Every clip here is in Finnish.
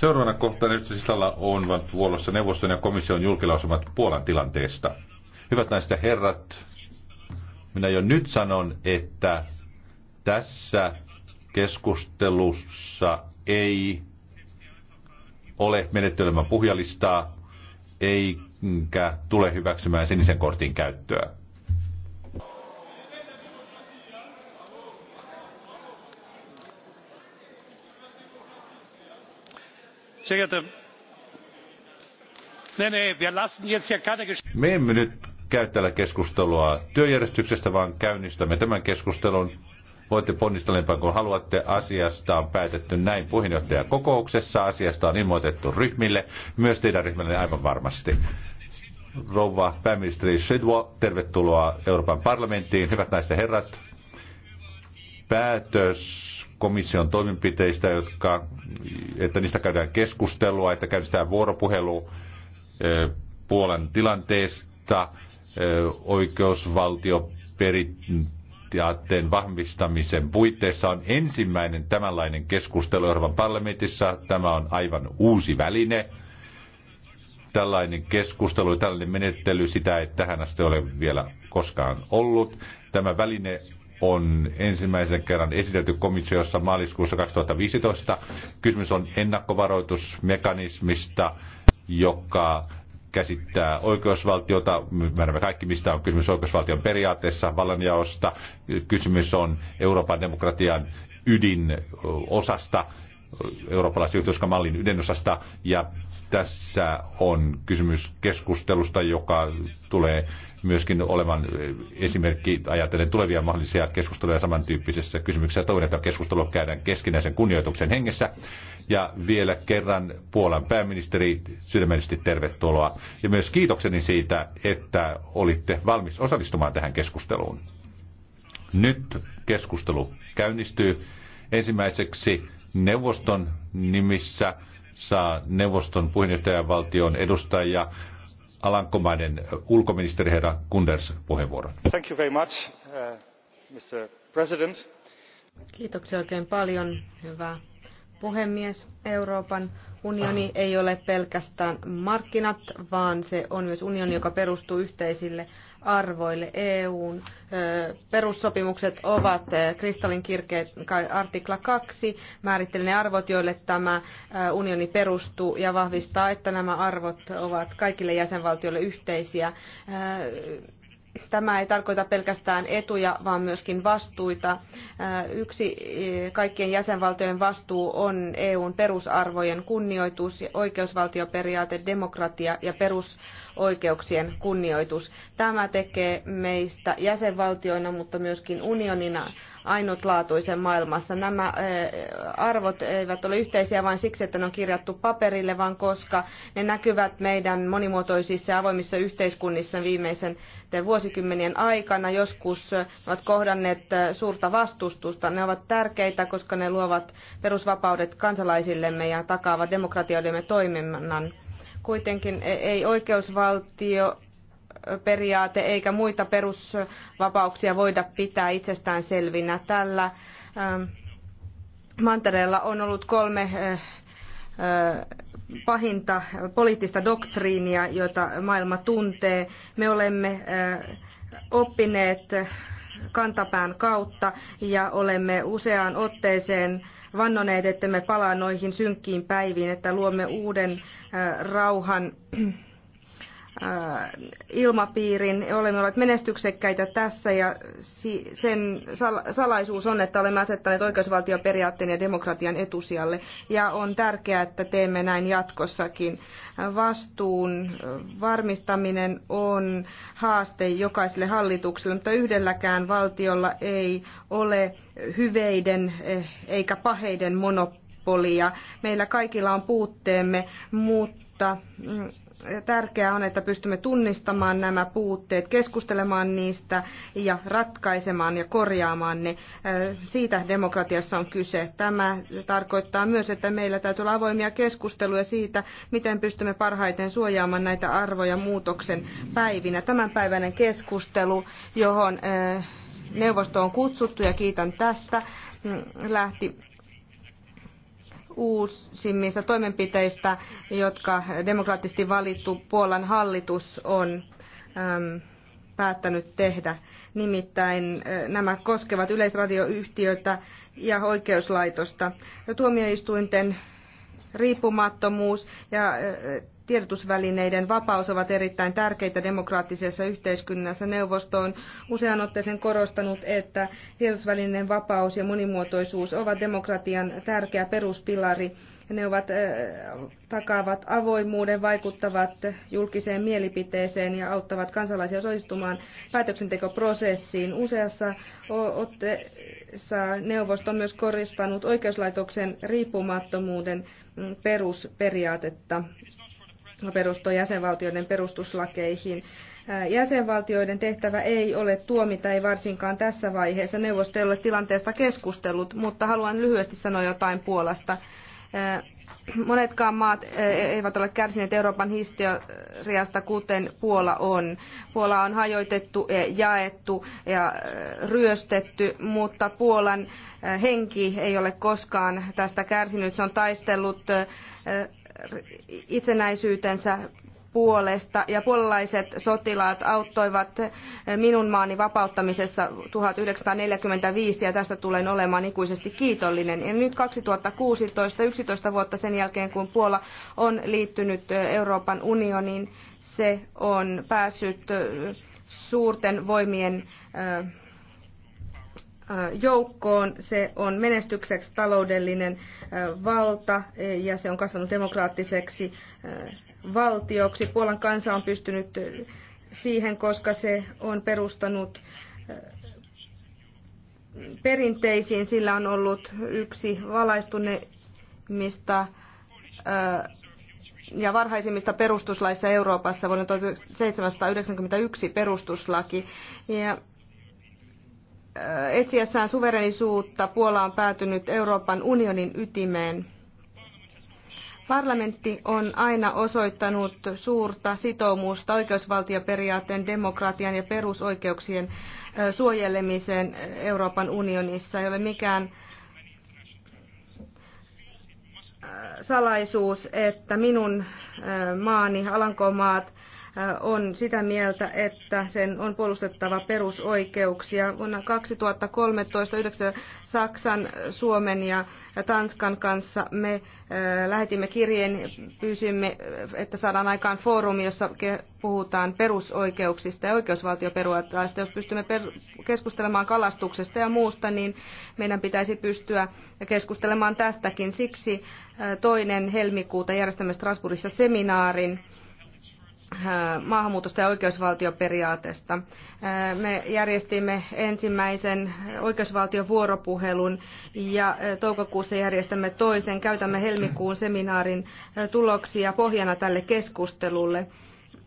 Seuraavana kohtana sisällä on vuolossa neuvoston ja komission julkilausumat Puolan tilanteesta. Hyvät naiset ja herrat, minä jo nyt sanon, että tässä keskustelussa ei ole menettelemään puhjalistaa, eikä tule hyväksymään sinisen kortin käyttöä. Me emme nyt käy täällä keskustelua työjärjestyksestä, vaan käynnistämme tämän keskustelun. Voitte ponnistella kun haluatte. Asiasta on päätetty näin puheenjohtajakokouksessa. Asiasta on ilmoitettu ryhmille, myös teidän ryhmälle aivan varmasti. Rouva pääministeri Shedwo, tervetuloa Euroopan parlamenttiin. Hyvät naiset ja herrat, päätös komission toimenpiteistä, jotka, että niistä käydään keskustelua, että käydään vuoropuhelu Puolan tilanteesta, oikeusvaltioperiaatteen vahvistamisen puitteissa on ensimmäinen tämänlainen keskustelu Euroopan parlamentissa. Tämä on aivan uusi väline. Tällainen keskustelu, tällainen menettely, sitä ei tähän asti ole vielä koskaan ollut. Tämä väline on ensimmäisen kerran esitelty komissiossa maaliskuussa 2015. Kysymys on ennakkovaroitusmekanismista, joka käsittää oikeusvaltiota. Me näemme kaikki, mistä on kysymys oikeusvaltion periaatteessa, vallanjaosta. Kysymys on Euroopan demokratian ydinosasta, eurooppalaisen yhteiskuntamallin ydinosasta. Ja tässä on kysymys keskustelusta, joka tulee myöskin olevan esimerkki ajatellen tulevia mahdollisia keskusteluja samantyyppisessä kysymyksessä. Toivon, että keskustelua käydään keskinäisen kunnioituksen hengessä. Ja vielä kerran Puolan pääministeri, sydämellisesti tervetuloa. Ja myös kiitokseni siitä, että olitte valmis osallistumaan tähän keskusteluun. Nyt keskustelu käynnistyy. Ensimmäiseksi neuvoston nimissä saa neuvoston puheenjohtajavaltion edustaja Alankomaiden ulkoministeri herra Kunders puheenvuoron. Thank you very much, uh, Mr. President. Kiitoksia oikein paljon, hyvä puhemies. Euroopan unioni ei ole pelkästään markkinat, vaan se on myös unioni, joka perustuu yhteisille arvoille. EUn perussopimukset ovat kristallinkirkeä artikla 2, määrittelee ne arvot, joille tämä unioni perustuu ja vahvistaa, että nämä arvot ovat kaikille jäsenvaltioille yhteisiä. Tämä ei tarkoita pelkästään etuja, vaan myöskin vastuita. Äh, yksi eh, kaikkien jäsenvaltioiden vastuu on EUn perusarvojen kunnioitus, oikeusvaltioperiaate, demokratia ja perusoikeuksien kunnioitus. Tämä tekee meistä jäsenvaltioina, mutta myöskin unionina ainutlaatuisen maailmassa. Nämä eh, arvot eivät ole yhteisiä vain siksi, että ne on kirjattu paperille, vaan koska ne näkyvät meidän monimuotoisissa ja avoimissa yhteiskunnissa viimeisen vuosikymmenien aikana. Joskus ne ovat kohdanneet eh, suurta vastustusta. Ne ovat tärkeitä, koska ne luovat perusvapaudet kansalaisillemme ja takaavat demokratioidemme toiminnan. Kuitenkin eh, ei oikeusvaltio periaate eikä muita perusvapauksia voida pitää itsestään selvinä. Tällä ähm, mantereella on ollut kolme äh, äh, pahinta poliittista doktriinia, joita maailma tuntee. Me olemme äh, oppineet kantapään kautta ja olemme useaan otteeseen vannoneet, että me palaa noihin synkkiin päiviin, että luomme uuden rauhan Äh, ilmapiirin. Olemme olleet menestyksekkäitä tässä ja sen salaisuus on, että olemme asettaneet oikeusvaltioperiaatteen ja demokratian etusijalle. Ja on tärkeää, että teemme näin jatkossakin. Vastuun varmistaminen on haaste jokaiselle hallitukselle, mutta yhdelläkään valtiolla ei ole hyveiden eh, eikä paheiden monopolia. Meillä kaikilla on puutteemme, mutta mutta mm, tärkeää on, että pystymme tunnistamaan nämä puutteet, keskustelemaan niistä ja ratkaisemaan ja korjaamaan ne. Siitä demokratiassa on kyse. Tämä tarkoittaa myös, että meillä täytyy olla avoimia keskusteluja siitä, miten pystymme parhaiten suojaamaan näitä arvoja muutoksen päivinä. Tämän päivänen keskustelu, johon neuvosto on kutsuttu ja kiitän tästä, mm, lähti uusimmista toimenpiteistä, jotka demokraattisesti valittu Puolan hallitus on ähm, päättänyt tehdä. Nimittäin äh, nämä koskevat yleisradioyhtiötä ja oikeuslaitosta. Tuomioistuinten riippumattomuus ja äh, tiedotusvälineiden vapaus ovat erittäin tärkeitä demokraattisessa yhteiskunnassa. Neuvosto on usean otteeseen korostanut, että tiedotusvälineiden vapaus ja monimuotoisuus ovat demokratian tärkeä peruspilari. Ne ovat, takaavat avoimuuden, vaikuttavat julkiseen mielipiteeseen ja auttavat kansalaisia osallistumaan päätöksentekoprosessiin. Useassa otteessa neuvosto on myös koristanut oikeuslaitoksen riippumattomuuden mm, perusperiaatetta perustuu jäsenvaltioiden perustuslakeihin. Jäsenvaltioiden tehtävä ei ole tuomita, ei varsinkaan tässä vaiheessa ole tilanteesta keskustellut, mutta haluan lyhyesti sanoa jotain Puolasta. Monetkaan maat e-, eivät ole kärsineet Euroopan historiasta, kuten Puola on. Puola on hajoitettu, e-, jaettu ja ryöstetty, mutta Puolan henki ei ole koskaan tästä kärsinyt. Se on taistellut itsenäisyytensä puolesta ja puolalaiset sotilaat auttoivat minun maani vapauttamisessa 1945 ja tästä tulen olemaan ikuisesti kiitollinen. Ja nyt 2016, 11 vuotta sen jälkeen kun Puola on liittynyt Euroopan unioniin, se on päässyt suurten voimien joukkoon. Se on menestykseksi taloudellinen valta e, ja se on kasvanut demokraattiseksi valtioksi. Puolan kansa on pystynyt siihen, koska se on perustanut perinteisiin. Sillä on ollut yksi valaistuneimmista ja varhaisimmista perustuslaissa Euroopassa vuonna 1791 perustuslaki. Ja etsiessään suverenisuutta Puola on päätynyt Euroopan unionin ytimeen. Parlamentti on aina osoittanut suurta sitoumusta oikeusvaltioperiaatteen, demokratian ja perusoikeuksien suojelemiseen Euroopan unionissa. Ei ole mikään salaisuus, että minun maani Alankomaat on sitä mieltä, että sen on puolustettava perusoikeuksia. Vuonna 2013 yhdeksän Saksan, Suomen ja Tanskan kanssa me lähetimme kirjeen, pyysimme, että saadaan aikaan foorumi, jossa puhutaan perusoikeuksista ja oikeusvaltioperiaatteista. Jos pystymme keskustelemaan kalastuksesta ja muusta, niin meidän pitäisi pystyä keskustelemaan tästäkin. Siksi toinen helmikuuta järjestämme Strasbourgissa seminaarin Äh, maahanmuutosta ja oikeusvaltioperiaatesta. Äh, me järjestimme ensimmäisen oikeusvaltiovuoropuhelun ja äh, toukokuussa järjestämme toisen. Käytämme helmikuun seminaarin tuloksia pohjana tälle keskustelulle.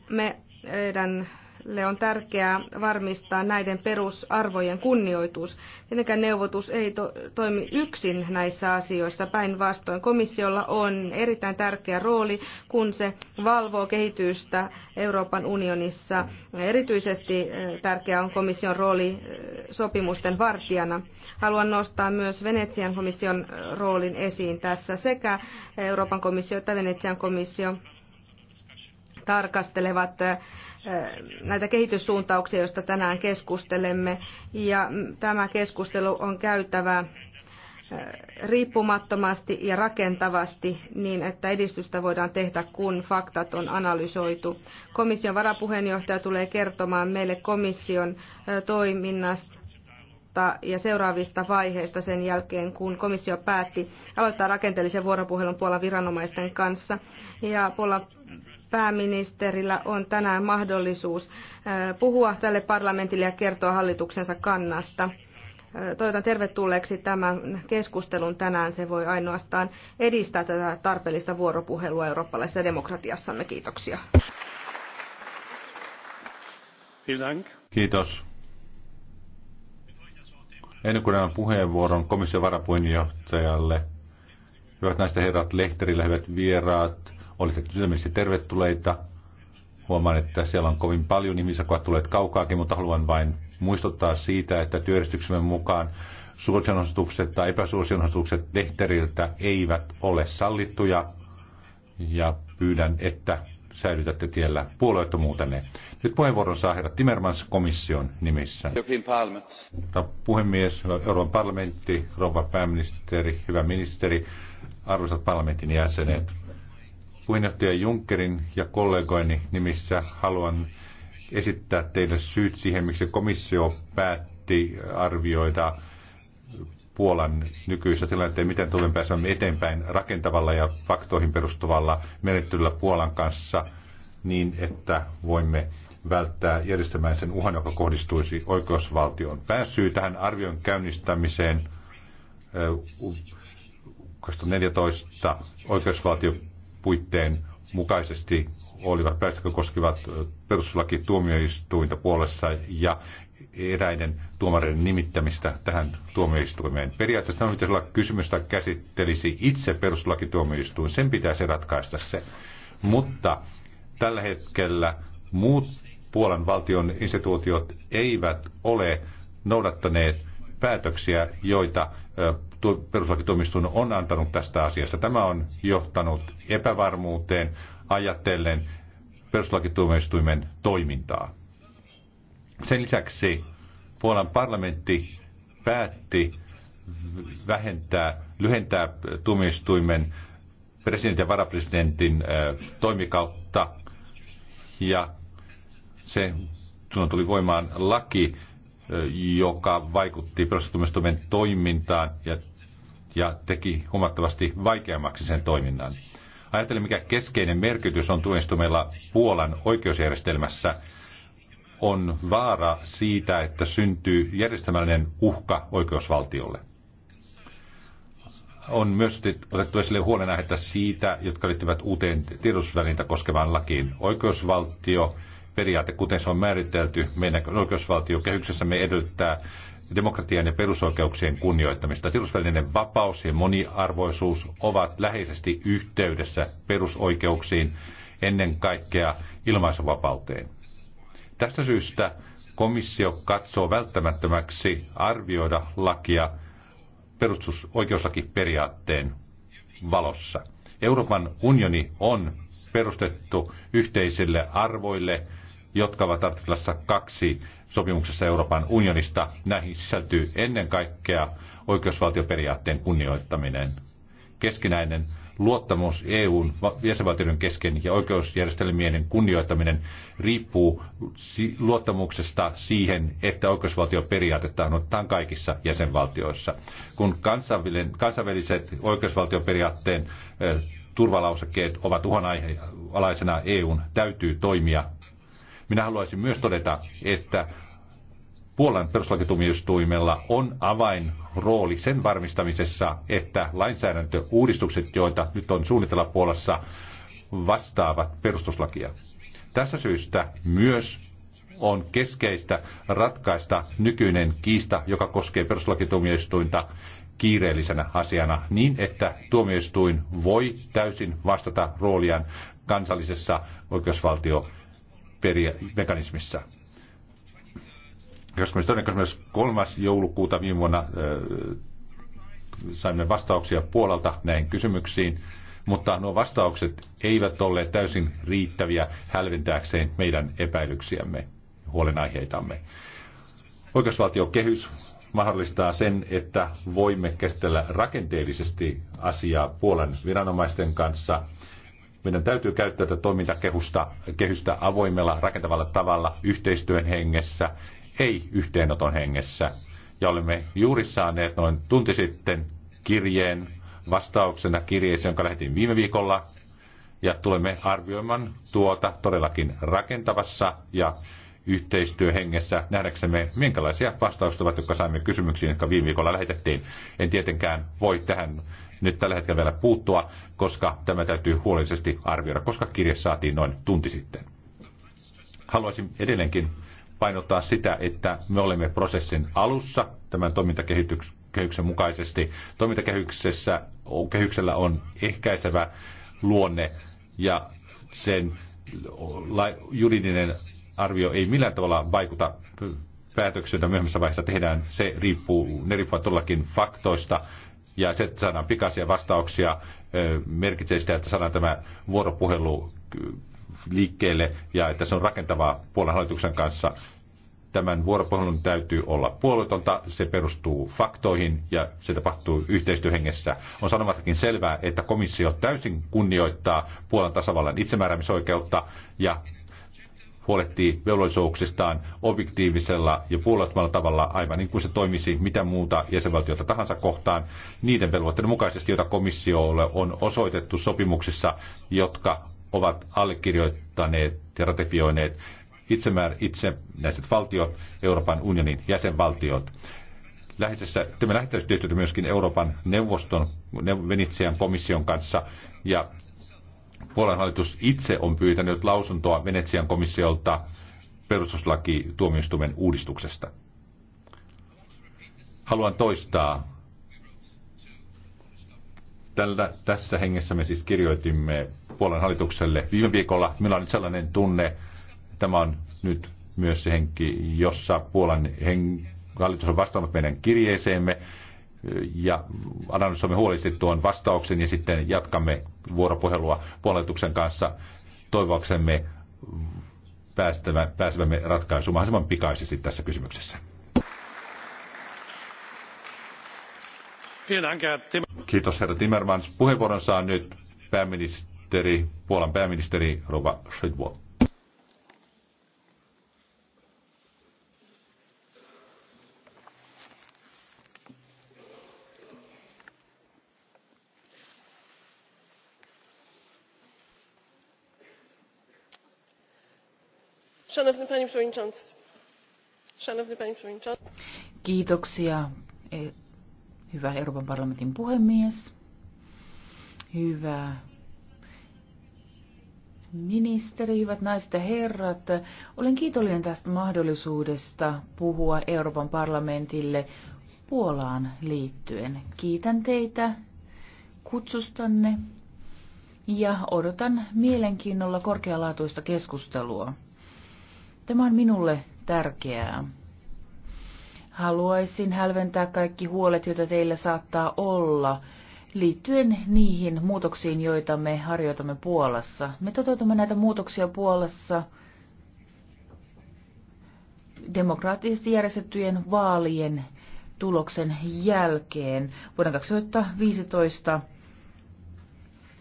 Meidän Meille on tärkeää varmistaa näiden perusarvojen kunnioitus. Tietenkään neuvotus ei to- toimi yksin näissä asioissa. Päinvastoin komissiolla on erittäin tärkeä rooli, kun se valvoo kehitystä Euroopan unionissa. Erityisesti eh, tärkeä on komission rooli eh, sopimusten vartijana. Haluan nostaa myös Venetsian komission eh, roolin esiin tässä. Sekä Euroopan komissio että Venetsian komissio tarkastelevat näitä kehityssuuntauksia, joista tänään keskustelemme. Ja tämä keskustelu on käytävä riippumattomasti ja rakentavasti niin, että edistystä voidaan tehdä, kun faktat on analysoitu. Komission varapuheenjohtaja tulee kertomaan meille komission toiminnasta vuotta ja seuraavista vaiheista sen jälkeen, kun komissio päätti aloittaa rakenteellisen vuoropuhelun Puolan viranomaisten kanssa. Ja Puolan pääministerillä on tänään mahdollisuus puhua tälle parlamentille ja kertoa hallituksensa kannasta. Toivotan tervetulleeksi tämän keskustelun tänään. Se voi ainoastaan edistää tätä tarpeellista vuoropuhelua eurooppalaisessa demokratiassamme. Kiitoksia. Kiitos. Ennen kuin annan puheenvuoron komission varapuheenjohtajalle, hyvät näistä herrat, lehterillä hyvät vieraat, olisitte sydämellisesti tervetulleita. Huomaan, että siellä on kovin paljon ihmisiä, jotka ovat tulleet kaukaakin, mutta haluan vain muistuttaa siitä, että työjärjestyksemme mukaan suosionostukset tai epäsuosionostukset lehteriltä eivät ole sallittuja. Ja pyydän, että säilytätte tiellä puolueettomuutenne. Nyt puheenvuoron saa herra Timmermans komission nimissä. Herra puhemies, Euroopan parlamentti, rouva pääministeri, hyvä ministeri, arvoisat parlamentin jäsenet. Puheenjohtaja Junckerin ja kollegoini nimissä haluan esittää teille syyt siihen, miksi komissio päätti arvioida Puolan nykyistä tilanteen, miten tulemme pääsemään eteenpäin rakentavalla ja faktoihin perustuvalla menettelyllä Puolan kanssa niin, että voimme välttää järjestämäisen uhan, joka kohdistuisi oikeusvaltioon. Pääsyy tähän arvion käynnistämiseen 2014 oikeusvaltiopuitteen mukaisesti olivat päästökö koskivat perustuslaki tuomioistuinta puolessa ja eräiden tuomareiden nimittämistä tähän tuomioistuimeen. Periaatteessa on olla kysymys, kysymystä käsittelisi itse perustuslakituomioistuin, sen pitäisi ratkaista se. Mutta tällä hetkellä muut Puolan valtion instituutiot eivät ole noudattaneet päätöksiä, joita perustuslakituomioistuin on antanut tästä asiasta. Tämä on johtanut epävarmuuteen ajatellen perustuslakituomioistuimen toimintaa. Sen lisäksi Puolan parlamentti päätti vähentää, lyhentää tuomioistuimen presidentin ja varapresidentin toimikautta ja se tuli voimaan laki, joka vaikutti prostituomistuimen toimintaan ja, ja teki huomattavasti vaikeammaksi sen toiminnan. Ajattelin, mikä keskeinen merkitys on tuomioistuimella Puolan oikeusjärjestelmässä. On vaara siitä, että syntyy järjestelmällinen uhka oikeusvaltiolle. On myös otettu esille huolenaihetta siitä, jotka liittyvät uuteen tiedotusvälintä koskevaan lakiin. Oikeusvaltio periaate, kuten se on määritelty meidän me edellyttää demokratian ja perusoikeuksien kunnioittamista. Tiedotusvälineiden vapaus ja moniarvoisuus ovat läheisesti yhteydessä perusoikeuksiin, ennen kaikkea ilmaisuvapauteen. Tästä syystä komissio katsoo välttämättömäksi arvioida lakia perustusoikeuslakiperiaatteen valossa. Euroopan unioni on perustettu yhteisille arvoille, jotka ovat artiklassa kaksi sopimuksessa Euroopan unionista. Näihin sisältyy ennen kaikkea oikeusvaltioperiaatteen kunnioittaminen, keskinäinen luottamus EUn jäsenvaltioiden kesken ja oikeusjärjestelmien kunnioittaminen riippuu luottamuksesta siihen, että oikeusvaltioperiaatetta on kaikissa jäsenvaltioissa. Kun kansainväliset oikeusvaltioperiaatteen eh, turvalausekkeet ovat uhanalaisena, EUn täytyy toimia minä haluaisin myös todeta, että Puolan perustuslakituomioistuimella on avainrooli sen varmistamisessa, että lainsäädäntöuudistukset, joita nyt on suunnitella Puolassa, vastaavat perustuslakia. Tässä syystä myös on keskeistä ratkaista nykyinen kiista, joka koskee perustuslakituomioistuinta kiireellisenä asiana niin, että tuomioistuin voi täysin vastata rooliaan kansallisessa oikeusvaltio mekanismissa. kolmas joulukuuta viime vuonna saimme vastauksia Puolalta näihin kysymyksiin, mutta nuo vastaukset eivät olleet täysin riittäviä hälventääkseen meidän epäilyksiämme, huolenaiheitamme. Oikeusvaltiokehys mahdollistaa sen, että voimme käsitellä rakenteellisesti asiaa Puolan viranomaisten kanssa meidän täytyy käyttää tätä toimintakehystä kehystä avoimella, rakentavalla tavalla, yhteistyön hengessä, ei yhteenoton hengessä. Ja olemme juuri saaneet noin tunti sitten kirjeen vastauksena kirjeeseen, jonka lähetin viime viikolla. Ja tulemme arvioimaan tuota todellakin rakentavassa ja yhteistyöhengessä nähdäksemme, minkälaisia vastauksia ovat, jotka saimme kysymyksiin, jotka viime viikolla lähetettiin. En tietenkään voi tähän nyt tällä hetkellä vielä puuttua, koska tämä täytyy huolellisesti arvioida, koska kirje saatiin noin tunti sitten. Haluaisin edelleenkin painottaa sitä, että me olemme prosessin alussa tämän toimintakehyksen mukaisesti. Toimintakehyksessä kehyksellä on ehkäisevä luonne ja sen juridinen arvio ei millään tavalla vaikuta päätöksiä, joita myöhemmässä vaiheessa tehdään. Se riippuu, ne riippuvat todellakin faktoista ja se, että saadaan pikaisia vastauksia, merkitsee sitä, että saadaan tämä vuoropuhelu liikkeelle ja että se on rakentavaa puolen hallituksen kanssa. Tämän vuoropuhelun täytyy olla puoluetonta, se perustuu faktoihin ja se tapahtuu yhteistyöhengessä. On sanomattakin selvää, että komissio täysin kunnioittaa Puolan tasavallan itsemääräämisoikeutta ja huolehtii velvollisuuksistaan objektiivisella ja puolueettomalla tavalla, aivan niin kuin se toimisi mitä muuta jäsenvaltiota tahansa kohtaan, niiden velvoitteiden mukaisesti, joita komissiolle on osoitettu sopimuksissa, jotka ovat allekirjoittaneet ja ratifioineet itsemäär, itsenäiset valtiot, Euroopan unionin jäsenvaltiot. Lähetessä, tämä lähettäystyötä myöskin Euroopan neuvoston Venitsian komission kanssa ja Puolan hallitus itse on pyytänyt lausuntoa Venetsian komissiolta perustuslaki tuomioistuimen uudistuksesta. Haluan toistaa. Tällä, tässä hengessä me siis kirjoitimme Puolan hallitukselle viime viikolla. Meillä on nyt sellainen tunne, tämä on nyt myös se henki, jossa Puolan hallitus on vastannut meidän kirjeeseemme ja analysoimme huolellisesti tuon vastauksen ja sitten jatkamme vuoropuhelua puolentuksen kanssa toivoksemme pääsevämme ratkaisuun mahdollisimman pikaisesti tässä kysymyksessä. Kiitos herra Timmermans. Puheenvuoron saa nyt pääministeri, Puolan pääministeri Rova Szydło. Szanowny panie przewodniczący. Szanowny panie przewodniczący. Kiitoksia, e, hyvä Euroopan parlamentin puhemies. Hyvä ministeri, hyvät naiset ja herrat. Olen kiitollinen tästä mahdollisuudesta puhua Euroopan parlamentille Puolaan liittyen. Kiitän teitä kutsustanne ja odotan mielenkiinnolla korkealaatuista keskustelua. Tämä on minulle tärkeää. Haluaisin hälventää kaikki huolet, joita teillä saattaa olla, liittyen niihin muutoksiin, joita me harjoitamme Puolassa. Me toteutamme näitä muutoksia Puolassa demokraattisesti järjestettyjen vaalien tuloksen jälkeen. Vuonna 2015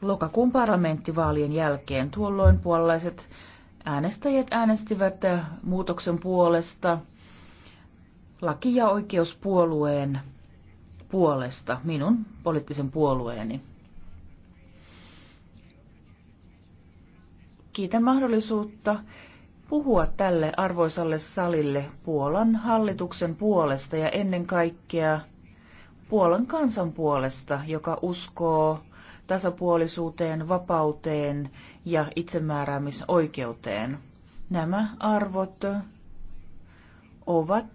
lokakuun parlamenttivaalien jälkeen tuolloin puolalaiset äänestäjät äänestivät muutoksen puolesta laki- ja oikeuspuolueen puolesta, minun poliittisen puolueeni. Kiitän mahdollisuutta puhua tälle arvoisalle salille Puolan hallituksen puolesta ja ennen kaikkea Puolan kansan puolesta, joka uskoo tasapuolisuuteen, vapauteen ja itsemääräämisoikeuteen. Nämä arvot ovat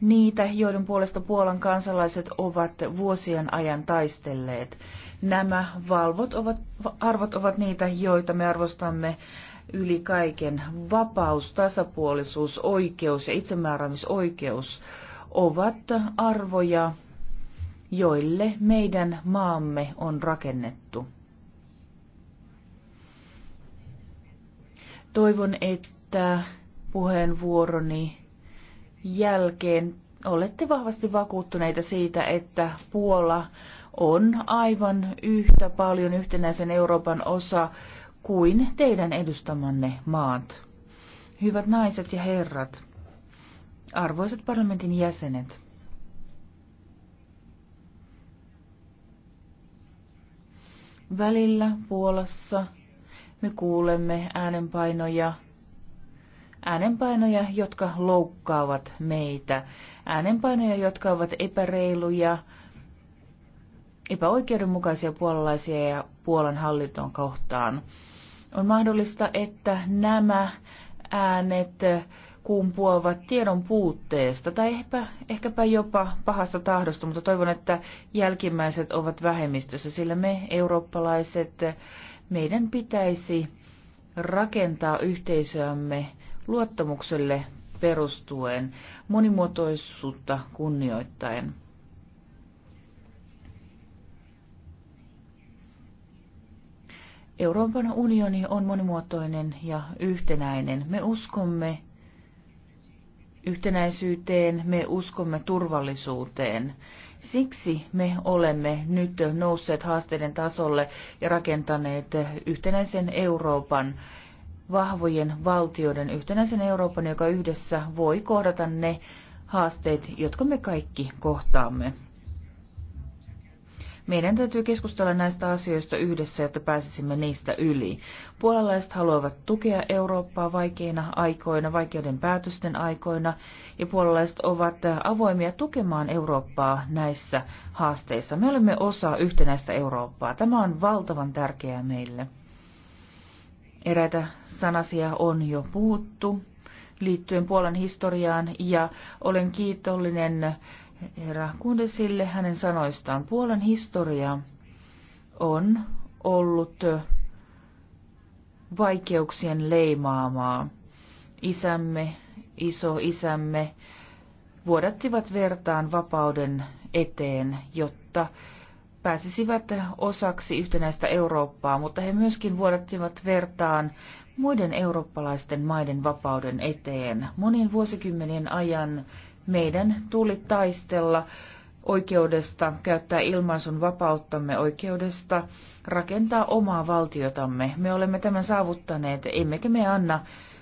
niitä, joiden puolesta Puolan kansalaiset ovat vuosien ajan taistelleet. Nämä valvot ovat, arvot ovat niitä, joita me arvostamme yli kaiken. Vapaus, tasapuolisuus, oikeus ja itsemääräämisoikeus ovat arvoja, joille meidän maamme on rakennettu. Toivon, että puheenvuoroni jälkeen olette vahvasti vakuuttuneita siitä, että Puola on aivan yhtä paljon yhtenäisen Euroopan osa kuin teidän edustamanne maat. Hyvät naiset ja herrat, arvoisat parlamentin jäsenet, välillä Puolassa me kuulemme äänenpainoja, äänenpainoja, jotka loukkaavat meitä, äänenpainoja, jotka ovat epäreiluja, epäoikeudenmukaisia puolalaisia ja Puolan hallintoon kohtaan. On mahdollista, että nämä äänet kumpuavat tiedon puutteesta tai ehkä ehkäpä jopa pahasta tahdosta, mutta toivon, että jälkimmäiset ovat vähemmistössä, sillä me eurooppalaiset, meidän pitäisi rakentaa yhteisöämme luottamukselle perustuen, monimuotoisuutta kunnioittaen. Euroopan unioni on monimuotoinen ja yhtenäinen. Me uskomme yhtenäisyyteen, me uskomme turvallisuuteen. Siksi me olemme nyt nousseet haasteiden tasolle ja rakentaneet yhtenäisen Euroopan, vahvojen valtioiden yhtenäisen Euroopan, joka yhdessä voi kohdata ne haasteet, jotka me kaikki kohtaamme. Meidän täytyy keskustella näistä asioista yhdessä, jotta pääsisimme niistä yli. Puolalaiset haluavat tukea Eurooppaa vaikeina aikoina, vaikeiden päätösten aikoina, ja puolalaiset ovat avoimia tukemaan Eurooppaa näissä haasteissa. Me olemme osa yhtenäistä Eurooppaa. Tämä on valtavan tärkeää meille. Eräitä sanasia on jo puhuttu liittyen Puolan historiaan ja olen kiitollinen herra Kundesille hänen sanoistaan. Puolan historia on ollut vaikeuksien leimaamaa. Isämme, iso isämme vuodattivat vertaan vapauden eteen, jotta pääsisivät osaksi yhtenäistä Eurooppaa, mutta he myöskin vuodattivat vertaan muiden eurooppalaisten maiden vapauden eteen. Monin vuosikymmenien ajan meidän tuli taistella oikeudesta käyttää ilmaisun vapauttamme, oikeudesta rakentaa omaa valtiotamme. Me olemme tämän saavuttaneet, emmekä me anna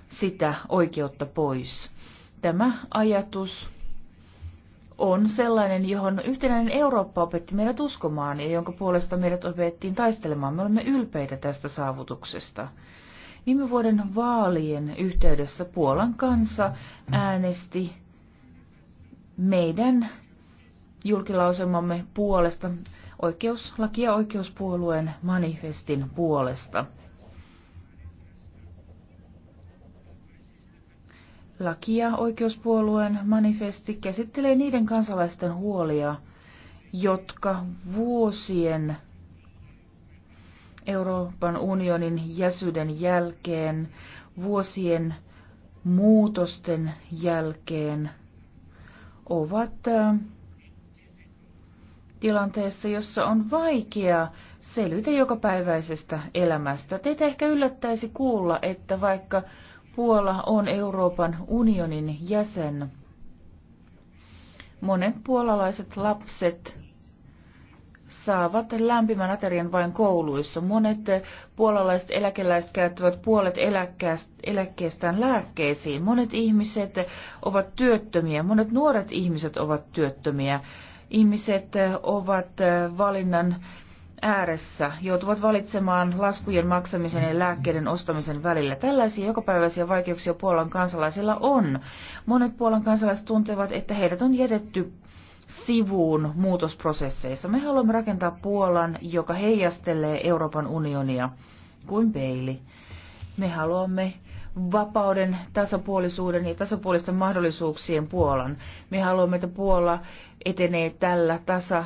sitä oikeutta pois. Tämä ajatus on sellainen, johon yhtenäinen Eurooppa opetti meidät uskomaan ja jonka puolesta meidät opettiin taistelemaan. Me olemme ylpeitä tästä saavutuksesta. Viime vuoden vaalien yhteydessä Puolan kansa äänesti meidän julkilausemamme puolesta, oikeuslaki- ja oikeuspuolueen manifestin puolesta. Laki- ja oikeuspuolueen manifesti käsittelee niiden kansalaisten huolia, jotka vuosien Euroopan unionin jäsyden jälkeen, vuosien muutosten jälkeen – ovat tilanteessa, jossa on vaikea selvitä jokapäiväisestä elämästä. Teitä ehkä yllättäisi kuulla, että vaikka Puola on Euroopan unionin jäsen, monet puolalaiset lapset saavat lämpimän aterian vain kouluissa. Monet puolalaiset eläkeläiset käyttävät puolet eläkkeestään lääkkeisiin. Monet ihmiset ovat työttömiä. Monet nuoret ihmiset ovat työttömiä. Ihmiset ovat valinnan ääressä, joutuvat valitsemaan laskujen maksamisen ja lääkkeiden ostamisen välillä. Tällaisia jokapäiväisiä vaikeuksia Puolan kansalaisilla on. Monet Puolan kansalaiset tuntevat, että heidät on jätetty sivuun muutosprosesseissa. Me haluamme rakentaa Puolan, joka heijastelee Euroopan unionia kuin peili. Me haluamme vapauden, tasapuolisuuden ja tasapuolisten mahdollisuuksien Puolan. Me haluamme, että Puola etenee tällä tasa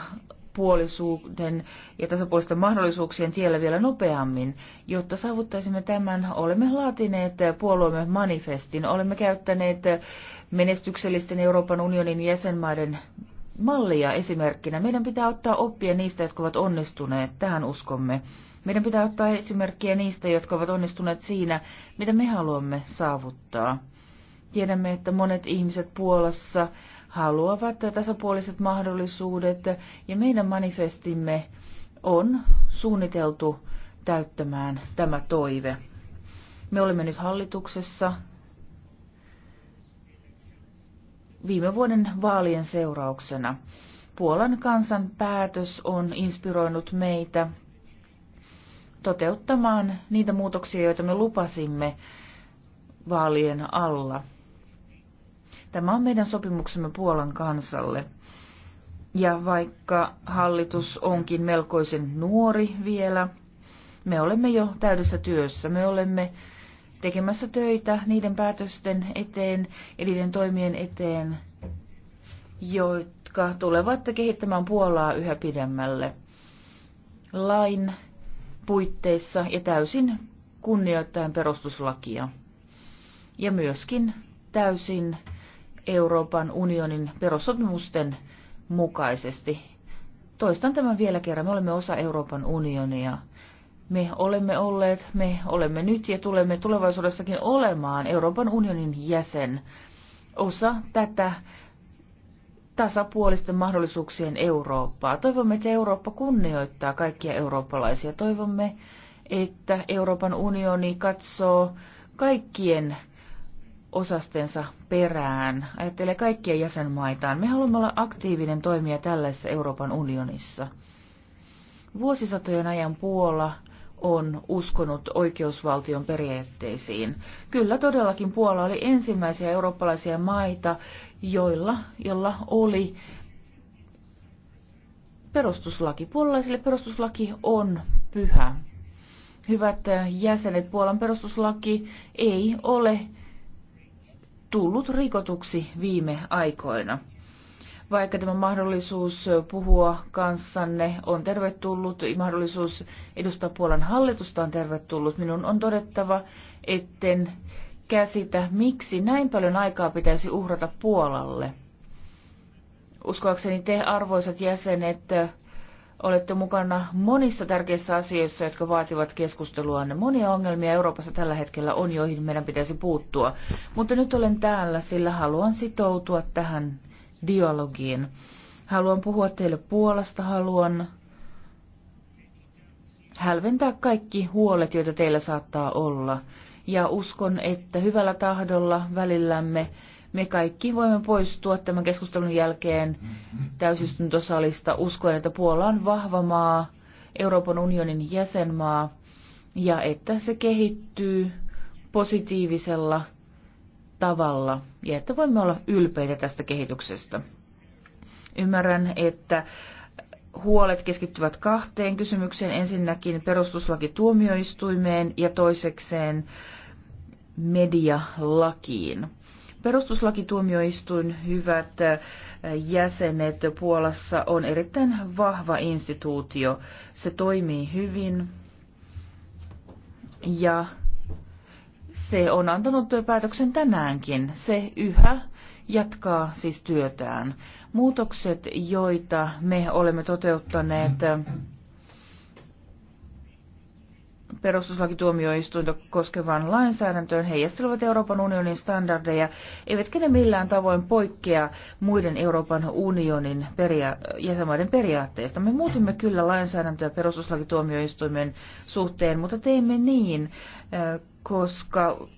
puolisuuden ja tasapuolisten mahdollisuuksien tiellä vielä nopeammin. Jotta saavuttaisimme tämän, olemme laatineet puolueemme manifestin, olemme käyttäneet menestyksellisten Euroopan unionin jäsenmaiden mallia esimerkkinä. Meidän pitää ottaa oppia niistä, jotka ovat onnistuneet, tähän uskomme. Meidän pitää ottaa esimerkkiä niistä, jotka ovat onnistuneet siinä, mitä me haluamme saavuttaa. Tiedämme, että monet ihmiset Puolassa haluavat tasapuoliset mahdollisuudet ja meidän manifestimme on suunniteltu täyttämään tämä toive. Me olemme nyt hallituksessa, viime vuoden vaalien seurauksena. Puolan kansan päätös on inspiroinut meitä toteuttamaan niitä muutoksia, joita me lupasimme vaalien alla. Tämä on meidän sopimuksemme Puolan kansalle. Ja vaikka hallitus onkin melkoisen nuori vielä, me olemme jo täydessä työssä. Me olemme tekemässä töitä niiden päätösten eteen ja niiden toimien eteen, jotka tulevat kehittämään Puolaa yhä pidemmälle lain puitteissa ja täysin kunnioittaen perustuslakia ja myöskin täysin Euroopan unionin perussopimusten mukaisesti. Toistan tämän vielä kerran. Me olemme osa Euroopan unionia me olemme olleet, me olemme nyt ja tulemme tulevaisuudessakin olemaan Euroopan unionin jäsen, osa tätä tasapuolisten mahdollisuuksien Eurooppaa. Toivomme, että Eurooppa kunnioittaa kaikkia eurooppalaisia. Toivomme, että Euroopan unioni katsoo kaikkien osastensa perään, ajattelee kaikkia jäsenmaitaan. Me haluamme olla aktiivinen toimija tällaisessa Euroopan unionissa. Vuosisatojen ajan Puola on uskonut oikeusvaltion periaatteisiin. Kyllä todellakin Puola oli ensimmäisiä eurooppalaisia maita, joilla, jolla oli perustuslaki. Puolalaisille perustuslaki on pyhä. Hyvät jäsenet, Puolan perustuslaki ei ole tullut rikotuksi viime aikoina vaikka tämä mahdollisuus puhua kanssanne on tervetullut, mahdollisuus edustaa Puolan hallitusta on tervetullut, minun on todettava, etten käsitä, miksi näin paljon aikaa pitäisi uhrata Puolalle. Uskoakseni te, arvoisat jäsenet, olette mukana monissa tärkeissä asioissa, jotka vaativat keskustelua. Monia ongelmia Euroopassa tällä hetkellä on, joihin meidän pitäisi puuttua. Mutta nyt olen täällä, sillä haluan sitoutua tähän dialogiin. Haluan puhua teille Puolasta, haluan hälventää kaikki huolet, joita teillä saattaa olla. Ja uskon, että hyvällä tahdolla välillämme me kaikki voimme poistua tämän keskustelun jälkeen täysistuntosalista uskoen, että Puola on vahva maa, Euroopan unionin jäsenmaa ja että se kehittyy positiivisella tavalla ja että voimme olla ylpeitä tästä kehityksestä. Ymmärrän, että huolet keskittyvät kahteen kysymykseen. Ensinnäkin perustuslaki tuomioistuimeen ja toisekseen medialakiin. Perustuslakituomioistuin, hyvät äh, jäsenet, Puolassa on erittäin vahva instituutio. Se toimii hyvin ja se on antanut päätöksen tänäänkin. Se yhä jatkaa siis työtään. Muutokset, joita me olemme toteuttaneet perustuslakituomioistuinta koskevaan lainsäädäntöön heijastelevat Euroopan unionin standardeja, eivätkä ne millään tavoin poikkea muiden Euroopan unionin peria- jäsenmaiden periaatteista. Me muutimme kyllä lainsäädäntöä perustuslakituomioistuimen suhteen, mutta teimme niin, koska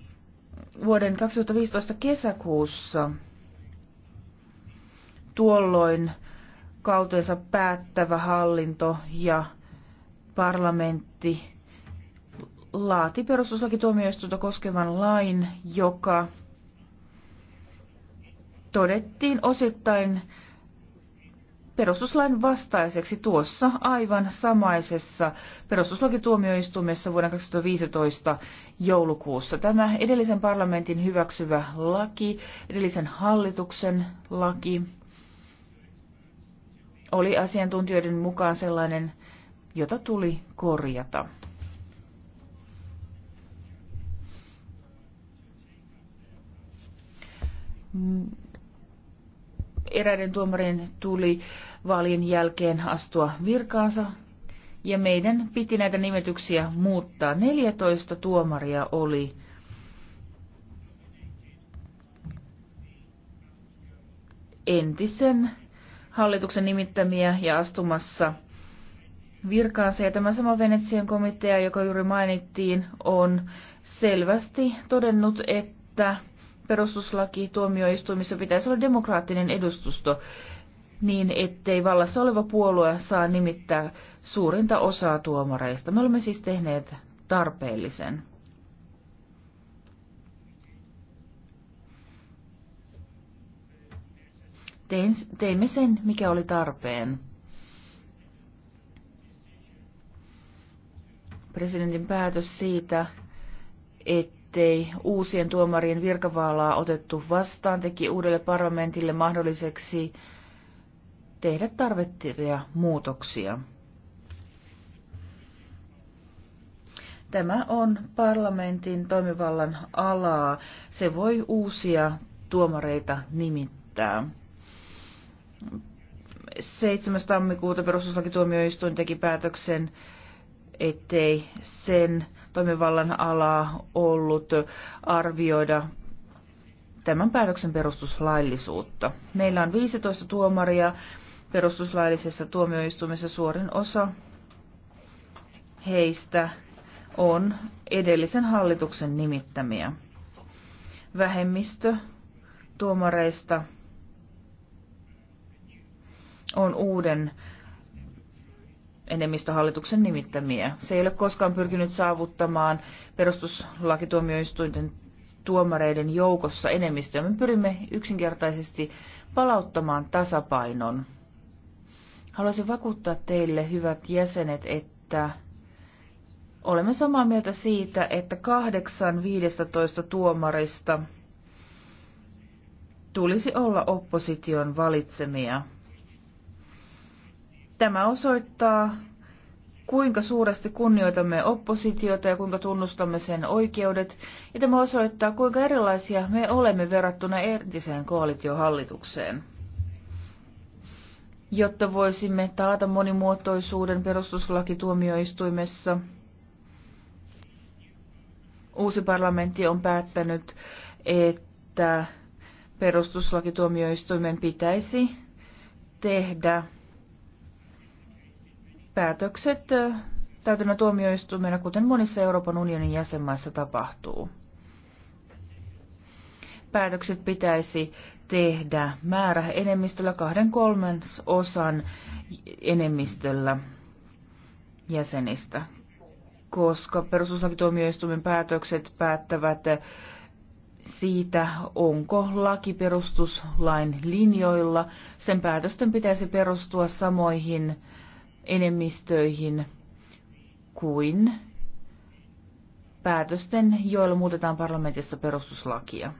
vuoden 2015 kesäkuussa tuolloin kautensa päättävä hallinto ja parlamentti laati perustuslakituomioistuinta koskevan lain, joka todettiin osittain perustuslain vastaiseksi tuossa aivan samaisessa perustuslakituomioistuimessa vuoden 2015 joulukuussa. Tämä edellisen parlamentin hyväksyvä laki, edellisen hallituksen laki, oli asiantuntijoiden mukaan sellainen, jota tuli korjata. Mm. eräiden tuomarien tuli vaalien jälkeen astua virkaansa ja meidän piti näitä nimetyksiä muuttaa. 14 tuomaria oli entisen hallituksen nimittämiä ja astumassa virkaansa. Ja tämä sama Venetsian komitea, joka juuri mainittiin, on selvästi todennut, että perustuslaki tuomioistuimissa pitäisi olla demokraattinen edustusto niin, ettei vallassa oleva puolue saa nimittää suurinta osaa tuomareista. Me olemme siis tehneet tarpeellisen. Tein, teimme sen, mikä oli tarpeen. Presidentin päätös siitä, että ettei uusien tuomarien virkavaalaa otettu vastaan, teki uudelle parlamentille mahdolliseksi tehdä tarvittavia muutoksia. Tämä on parlamentin toimivallan alaa. Se voi uusia tuomareita nimittää. 7. tammikuuta perustuslakituomioistuin teki päätöksen ettei sen toimivallan alaa ollut arvioida tämän päätöksen perustuslaillisuutta. Meillä on 15 tuomaria perustuslaillisessa tuomioistuimessa suorin osa heistä on edellisen hallituksen nimittämiä. Vähemmistö tuomareista on uuden enemmistöhallituksen nimittämiä. Se ei ole koskaan pyrkinyt saavuttamaan perustuslakituomioistuinten tuomareiden joukossa enemmistöä. Me pyrimme yksinkertaisesti palauttamaan tasapainon. Haluaisin vakuuttaa teille, hyvät jäsenet, että olemme samaa mieltä siitä, että 8 15 tuomarista tulisi olla opposition valitsemia. Tämä osoittaa, kuinka suuresti kunnioitamme oppositiota ja kuinka tunnustamme sen oikeudet. Ja tämä osoittaa, kuinka erilaisia me olemme verrattuna entiseen koalitiohallitukseen. Jotta voisimme taata monimuotoisuuden perustuslakituomioistuimessa, uusi parlamentti on päättänyt, että perustuslakituomioistuimen pitäisi tehdä päätökset täytämme tuomioistuimena, kuten monissa Euroopan unionin jäsenmaissa tapahtuu. Päätökset pitäisi tehdä määrä enemmistöllä kahden kolmen osan enemmistöllä jäsenistä, koska perustuslakituomioistuimen päätökset päättävät siitä, onko laki perustuslain linjoilla. Sen päätösten pitäisi perustua samoihin enemmistöihin kuin päätösten, joilla muutetaan parlamentissa perustuslakia.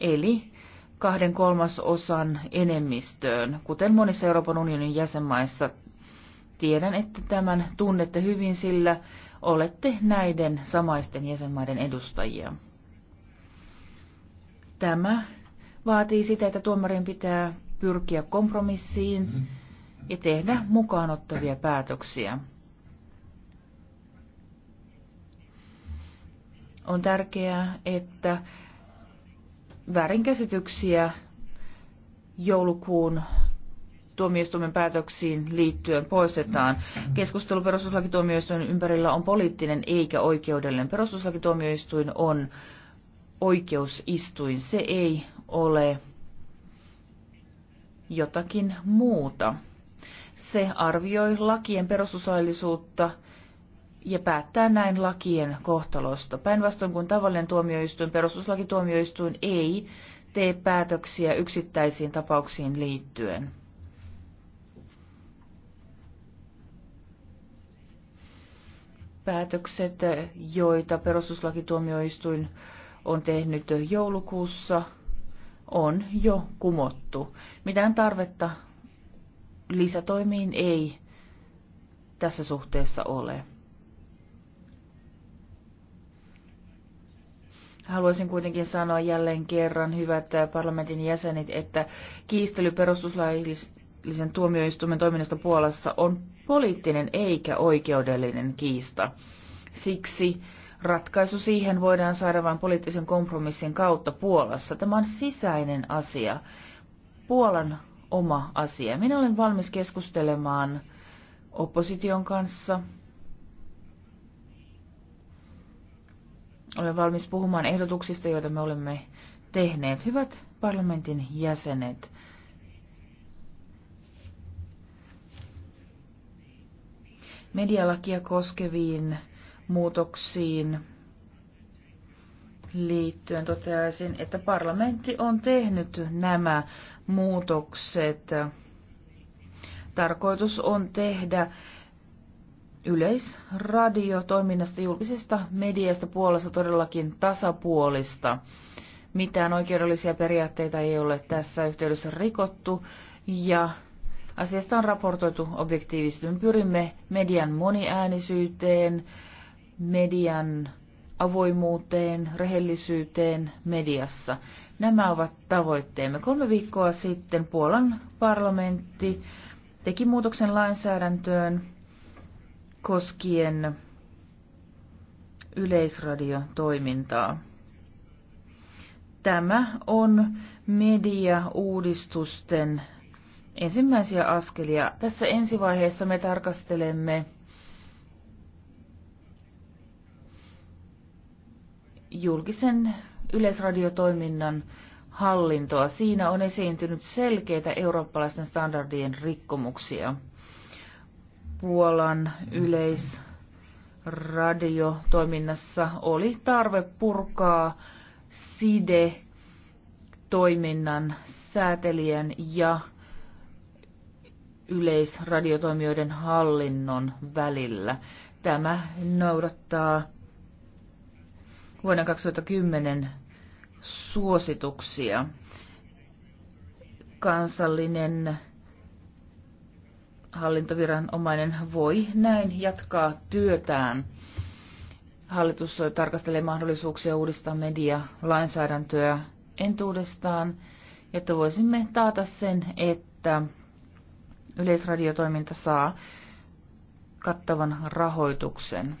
Eli kahden kolmasosan enemmistöön, kuten monissa Euroopan unionin jäsenmaissa. Tiedän, että tämän tunnette hyvin, sillä olette näiden samaisten jäsenmaiden edustajia. Tämä vaatii sitä, että tuomarin pitää pyrkiä kompromissiin. Mm-hmm ja tehdä mukaanottavia päätöksiä. On tärkeää, että väärinkäsityksiä joulukuun tuomioistuimen päätöksiin liittyen poistetaan. Keskustelu perustuslakituomioistuin ympärillä on poliittinen eikä oikeudellinen. Perustuslakituomioistuin on oikeusistuin. Se ei ole jotakin muuta. Se arvioi lakien perustuslaillisuutta ja päättää näin lakien kohtalosta. Päinvastoin kuin tavallinen tuomioistuin, perustuslakituomioistuin ei tee päätöksiä yksittäisiin tapauksiin liittyen. Päätökset, joita perustuslakituomioistuin on tehnyt joulukuussa, on jo kumottu. Mitään tarvetta lisätoimiin ei tässä suhteessa ole. Haluaisin kuitenkin sanoa jälleen kerran, hyvät parlamentin jäsenet, että kiistely perustuslaillisen tuomioistuimen toiminnasta Puolassa on poliittinen eikä oikeudellinen kiista. Siksi ratkaisu siihen voidaan saada vain poliittisen kompromissin kautta Puolassa. Tämä on sisäinen asia. Puolan oma asia. Minä olen valmis keskustelemaan opposition kanssa. Olen valmis puhumaan ehdotuksista, joita me olemme tehneet. Hyvät parlamentin jäsenet, medialakia koskeviin muutoksiin liittyen toteaisin, että parlamentti on tehnyt nämä muutokset. Tarkoitus on tehdä yleisradio toiminnasta julkisesta mediasta puolesta todellakin tasapuolista. Mitään oikeudellisia periaatteita ei ole tässä yhteydessä rikottu ja asiasta on raportoitu objektiivisesti. Me pyrimme median moniäänisyyteen, median avoimuuteen, rehellisyyteen mediassa. Nämä ovat tavoitteemme. Kolme viikkoa sitten Puolan parlamentti teki muutoksen lainsäädäntöön koskien yleisradiotoimintaa. Tämä on mediauudistusten ensimmäisiä askelia. Tässä ensivaiheessa me tarkastelemme julkisen yleisradiotoiminnan hallintoa. Siinä on esiintynyt selkeitä eurooppalaisten standardien rikkomuksia. Puolan yleisradiotoiminnassa oli tarve purkaa side toiminnan säätelijän ja yleisradiotoimijoiden hallinnon välillä. Tämä noudattaa Vuoden 2010 suosituksia. Kansallinen hallintoviranomainen voi näin jatkaa työtään. Hallitus tarkastelee mahdollisuuksia uudistaa media-lainsäädäntöä entuudestaan, jotta voisimme taata sen, että yleisradiotoiminta saa kattavan rahoituksen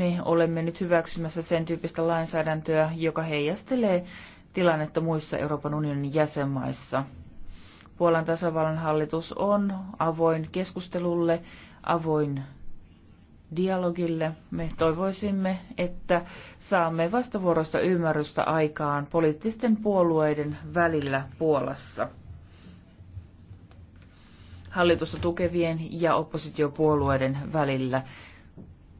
me olemme nyt hyväksymässä sen tyyppistä lainsäädäntöä, joka heijastelee tilannetta muissa Euroopan unionin jäsenmaissa. Puolan tasavallan hallitus on avoin keskustelulle, avoin dialogille. Me toivoisimme, että saamme vastavuoroista ymmärrystä aikaan poliittisten puolueiden välillä Puolassa. Hallitusta tukevien ja oppositiopuolueiden välillä.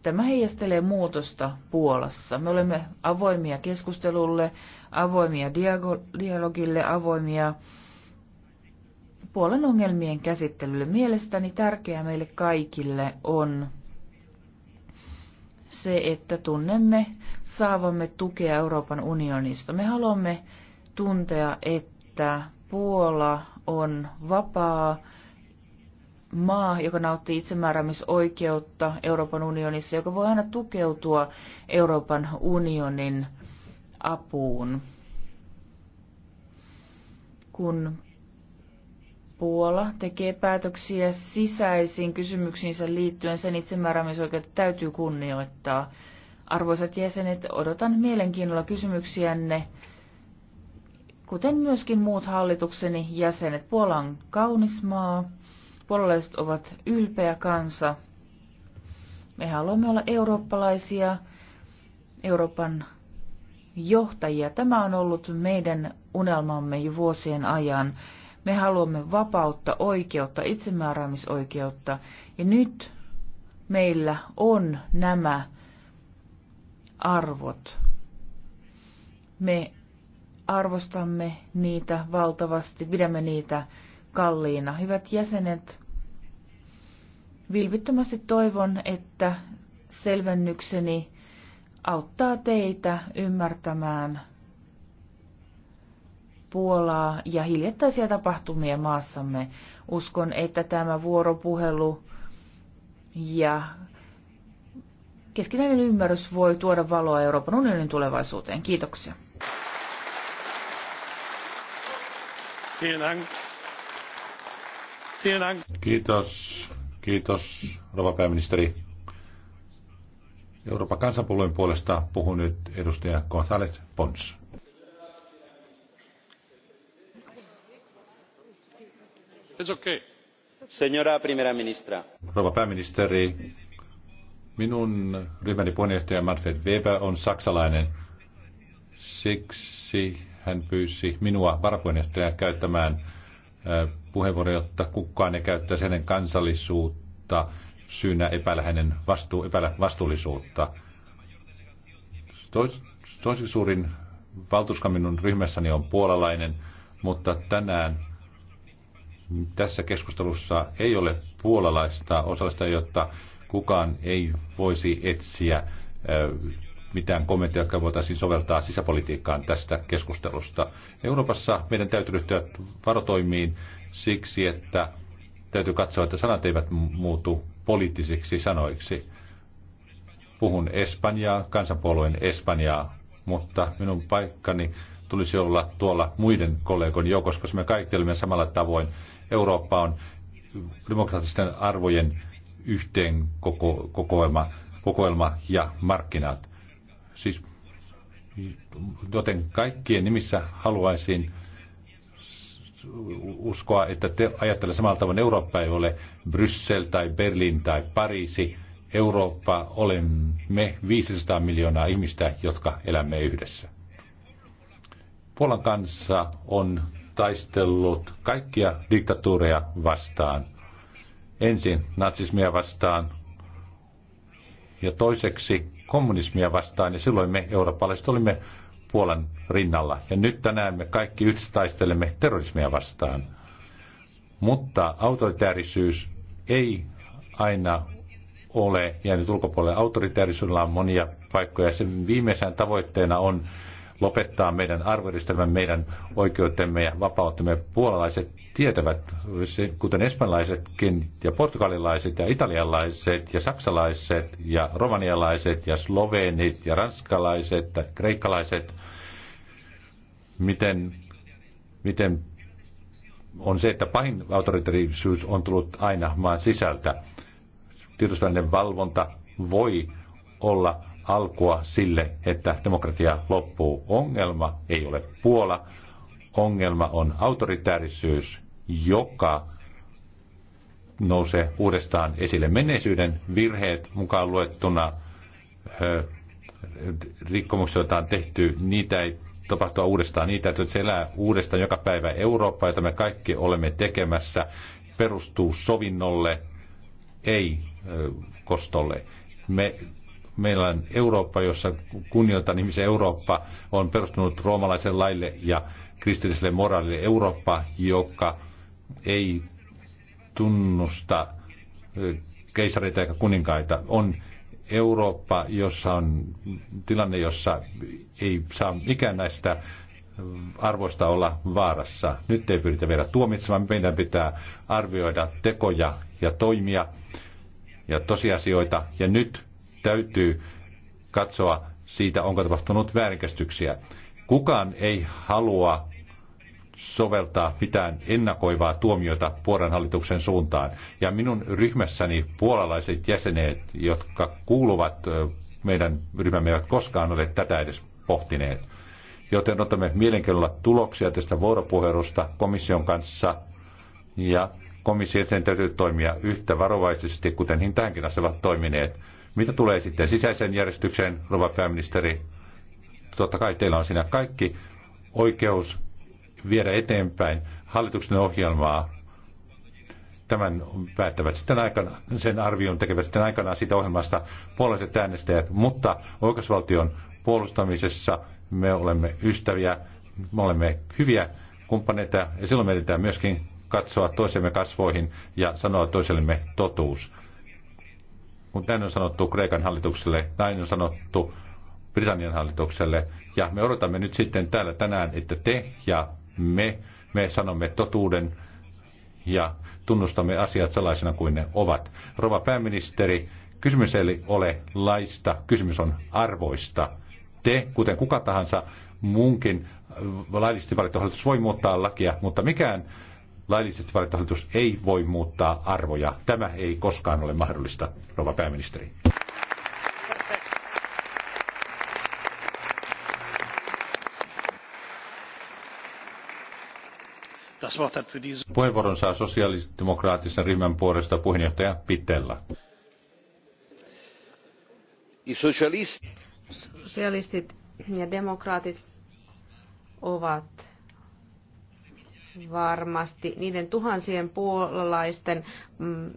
Tämä heijastelee muutosta Puolassa. Me olemme avoimia keskustelulle, avoimia dialogille, avoimia Puolan ongelmien käsittelylle. Mielestäni tärkeää meille kaikille on se, että tunnemme saavamme tukea Euroopan unionista. Me haluamme tuntea, että Puola on vapaa, maa, joka nauttii itsemääräämisoikeutta Euroopan unionissa, joka voi aina tukeutua Euroopan unionin apuun. Kun Puola tekee päätöksiä sisäisiin kysymyksiinsä liittyen, sen itsemääräämisoikeutta täytyy kunnioittaa. Arvoisat jäsenet, odotan mielenkiinnolla kysymyksiänne, kuten myöskin muut hallitukseni jäsenet. Puola on kaunis maa Puolalaiset ovat ylpeä kansa. Me haluamme olla eurooppalaisia, Euroopan johtajia. Tämä on ollut meidän unelmamme jo vuosien ajan. Me haluamme vapautta, oikeutta, itsemääräämisoikeutta. Ja nyt meillä on nämä arvot. Me arvostamme niitä valtavasti, pidämme niitä kalliina. Hyvät jäsenet, Vilpittömästi toivon, että selvennykseni auttaa teitä ymmärtämään Puolaa ja hiljattaisia tapahtumia maassamme. Uskon, että tämä vuoropuhelu ja keskinäinen ymmärrys voi tuoda valoa Euroopan unionin tulevaisuuteen. Kiitoksia. Kiitos. Kiitos, rouva pääministeri. Euroopan kansanpuolueen puolesta puhuu nyt edustaja González Pons. It's okay. Señora primera ministra. Rouva pääministeri, minun ryhmäni puheenjohtaja Manfred Weber on saksalainen. Siksi hän pyysi minua varapuheenjohtajaa käyttämään puheenvuoroja, jotta kukaan ei käyttäisi hänen kansallisuutta syynä epäillä hänen vastuu, epäillä vastuullisuutta. Tois, toisin suurin valtuuska minun ryhmässäni on puolalainen, mutta tänään tässä keskustelussa ei ole puolalaista osallista, jotta kukaan ei voisi etsiä mitään kommentteja, jotka voitaisiin soveltaa sisäpolitiikkaan tästä keskustelusta. Euroopassa meidän täytyy ryhtyä varotoimiin siksi, että täytyy katsoa, että sanat eivät muutu poliittisiksi sanoiksi. Puhun Espanjaa, kansanpuolueen Espanjaa, mutta minun paikkani tulisi olla tuolla muiden kollegoiden joukossa, koska me kaikki olemme samalla tavoin. Eurooppa on demokraattisten arvojen yhteen koko, kokoelma, kokoelma ja markkinat. Siis, joten kaikkien nimissä haluaisin uskoa, että te ajattelee samalla tavoin Eurooppa ei ole Bryssel tai Berliin tai Pariisi. Eurooppa olemme 500 miljoonaa ihmistä, jotka elämme yhdessä. Puolan kanssa on taistellut kaikkia diktatuureja vastaan. Ensin natsismia vastaan ja toiseksi kommunismia vastaan ja silloin me eurooppalaiset olimme Puolan rinnalla. Ja nyt tänään me kaikki yhdessä taistelemme terrorismia vastaan. Mutta autoritäärisyys ei aina ole jäänyt ulkopuolelle. Autoritäärisyydellä on monia paikkoja. Sen viimeisen tavoitteena on lopettaa meidän arvojärjestelmän, meidän oikeutemme ja vapautemme. Puolalaiset tietävät, kuten espanjalaisetkin ja portugalilaiset ja italialaiset ja saksalaiset ja romanialaiset ja sloveenit ja ranskalaiset ja kreikkalaiset, miten, miten on se, että pahin autoritarisuus on tullut aina maan sisältä. Tiedotusvälinen valvonta voi olla alkua sille, että demokratia loppuu. Ongelma ei ole Puola, ongelma on autoritäärisyys, joka nousee uudestaan esille. Menneisyyden virheet mukaan luettuna rikkomuksia, joita on tehty, niitä ei tapahtua uudestaan. Niitä täytyy elää uudestaan joka päivä Eurooppa, jota me kaikki olemme tekemässä, perustuu sovinnolle, ei kostolle. Me Meillä on Eurooppa, jossa kunnioitetaan ihmisen Eurooppa on perustunut roomalaisen laille ja kristilliselle moraalille. Eurooppa, joka ei tunnusta keisareita eikä kuninkaita, on Eurooppa, jossa on tilanne, jossa ei saa ikään näistä arvoista olla vaarassa. Nyt ei pyritä vielä tuomitsemaan, meidän pitää arvioida tekoja ja toimia ja tosiasioita. Ja nyt täytyy katsoa siitä, onko tapahtunut väärinkäsityksiä. Kukaan ei halua soveltaa mitään ennakoivaa tuomiota Puolan hallituksen suuntaan. Ja minun ryhmässäni puolalaiset jäsenet, jotka kuuluvat meidän ryhmämme, eivät koskaan ole tätä edes pohtineet. Joten otamme mielenkiinnolla tuloksia tästä vuoropuhelusta komission kanssa ja komission täytyy toimia yhtä varovaisesti, kuten he tähänkin ovat toimineet mitä tulee sitten sisäiseen järjestykseen, rouva pääministeri, totta kai teillä on siinä kaikki oikeus viedä eteenpäin hallituksen ohjelmaa. Tämän päättävät sitten aikana, sen arvion tekevät sitten aikanaan siitä ohjelmasta puolueiset äänestäjät, mutta oikeusvaltion puolustamisessa me olemme ystäviä, me olemme hyviä kumppaneita ja silloin meidän myöskin katsoa toisemme kasvoihin ja sanoa toisellemme totuus kun näin on sanottu Kreikan hallitukselle, näin on sanottu Britannian hallitukselle. Ja me odotamme nyt sitten täällä tänään, että te ja me, me sanomme totuuden ja tunnustamme asiat sellaisena kuin ne ovat. Rova pääministeri, kysymys ei ole laista, kysymys on arvoista. Te, kuten kuka tahansa munkin laillisesti valittu hallitus, voi muuttaa lakia, mutta mikään laillisesti valittu hallitus ei voi muuttaa arvoja. Tämä ei koskaan ole mahdollista, rouva pääministeri. Puheenvuoron saa sosiaalidemokraattisen ryhmän puolesta puheenjohtaja Pitella. Sosialistit ja demokraatit ovat varmasti niiden tuhansien puolalaisten mm,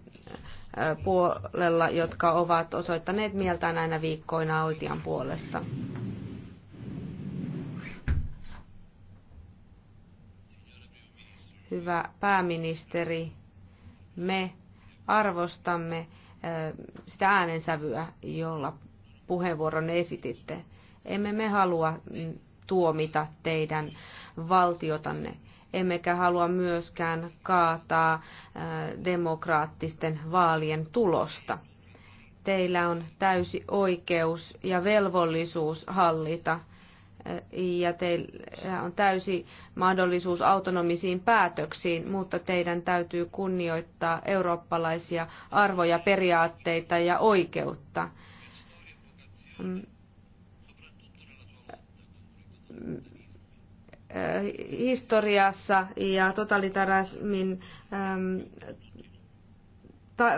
puolella, jotka ovat osoittaneet mieltään näinä viikkoina oikean puolesta. Hyvä pääministeri, me arvostamme sitä äänensävyä, jolla puheenvuoron esititte. Emme me halua tuomita teidän valtiotanne emmekä halua myöskään kaataa äh, demokraattisten vaalien tulosta. Teillä on täysi oikeus ja velvollisuus hallita äh, ja teillä on täysi mahdollisuus autonomisiin päätöksiin, mutta teidän täytyy kunnioittaa eurooppalaisia arvoja, periaatteita ja oikeutta mm. Eh, historiassa ja totalitarismin ehm,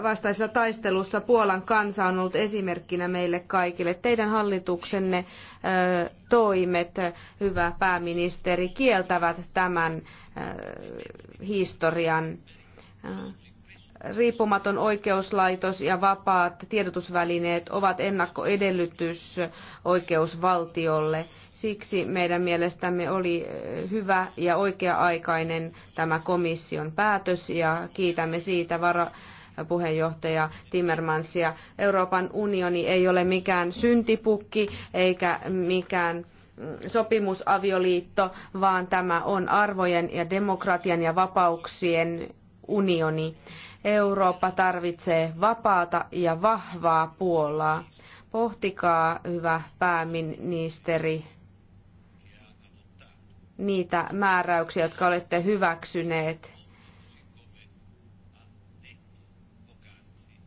vastaisessa taistelussa Puolan kansa on ollut esimerkkinä meille kaikille. Teidän hallituksenne eh, toimet, hyvä pääministeri, kieltävät tämän eh, historian riippumaton oikeuslaitos ja vapaat tiedotusvälineet ovat ennakkoedellytys oikeusvaltiolle. Siksi meidän mielestämme oli hyvä ja oikea-aikainen tämä komission päätös ja kiitämme siitä vara puheenjohtaja Timmermansia. Euroopan unioni ei ole mikään syntipukki eikä mikään sopimusavioliitto, vaan tämä on arvojen ja demokratian ja vapauksien unioni. Eurooppa tarvitsee vapaata ja vahvaa Puolaa. Pohtikaa, hyvä pääministeri, niitä määräyksiä, jotka olette hyväksyneet.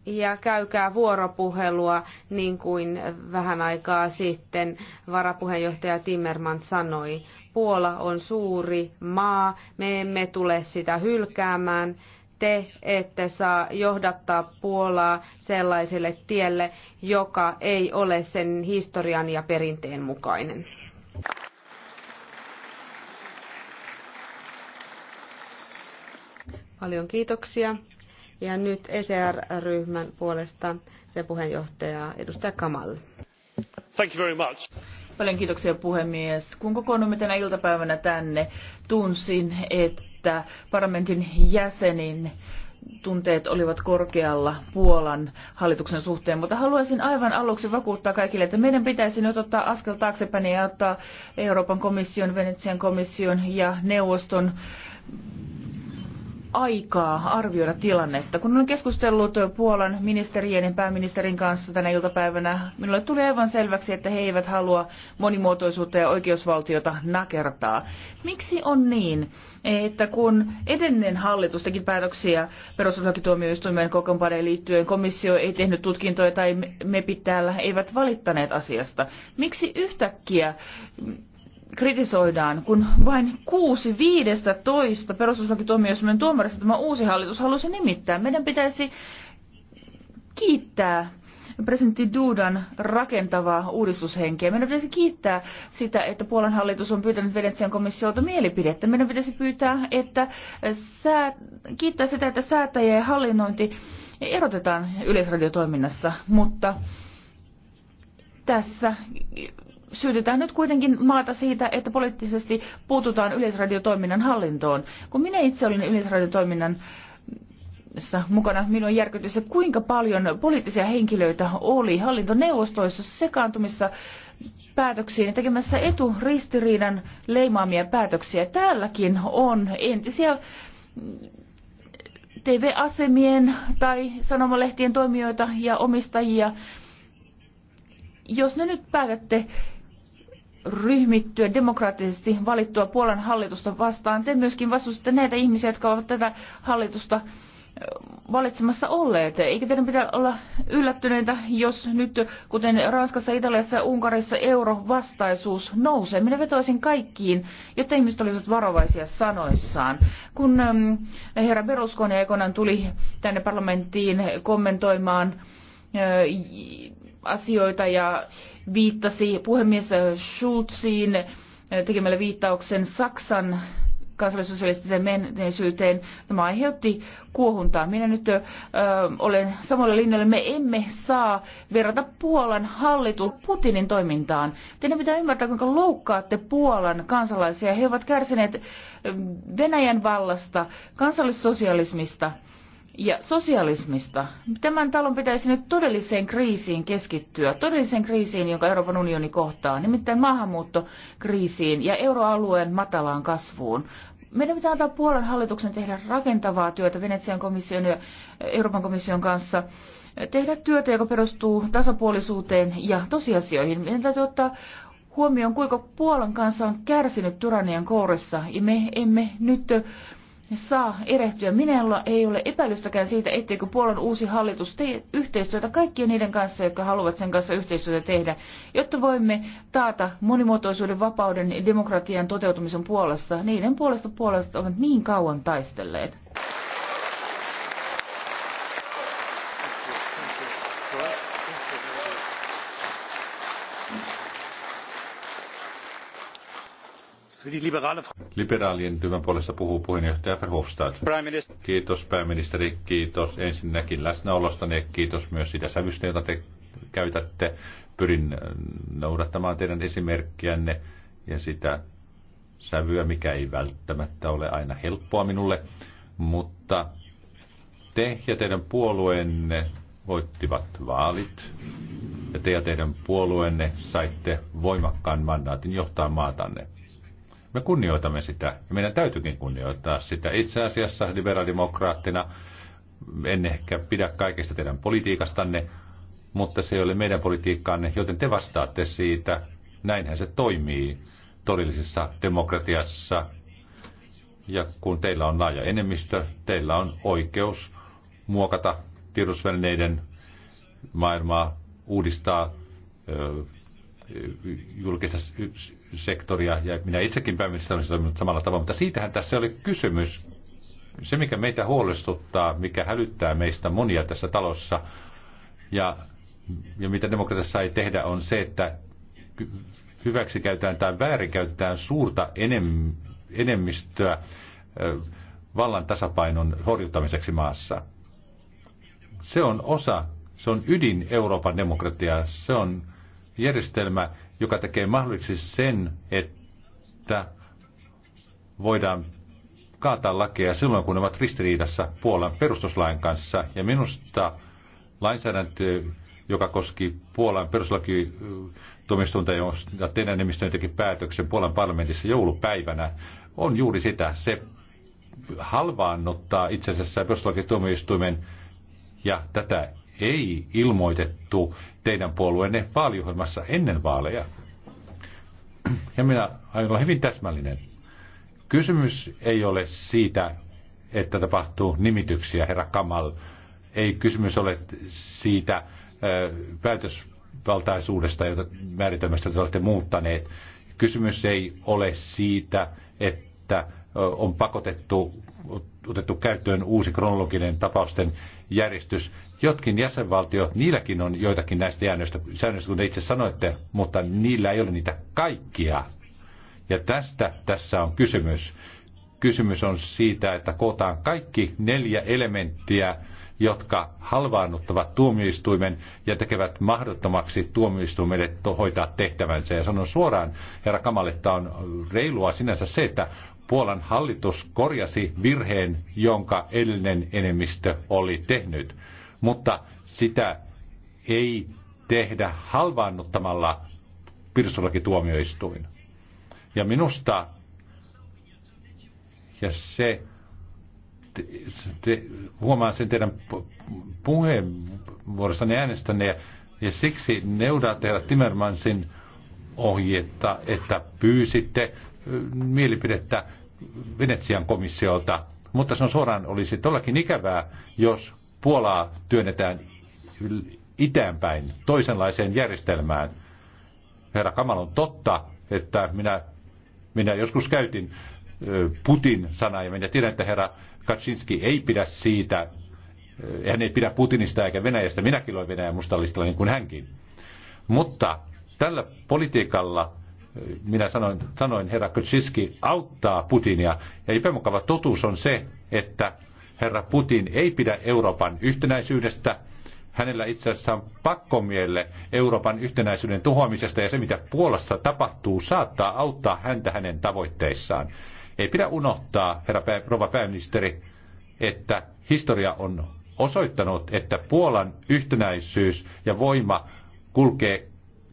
Ja käykää vuoropuhelua, niin kuin vähän aikaa sitten varapuheenjohtaja Timmerman sanoi. Puola on suuri maa, me emme tule sitä hylkäämään te ette saa johdattaa Puolaa sellaiselle tielle, joka ei ole sen historian ja perinteen mukainen. Paljon kiitoksia. Ja nyt ECR-ryhmän puolesta se puheenjohtaja edustaja Kamal. Thank you very much. Paljon kiitoksia puhemies. Kun kokoonnumme tänä iltapäivänä tänne, tunsin, että että parlamentin jäsenin tunteet olivat korkealla Puolan hallituksen suhteen, mutta haluaisin aivan aluksi vakuuttaa kaikille, että meidän pitäisi nyt ottaa askel taaksepäin ja ottaa Euroopan komission, Venetsian komission ja neuvoston aikaa arvioida tilannetta. Kun olen keskustellut Puolan ministerien ja pääministerin kanssa tänä iltapäivänä, minulle tuli aivan selväksi, että he eivät halua monimuotoisuutta ja oikeusvaltiota nakertaa. Miksi on niin, että kun edellinen hallitus teki päätöksiä perustuslakituomioistuimen kokonpaneen liittyen, komissio ei tehnyt tutkintoja tai mepit täällä eivät valittaneet asiasta. Miksi yhtäkkiä kritisoidaan, kun vain kuusi viidestä toista perustuslakituomioistuimen tuomarista tämä uusi hallitus halusi nimittää. Meidän pitäisi kiittää presidentti Dudan rakentavaa uudistushenkeä. Meidän pitäisi kiittää sitä, että Puolan hallitus on pyytänyt Venetsian komissiolta mielipidettä. Meidän pitäisi pyytää, että sää, kiittää sitä, että säätäjä ja hallinnointi erotetaan yleisradiotoiminnassa, mutta tässä syytetään nyt kuitenkin maata siitä, että poliittisesti puututaan yleisradiotoiminnan hallintoon. Kun minä itse olin yleisradiotoiminnan mukana, minua järkytti se, kuinka paljon poliittisia henkilöitä oli hallintoneuvostoissa sekaantumissa päätöksiin tekemässä eturistiriidan leimaamia päätöksiä. Täälläkin on entisiä TV-asemien tai sanomalehtien toimijoita ja omistajia. Jos ne nyt päätätte ryhmittyä demokraattisesti valittua Puolan hallitusta vastaan. Te myöskin vastustatte näitä ihmisiä, jotka ovat tätä hallitusta valitsemassa olleet. Eikä teidän pitää olla yllättyneitä, jos nyt, kuten Ranskassa, Italiassa ja Unkarissa, eurovastaisuus nousee. Minä vetoisin kaikkiin, jotta ihmiset olisivat varovaisia sanoissaan. Kun herra Berlusconi aikoinaan tuli tänne parlamenttiin kommentoimaan asioita ja viittasi puhemies Schulziin tekemällä viittauksen Saksan kansallisosialistiseen menneisyyteen. Tämä aiheutti kuohuntaa. Minä nyt ö, olen samalla linjalla. Me emme saa verrata Puolan hallitun Putinin toimintaan. Teidän pitää ymmärtää, kuinka loukkaatte Puolan kansalaisia. He ovat kärsineet Venäjän vallasta, kansallissosialismista ja sosialismista. Tämän talon pitäisi nyt todelliseen kriisiin keskittyä, todelliseen kriisiin, jonka Euroopan unioni kohtaa, nimittäin maahanmuuttokriisiin ja euroalueen matalaan kasvuun. Meidän pitää antaa Puolan hallituksen tehdä rakentavaa työtä Venetsian komission ja Euroopan komission kanssa, tehdä työtä, joka perustuu tasapuolisuuteen ja tosiasioihin. Meidän täytyy ottaa huomioon, kuinka Puolan kanssa on kärsinyt tyrannian kourissa, ja me emme nyt saa erehtyä. Minulla ei ole epäilystäkään siitä, etteikö Puolan uusi hallitus tee yhteistyötä kaikkien niiden kanssa, jotka haluavat sen kanssa yhteistyötä tehdä, jotta voimme taata monimuotoisuuden, vapauden ja demokratian toteutumisen Puolassa niiden puolesta puolesta ovat niin kauan taistelleet. Liberaalien ryhmän puolesta puhuu puheenjohtaja Verhofstadt. Kiitos pääministeri, kiitos ensinnäkin läsnäolostanne, kiitos myös siitä sävystä, jota te käytätte. Pyrin äh, noudattamaan teidän esimerkkiänne ja sitä sävyä, mikä ei välttämättä ole aina helppoa minulle, mutta te ja teidän puolueenne voittivat vaalit ja te ja teidän puolueenne saitte voimakkaan mandaatin johtaa maatanne. Me kunnioitamme sitä ja meidän täytyykin kunnioittaa sitä. Itse asiassa liberaalidemokraattina en ehkä pidä kaikesta teidän politiikastanne, mutta se ei ole meidän politiikkaanne, joten te vastaatte siitä. Näinhän se toimii todellisessa demokratiassa. Ja kun teillä on laaja enemmistö, teillä on oikeus muokata tiedusvälineiden maailmaa, uudistaa julkista sektoria, ja minä itsekin pääministeri olisin toiminut samalla tavalla, mutta siitähän tässä oli kysymys. Se, mikä meitä huolestuttaa, mikä hälyttää meistä monia tässä talossa, ja, ja mitä demokratiassa ei tehdä, on se, että käytetään tai väärinkäytetään suurta enem, enemmistöä vallan tasapainon horjuttamiseksi maassa. Se on osa, se on ydin Euroopan demokratiaa, se on järjestelmä, joka tekee mahdolliseksi sen, että voidaan kaataa lakeja silloin, kun ne ovat ristiriidassa Puolan perustuslain kanssa. Ja minusta lainsäädäntö, joka koski Puolan perustuslakituomioistuinta, ja teidän enemmistöön teki päätöksen Puolan parlamentissa joulupäivänä, on juuri sitä. Se halvaannuttaa itse asiassa perustuslakituomioistuimen ja tätä ei ilmoitettu teidän puolueenne vaaliohjelmassa ennen vaaleja? Ja minä aion olla hyvin täsmällinen. Kysymys ei ole siitä, että tapahtuu nimityksiä, herra Kamal. Ei kysymys ole siitä päätösvaltaisuudesta, jota määritelmästä te olette muuttaneet. Kysymys ei ole siitä, että on pakotettu, otettu käyttöön uusi kronologinen tapausten järjestys. Jotkin jäsenvaltiot, niilläkin on joitakin näistä jäännöistä, säännöistä, kuten itse sanoitte, mutta niillä ei ole niitä kaikkia. Ja tästä tässä on kysymys. Kysymys on siitä, että kootaan kaikki neljä elementtiä, jotka halvaannuttavat tuomioistuimen ja tekevät mahdottomaksi tuomioistuimelle hoitaa tehtävänsä. Ja sanon suoraan, herra Kamal, että on reilua sinänsä se, että Puolan hallitus korjasi virheen, jonka edellinen enemmistö oli tehnyt, mutta sitä ei tehdä halvaannuttamalla perustuslakituomioistuin. Ja minusta, ja se, te, te, huomaan sen teidän puheenvuorostanne äänestänne, ja, ja siksi neudaa teidän Timmermansin ohjetta, että pyysitte mielipidettä Venetsian komissiolta, mutta se on suoraan olisi todellakin ikävää, jos Puolaa työnnetään itäänpäin toisenlaiseen järjestelmään. Herra Kamal on totta, että minä, minä joskus käytin Putin sanaa ja minä tiedän, että herra Kaczynski ei pidä siitä, hän ei pidä Putinista eikä Venäjästä. Minäkin olen Venäjän mustalistalla niin kuin hänkin. Mutta tällä politiikalla minä sanoin, sanoin herra Kutsiski auttaa Putinia. Ja epämukava totuus on se, että herra Putin ei pidä Euroopan yhtenäisyydestä. Hänellä itse asiassa on pakkomielle Euroopan yhtenäisyyden tuhoamisesta ja se, mitä Puolassa tapahtuu, saattaa auttaa häntä hänen tavoitteissaan. Ei pidä unohtaa, herra pää, rouva pääministeri, että historia on osoittanut, että Puolan yhtenäisyys ja voima kulkee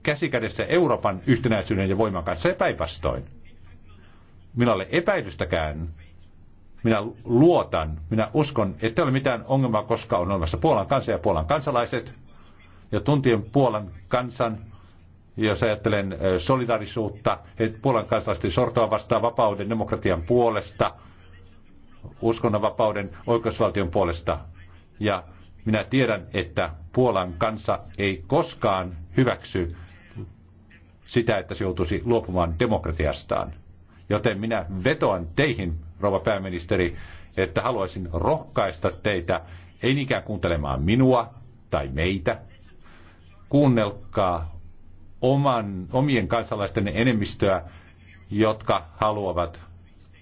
käsikädessä Euroopan yhtenäisyyden ja voiman kanssa, ja päinvastoin. Minä olen epäilystäkään. Minä luotan, minä uskon, että ole mitään ongelmaa, koska on olemassa Puolan kansa ja Puolan kansalaiset. Ja tuntien Puolan kansan, jos ajattelen solidaarisuutta, että Puolan kansalaisten sortoa vastaan vapauden, demokratian puolesta, uskonnonvapauden, oikeusvaltion puolesta. Ja minä tiedän, että Puolan kansa ei koskaan hyväksy sitä, että se joutuisi luopumaan demokratiastaan. Joten minä vetoan teihin, rouva pääministeri, että haluaisin rohkaista teitä, ei niinkään kuuntelemaan minua tai meitä. Kuunnelkaa oman, omien kansalaisten enemmistöä, jotka haluavat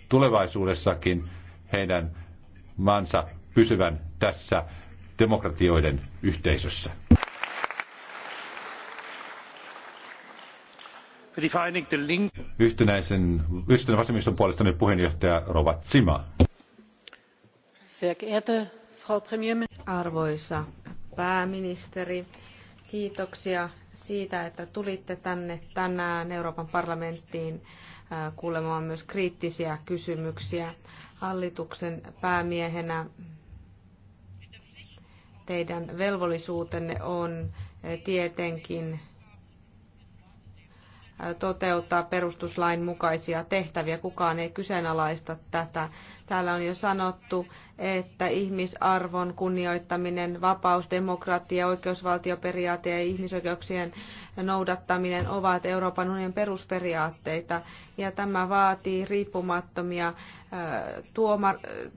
tulevaisuudessakin heidän maansa pysyvän tässä demokratioiden yhteisössä. Yhtenäisen, yhtenäisen vasemmiston puolesta nyt puheenjohtaja Rova Zima. Arvoisa pääministeri, kiitoksia siitä, että tulitte tänne tänään Euroopan parlamenttiin äh, kuulemaan myös kriittisiä kysymyksiä hallituksen päämiehenä. Teidän velvollisuutenne on äh, tietenkin toteuttaa perustuslain mukaisia tehtäviä. Kukaan ei kyseenalaista tätä. Täällä on jo sanottu, että ihmisarvon kunnioittaminen, vapaus, demokratia, oikeusvaltioperiaate ja ihmisoikeuksien noudattaminen ovat Euroopan unionin perusperiaatteita. Ja tämä vaatii riippumattomia äh, tuomar- äh,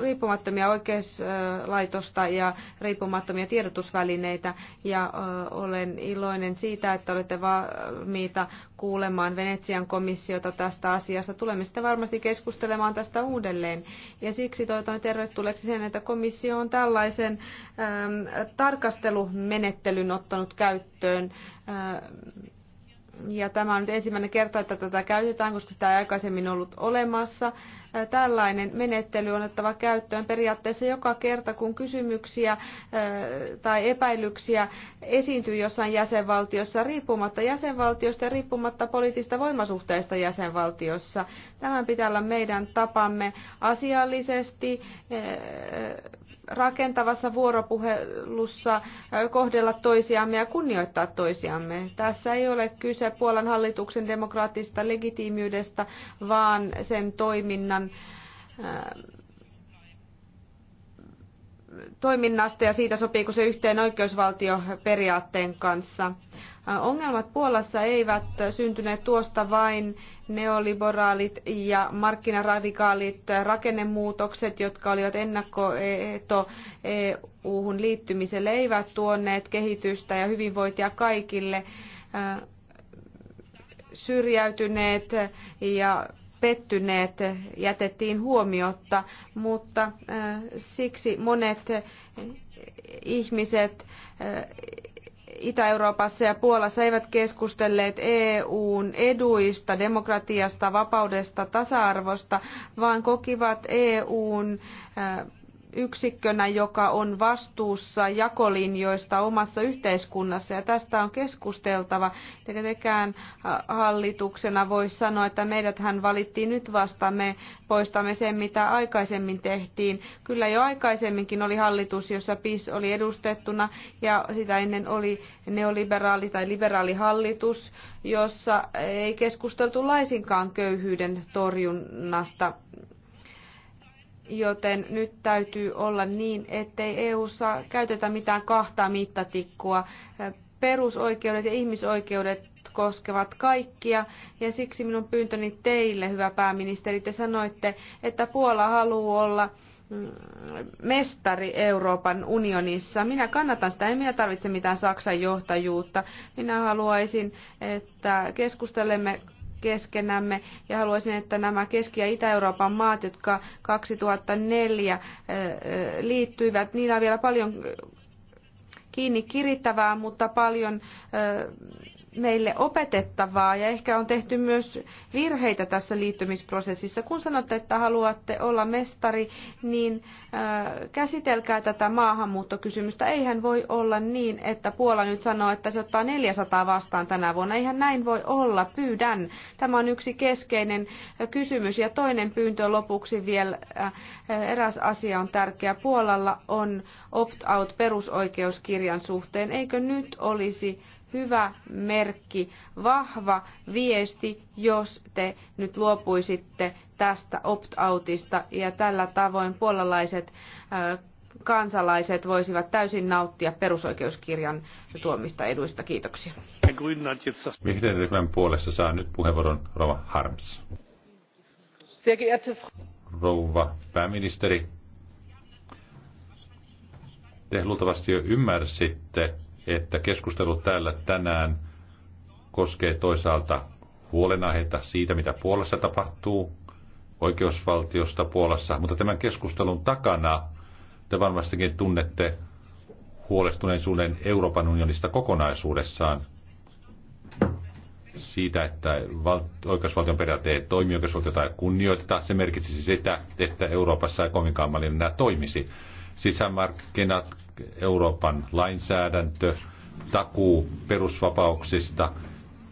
riippumattomia oikeuslaitosta ja riippumattomia tiedotusvälineitä ja olen iloinen siitä, että olette valmiita kuulemaan Venetsian komissiota tästä asiasta. Tulemme sitten varmasti keskustelemaan tästä uudelleen ja siksi toivotan tervetulleeksi sen, että komissio on tällaisen tarkastelumenettelyn ottanut käyttöön ja tämä on nyt ensimmäinen kerta, että tätä käytetään, koska sitä ei aikaisemmin ollut olemassa. Tällainen menettely on otettava käyttöön periaatteessa joka kerta, kun kysymyksiä tai epäilyksiä esiintyy jossain jäsenvaltiossa, riippumatta jäsenvaltiosta ja riippumatta poliittista voimasuhteista jäsenvaltiossa. Tämän pitää olla meidän tapamme asiallisesti rakentavassa vuoropuhelussa äh, kohdella toisiamme ja kunnioittaa toisiamme. Tässä ei ole kyse Puolan hallituksen demokraattista legitiimiydestä, vaan sen toiminnan äh, toiminnasta ja siitä sopiiko se yhteen oikeusvaltioperiaatteen kanssa. Ongelmat Puolassa eivät syntyneet tuosta vain neoliberaalit ja markkinaradikaalit rakennemuutokset, jotka olivat ennakkoehto EU-hun liittymiselle, eivät tuoneet kehitystä ja hyvinvointia kaikille. Syrjäytyneet ja pettyneet jätettiin huomiotta, mutta äh, siksi monet ihmiset äh, Itä-Euroopassa ja Puolassa eivät keskustelleet EUn eduista, demokratiasta, vapaudesta, tasa-arvosta, vaan kokivat EUn äh, yksikkönä, joka on vastuussa jakolinjoista omassa yhteiskunnassa. Ja tästä on keskusteltava. Tekään äh, hallituksena voisi sanoa, että meidät hän valittiin nyt vasta. Me poistamme sen, mitä aikaisemmin tehtiin. Kyllä jo aikaisemminkin oli hallitus, jossa PIS oli edustettuna ja sitä ennen oli neoliberaali tai liberaalihallitus, jossa ei keskusteltu laisinkaan köyhyyden torjunnasta joten nyt täytyy olla niin, ettei EU:ssa käytetä mitään kahta mittatikkua. Perusoikeudet ja ihmisoikeudet koskevat kaikkia, ja siksi minun pyyntöni teille, hyvä pääministeri, te sanoitte, että Puola haluaa olla mm, mestari Euroopan unionissa. Minä kannatan sitä, en minä tarvitse mitään Saksan johtajuutta. Minä haluaisin, että keskustelemme keskenämme ja haluaisin, että nämä Keski- ja Itä-Euroopan maat, jotka 2004 liittyivät, niillä on vielä paljon kiinni kirittävää, mutta paljon meille opetettavaa ja ehkä on tehty myös virheitä tässä liittymisprosessissa. Kun sanotte, että haluatte olla mestari, niin äh, käsitelkää tätä maahanmuuttokysymystä. Eihän voi olla niin, että Puola nyt sanoo, että se ottaa 400 vastaan tänä vuonna. Eihän näin voi olla. Pyydän. Tämä on yksi keskeinen äh, kysymys. Ja toinen pyyntö lopuksi vielä. Äh, eräs asia on tärkeä. Puolalla on opt-out perusoikeuskirjan suhteen. Eikö nyt olisi hyvä merkki, vahva viesti, jos te nyt luopuisitte tästä opt-outista ja tällä tavoin puolalaiset kansalaiset voisivat täysin nauttia perusoikeuskirjan tuomista eduista. Kiitoksia. Vihreän ryhmän puolesta saa nyt puheenvuoron Rova Harms. Rouva pääministeri, te luultavasti jo ymmärsitte, että keskustelu täällä tänään koskee toisaalta huolenaiheita siitä, mitä Puolassa tapahtuu, oikeusvaltiosta Puolassa, mutta tämän keskustelun takana te varmastikin tunnette huolestuneisuuden Euroopan unionista kokonaisuudessaan siitä, että val- oikeusvaltion periaatteet toimii, oikeusvaltiota ei kunnioiteta. Se merkitsisi sitä, että Euroopassa ei kovinkaan paljon enää toimisi. Sisämarkkinat Euroopan lainsäädäntö, takuu perusvapauksista,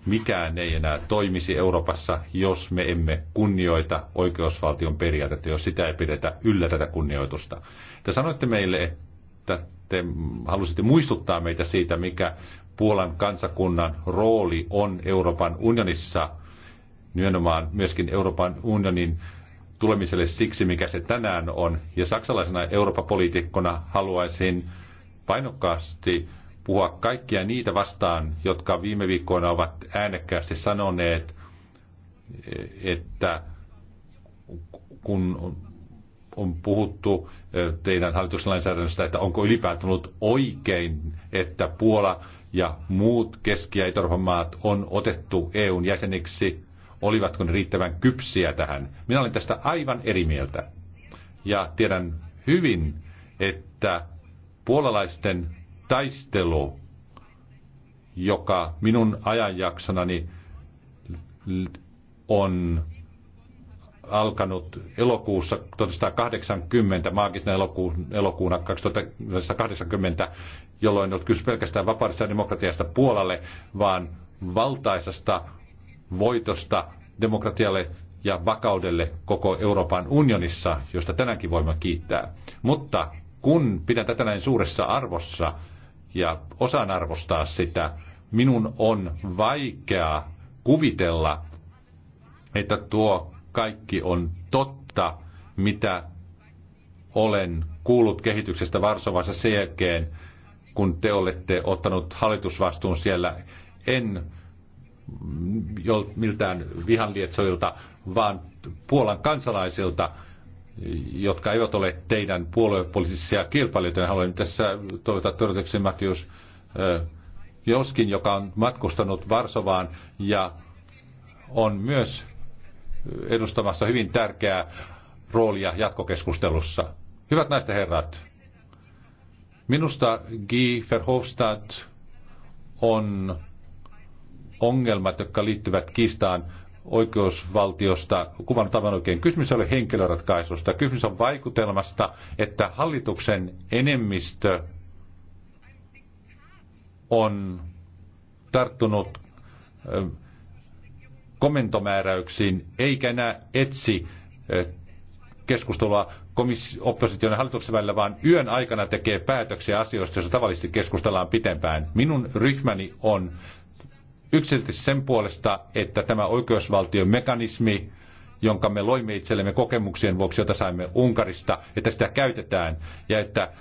mikään ei enää toimisi Euroopassa, jos me emme kunnioita oikeusvaltion periaatetta, jos sitä ei pidetä yllä tätä kunnioitusta. Te sanoitte meille, että te halusitte muistuttaa meitä siitä, mikä Puolan kansakunnan rooli on Euroopan unionissa, nimenomaan myöskin Euroopan unionin tulemiselle siksi, mikä se tänään on. Ja saksalaisena Eurooppa-poliitikkona haluaisin painokkaasti puhua kaikkia niitä vastaan, jotka viime viikkoina ovat äänekkäästi sanoneet, että kun on puhuttu teidän hallituslainsäädännöstä, että onko ylipäätään ollut oikein, että Puola ja muut Keski- ja Itä-Euroopan maat on otettu EUn jäseniksi olivatko ne riittävän kypsiä tähän. Minä olen tästä aivan eri mieltä. Ja tiedän hyvin, että puolalaisten taistelu, joka minun ajanjaksonani on alkanut elokuussa 1980, maagisena elokuun, elokuuna 1980, jolloin ei ollut kysymys pelkästään vapaudesta ja demokratiasta Puolalle, vaan valtaisesta voitosta demokratialle ja vakaudelle koko Euroopan unionissa, josta tänäänkin voimme kiittää. Mutta kun pidän tätä näin suuressa arvossa ja osaan arvostaa sitä, minun on vaikea kuvitella, että tuo kaikki on totta, mitä olen kuullut kehityksestä Varsovassa sen jälkeen, kun te olette ottanut hallitusvastuun siellä. En miltään vihanlietsoilta, vaan Puolan kansalaisilta, jotka eivät ole teidän puoluepoliittisia kilpailijoita. Haluan tässä toivottaa todetuksi Matius eh, Joskin, joka on matkustanut Varsovaan ja on myös edustamassa hyvin tärkeää roolia jatkokeskustelussa. Hyvät naiset herrat, minusta Guy Verhofstadt on ongelmat, jotka liittyvät kistaan oikeusvaltiosta kuvannut aivan oikein. Kysymys ei ole henkilöratkaisusta. Kysymys on vaikutelmasta, että hallituksen enemmistö on tarttunut komentomääräyksiin, eikä enää etsi keskustelua opposition ja hallituksen välillä, vaan yön aikana tekee päätöksiä asioista, joissa tavallisesti keskustellaan pitempään. Minun ryhmäni on yksisesti sen puolesta, että tämä oikeusvaltion mekanismi, jonka me loimme itsellemme kokemuksien vuoksi, jota saimme Unkarista, että sitä käytetään ja että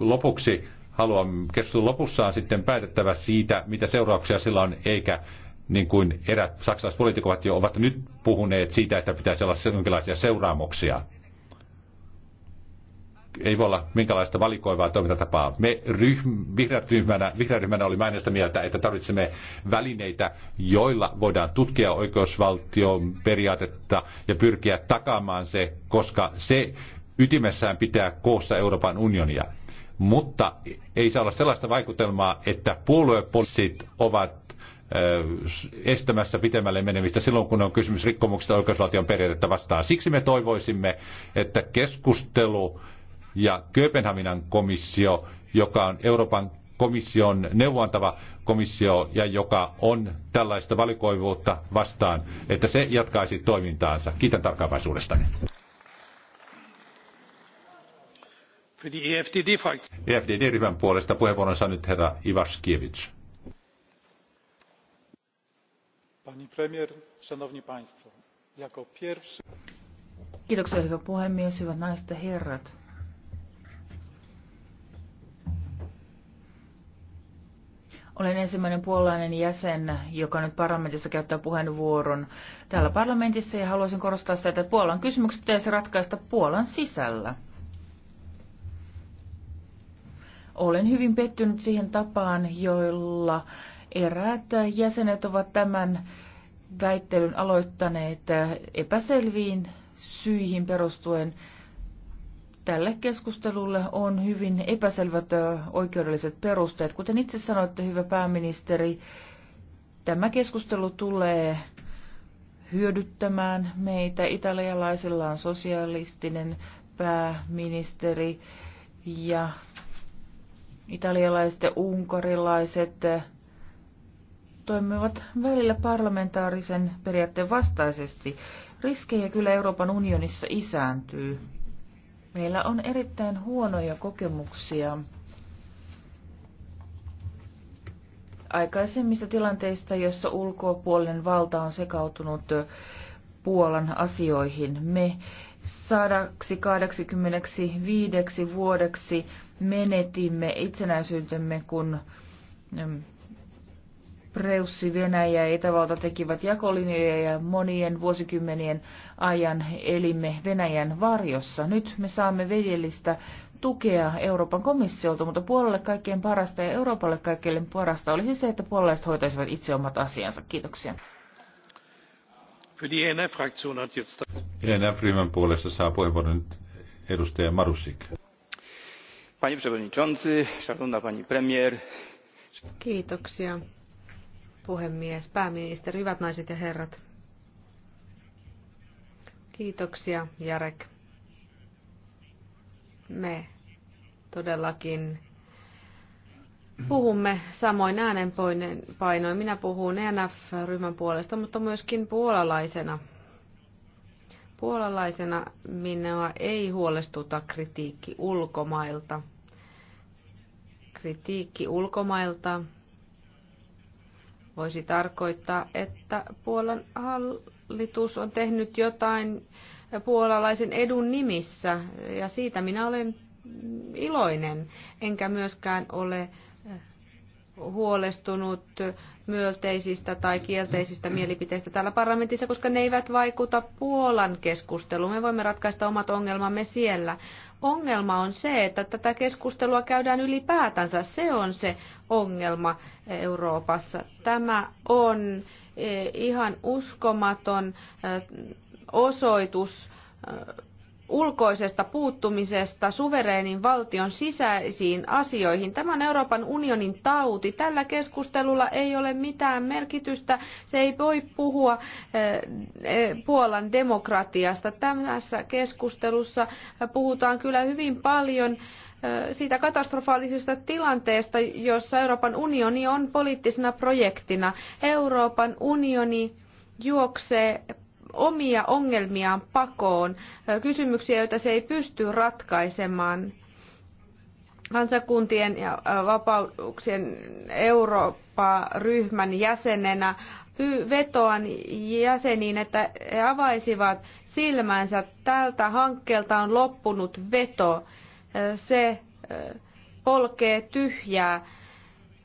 lopuksi haluan keskustelun lopussa on sitten päätettävä siitä, mitä seurauksia sillä on, eikä niin kuin erät saksalaiset poliitikot jo ovat nyt puhuneet siitä, että pitäisi olla jonkinlaisia seuraamuksia ei voi olla minkälaista valikoivaa toimintatapaa. Me ryhm, vihreät ryhmänä, vihreät ryhmänä oli sitä mieltä, että tarvitsemme välineitä, joilla voidaan tutkia oikeusvaltion periaatetta ja pyrkiä takaamaan se, koska se ytimessään pitää koossa Euroopan unionia. Mutta ei saa olla sellaista vaikutelmaa, että puoluepoliittiset ovat estämässä pitemmälle menemistä silloin, kun on kysymys rikkomuksista oikeusvaltion periaatetta vastaan. Siksi me toivoisimme, että keskustelu ja Kööpenhaminan komissio, joka on Euroopan komission neuvontava komissio ja joka on tällaista valikoivuutta vastaan, että se jatkaisi toimintaansa. Kiitän tarkkaavaisuudestanne. EFDD-ryhmän e e puolesta puheenvuoron saa nyt herra Ivaskiewicz. Pani premier, szanowni państwo, jako pierwszy... Kiitoksia hyvä puhemies, hyvät naiset ja herrat. Olen ensimmäinen puolalainen jäsen, joka nyt parlamentissa käyttää puheenvuoron täällä parlamentissa ja haluaisin korostaa sitä, että Puolan kysymykset pitäisi ratkaista Puolan sisällä. Olen hyvin pettynyt siihen tapaan, joilla eräät jäsenet ovat tämän väittelyn aloittaneet epäselviin syihin perustuen tälle keskustelulle on hyvin epäselvät oikeudelliset perusteet. Kuten itse sanoitte, hyvä pääministeri, tämä keskustelu tulee hyödyttämään meitä. Italialaisilla on sosialistinen pääministeri ja italialaiset ja unkarilaiset toimivat välillä parlamentaarisen periaatteen vastaisesti. Riskejä kyllä Euroopan unionissa isääntyy. Meillä on erittäin huonoja kokemuksia aikaisemmista tilanteista, jossa ulkopuolinen valta on sekautunut Puolan asioihin. Me 185 vuodeksi menetimme itsenäisyytemme, kun mm, Preussi, Venäjä ja Itävalta tekivät jakolinjoja ja monien vuosikymmenien ajan elimme Venäjän varjossa. Nyt me saamme veljellistä tukea Euroopan komissiolta, mutta puolelle kaikkein parasta ja Euroopalle kaikkein parasta olisi se, että puolalaiset hoitaisivat itse omat asiansa. Kiitoksia. ENF-ryhmän e e puolesta saa puheenvuoron edustaja Marusik. Panie przewodniczący, szanowna pani premier. Kiitoksia puhemies, pääministeri, hyvät naiset ja herrat. Kiitoksia, Jarek. Me todellakin puhumme samoin äänenpainoin. Minä puhun ENF-ryhmän puolesta, mutta myöskin puolalaisena. Puolalaisena minua ei huolestuta kritiikki ulkomailta. Kritiikki ulkomailta voisi tarkoittaa, että Puolan hallitus on tehnyt jotain puolalaisen edun nimissä ja siitä minä olen iloinen, enkä myöskään ole huolestunut myönteisistä tai kielteisistä mielipiteistä täällä parlamentissa, koska ne eivät vaikuta Puolan keskusteluun. Me voimme ratkaista omat ongelmamme siellä. Ongelma on se, että tätä keskustelua käydään ylipäätänsä. Se on se ongelma Euroopassa. Tämä on eh, ihan uskomaton eh, osoitus eh, ulkoisesta puuttumisesta suvereenin valtion sisäisiin asioihin. Tämä on Euroopan unionin tauti. Tällä keskustelulla ei ole mitään merkitystä. Se ei voi puhua eh, eh, Puolan demokratiasta. Tässä keskustelussa puhutaan kyllä hyvin paljon eh, siitä katastrofaalisesta tilanteesta, jossa Euroopan unioni on poliittisena projektina. Euroopan unioni juoksee omia ongelmiaan pakoon, kysymyksiä, joita se ei pysty ratkaisemaan. Kansakuntien ja vapauksien Eurooppa-ryhmän jäsenenä vetoan jäseniin, että he avaisivat silmänsä. Tältä hankkeelta on loppunut veto. Se polkee tyhjää.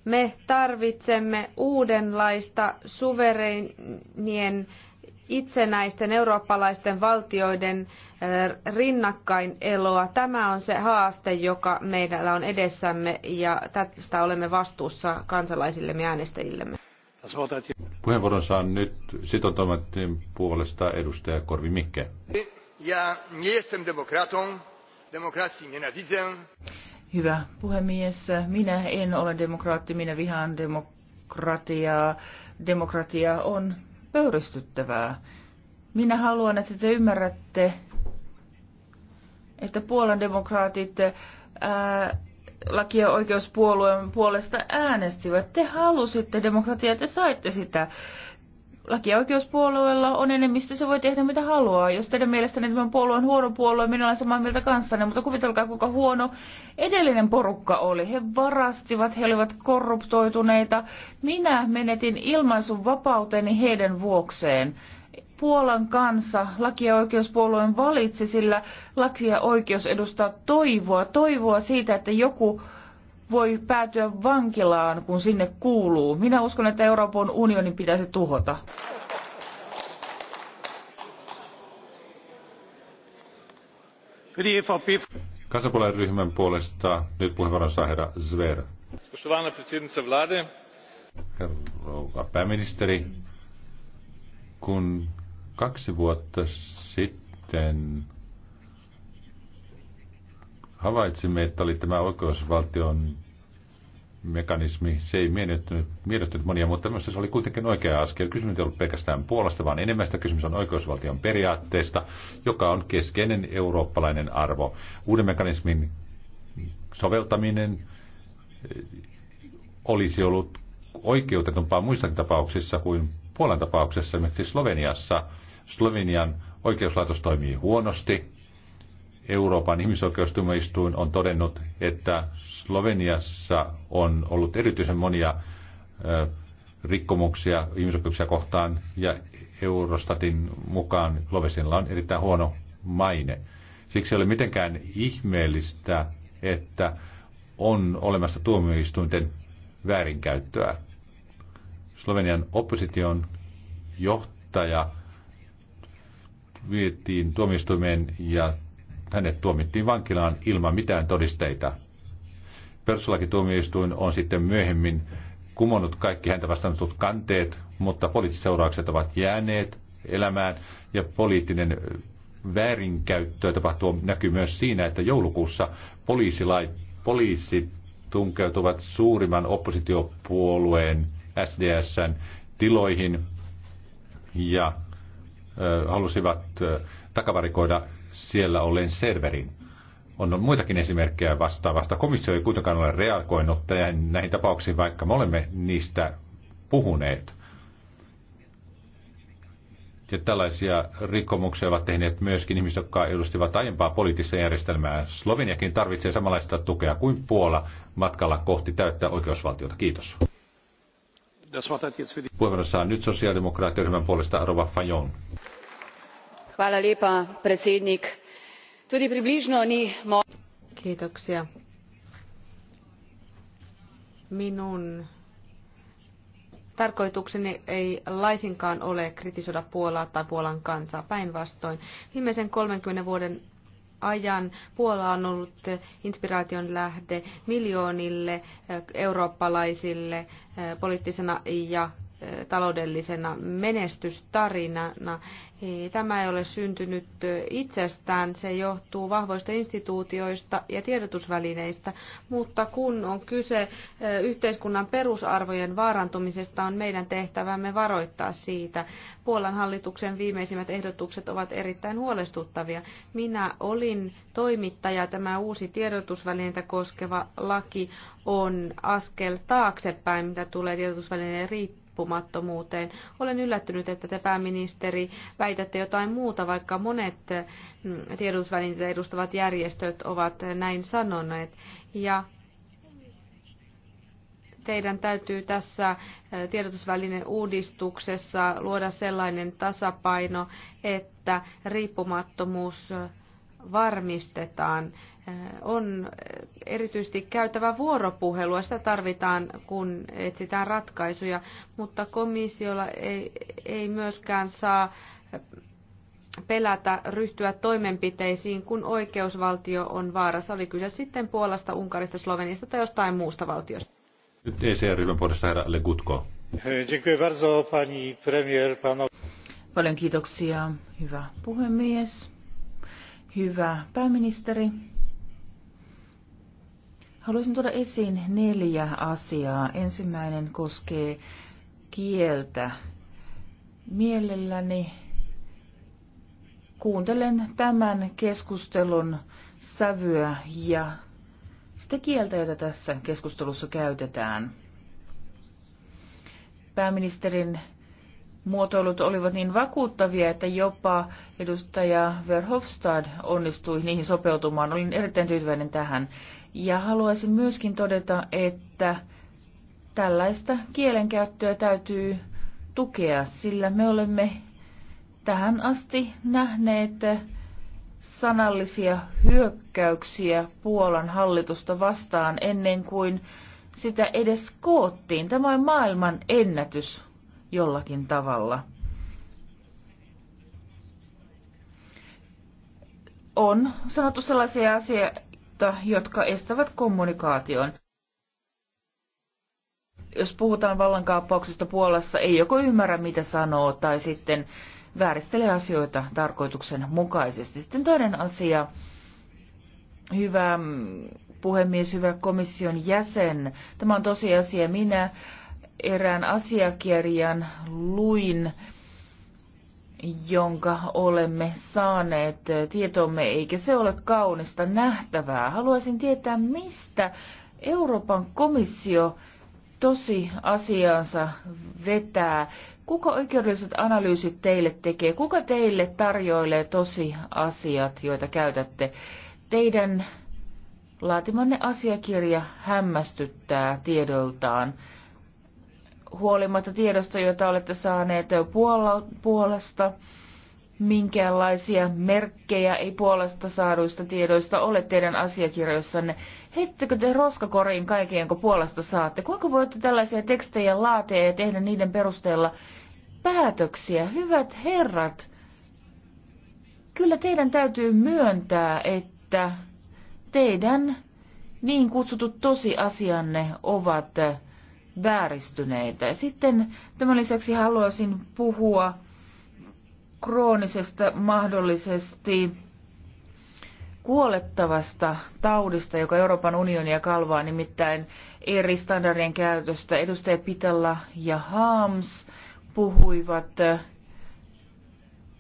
Me tarvitsemme uudenlaista suvereenien itsenäisten eurooppalaisten valtioiden eloa Tämä on se haaste, joka meillä on edessämme ja tästä olemme vastuussa kansalaisillemme ja äänestäjillemme. Puheenvuoron saa nyt sitoutumattomien puolesta edustaja Korvi Mikke. Hyvä puhemies, minä en ole demokraatti, minä vihaan demokratiaa. Demokratia on pöyristyttävää. Minä haluan, että te ymmärrätte, että Puolan demokraatit ää, laki- ja oikeuspuolueen puolesta äänestivät. Te halusitte demokratiaa, te saitte sitä laki- ja oikeuspuolueella on enemmistö, se voi tehdä mitä haluaa. Jos teidän mielestänne tämän puolue on huono puolue, minä olen samaa mieltä kanssanne, mutta kuvitelkaa kuinka huono edellinen porukka oli. He varastivat, he olivat korruptoituneita. Minä menetin ilmaisun vapauteni heidän vuokseen. Puolan kansa laki- ja oikeuspuolueen valitsi, sillä laki ja oikeus edustaa toivoa, toivoa siitä, että joku voi päätyä vankilaan, kun sinne kuuluu. Minä uskon, että Euroopan unionin pitäisi tuhota. Kansapuolen ryhmän puolesta nyt puheenvuoron saa herra Zver. Herra pääministeri, kun kaksi vuotta sitten havaitsimme, että oli tämä oikeusvaltion mekanismi, se ei miellyttänyt, miellyttänyt monia, mutta minusta se oli kuitenkin oikea askel. Kysymys ei ollut pelkästään Puolasta, vaan sitä kysymys on oikeusvaltion periaatteesta, joka on keskeinen eurooppalainen arvo. Uuden mekanismin soveltaminen eh, olisi ollut oikeutetumpaa muissa tapauksissa kuin Puolan tapauksessa, esimerkiksi Sloveniassa. Slovenian oikeuslaitos toimii huonosti, Euroopan ihmisoikeustuomioistuin on todennut, että Sloveniassa on ollut erityisen monia rikkomuksia ihmisoikeuksia kohtaan ja Eurostatin mukaan Slovesilla on erittäin huono maine. Siksi ei ole mitenkään ihmeellistä, että on olemassa tuomioistuinten väärinkäyttöä. Slovenian opposition johtaja vietiin tuomioistuimeen ja hänet tuomittiin vankilaan ilman mitään todisteita. Perustuslakituomioistuin on sitten myöhemmin kumonnut kaikki häntä vastannut kanteet, mutta poliittiset seuraukset ovat jääneet elämään ja poliittinen väärinkäyttö tapahtuu näkyy myös siinä, että joulukuussa poliisilait, poliisit tunkeutuvat suurimman oppositiopuolueen SDSn tiloihin ja ö, halusivat ö, takavarikoida siellä olen serverin. On muitakin esimerkkejä vastaavasta. Komissio ei kuitenkaan ole reagoinut näihin tapauksiin, vaikka me olemme niistä puhuneet. Ja tällaisia rikkomuksia ovat tehneet myöskin ihmiset, jotka edustivat aiempaa poliittista järjestelmää. Sloveniakin tarvitsee samanlaista tukea kuin Puola matkalla kohti täyttää oikeusvaltiota. Kiitos. Puheenvuorossa on nyt sosiaalidemokraattiryhmän puolesta Rova Fajon tudi približno ni Kiitoksia. Minun tarkoitukseni ei laisinkaan ole kritisoida Puolaa tai Puolan kansaa. Päinvastoin, viimeisen 30 vuoden ajan Puola on ollut inspiraation lähde miljoonille eurooppalaisille poliittisena ja taloudellisena menestystarinana. Tämä ei ole syntynyt itsestään, se johtuu vahvoista instituutioista ja tiedotusvälineistä, mutta kun on kyse yhteiskunnan perusarvojen vaarantumisesta, on meidän tehtävämme varoittaa siitä. Puolan hallituksen viimeisimmät ehdotukset ovat erittäin huolestuttavia. Minä olin toimittaja, tämä uusi tiedotusvälineitä koskeva laki on askel taaksepäin, mitä tulee tiedotusvälineen riittävyyteen riippumattomuuteen. Olen yllättynyt, että te pääministeri väitätte jotain muuta, vaikka monet mm, tiedotusvälineitä edustavat järjestöt ovat näin sanoneet. Ja teidän täytyy tässä eh, tiedotusvälineen uudistuksessa luoda sellainen tasapaino, että riippumattomuus eh, varmistetaan. On erityisesti käytävä vuoropuhelua, sitä tarvitaan, kun etsitään ratkaisuja, mutta komissiolla ei, ei myöskään saa pelätä ryhtyä toimenpiteisiin, kun oikeusvaltio on vaarassa. Oli kyse sitten Puolasta, Unkarista, Sloveniasta tai jostain muusta valtiosta. Nyt ECR-ryhmän puolesta herra Legutko. Paljon kiitoksia, hyvä puhemies. Hyvä pääministeri. Haluaisin tuoda esiin neljä asiaa. Ensimmäinen koskee kieltä. Mielelläni kuuntelen tämän keskustelun sävyä ja sitä kieltä, jota tässä keskustelussa käytetään. Pääministerin muotoilut olivat niin vakuuttavia, että jopa edustaja Verhofstad onnistui niihin sopeutumaan. Olin erittäin tyytyväinen tähän. Ja haluaisin myöskin todeta, että tällaista kielenkäyttöä täytyy tukea, sillä me olemme tähän asti nähneet sanallisia hyökkäyksiä Puolan hallitusta vastaan ennen kuin sitä edes koottiin. Tämä on maailman ennätys jollakin tavalla. On sanottu sellaisia asioita, jotka estävät kommunikaation. Jos puhutaan vallankaappauksesta Puolassa, ei joko ymmärrä mitä sanoo tai sitten vääristelee asioita mukaisesti. Sitten toinen asia, hyvä puhemies, hyvä komission jäsen. Tämä on tosiasia. Minä erään asiakirjan luin, jonka olemme saaneet tietomme, eikä se ole kaunista nähtävää. Haluaisin tietää, mistä Euroopan komissio tosi asiansa vetää. Kuka oikeudelliset analyysit teille tekee? Kuka teille tarjoilee tosi asiat, joita käytätte? Teidän laatimanne asiakirja hämmästyttää tiedoltaan huolimatta tiedosta, jota olette saaneet Puola, Puolasta, minkäänlaisia merkkejä ei Puolasta saaduista tiedoista ole teidän asiakirjoissanne. Heittekö te roskakoriin kaiken, jonka Puolasta saatte? Kuinka voitte tällaisia tekstejä laatia ja tehdä niiden perusteella päätöksiä? Hyvät herrat, kyllä teidän täytyy myöntää, että teidän niin kutsutut tosiasianne ovat vääristyneitä. Sitten tämän lisäksi haluaisin puhua kroonisesta mahdollisesti kuolettavasta taudista, joka Euroopan unionia kalvaa, nimittäin eri standardien käytöstä. Edustaja Pitalla ja Haams puhuivat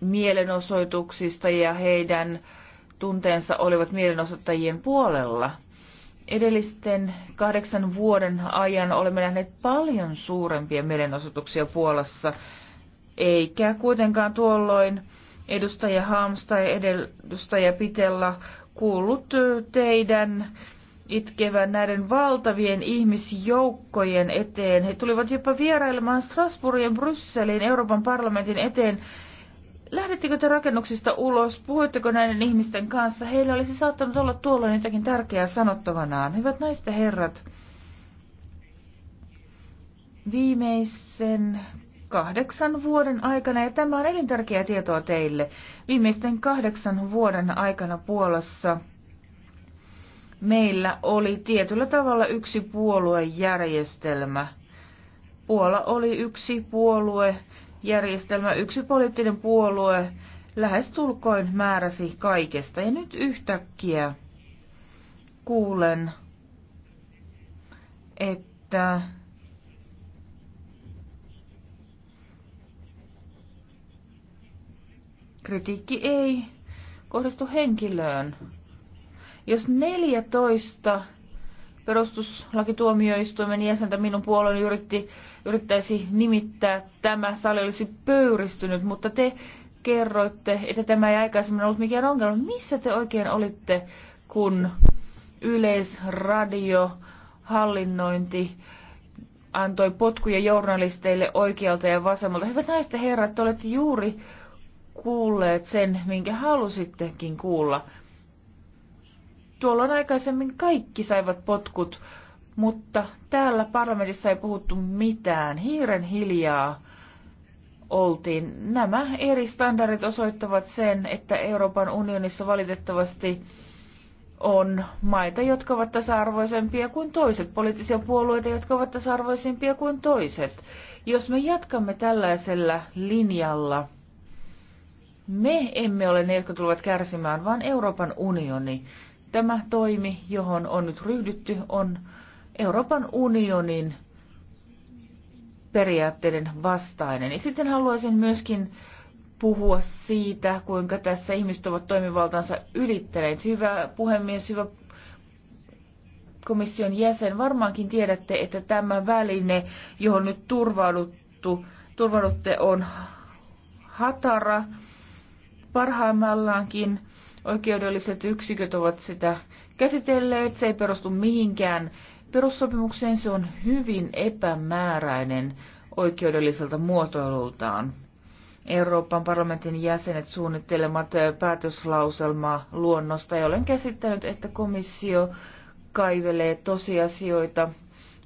mielenosoituksista ja heidän tunteensa olivat mielenosoittajien puolella edellisten kahdeksan vuoden ajan olemme nähneet paljon suurempia mielenosoituksia Puolassa, eikä kuitenkaan tuolloin edustaja Harms tai edustaja Pitella kuullut teidän itkevän näiden valtavien ihmisjoukkojen eteen. He tulivat jopa vierailemaan Strasbourgin, Brysselin, Euroopan parlamentin eteen Lähdettekö te rakennuksista ulos? Puhuitteko näiden ihmisten kanssa? Heillä olisi saattanut olla tuolla jotakin tärkeää sanottavanaan. Hyvät naiset ja herrat, viimeisen kahdeksan vuoden aikana, ja tämä on elintärkeää tietoa teille, viimeisten kahdeksan vuoden aikana Puolassa meillä oli tietyllä tavalla yksi puoluejärjestelmä. Puola oli yksi puolue järjestelmä, yksi poliittinen puolue lähes tulkoin määräsi kaikesta. Ja nyt yhtäkkiä kuulen, että kritiikki ei kohdistu henkilöön. Jos 14 perustuslakituomioistuimen jäsentä minun puolueeni yritti, yrittäisi nimittää, tämä sali olisi pöyristynyt, mutta te kerroitte, että tämä ei aikaisemmin ollut mikään ongelma. Missä te oikein olitte, kun yleisradio, hallinnointi, antoi potkuja journalisteille oikealta ja vasemmalta. Hyvät naiset ja herrat, te olette juuri kuulleet sen, minkä halusittekin kuulla. Tuolloin aikaisemmin kaikki saivat potkut, mutta täällä parlamentissa ei puhuttu mitään. Hiiren hiljaa oltiin. Nämä eri standardit osoittavat sen, että Euroopan unionissa valitettavasti on maita, jotka ovat tasa-arvoisempia kuin toiset, poliittisia puolueita, jotka ovat tasa-arvoisempia kuin toiset. Jos me jatkamme tällaisella linjalla, me emme ole ne, jotka tulevat kärsimään, vaan Euroopan unioni. Tämä toimi, johon on nyt ryhdytty, on Euroopan unionin periaatteiden vastainen. Ja sitten haluaisin myöskin puhua siitä, kuinka tässä ihmiset ovat toimivaltansa ylittäneet. Hyvä puhemies, hyvä komission jäsen, varmaankin tiedätte, että tämä väline, johon nyt turvauduttu, turvaudutte, on hatara parhaimmallaankin – Oikeudelliset yksiköt ovat sitä käsitelleet. Se ei perustu mihinkään perussopimukseen. Se on hyvin epämääräinen oikeudelliselta muotoilultaan. Euroopan parlamentin jäsenet suunnittelemat päätöslauselma luonnosta ja olen käsittänyt, että komissio kaivelee tosiasioita.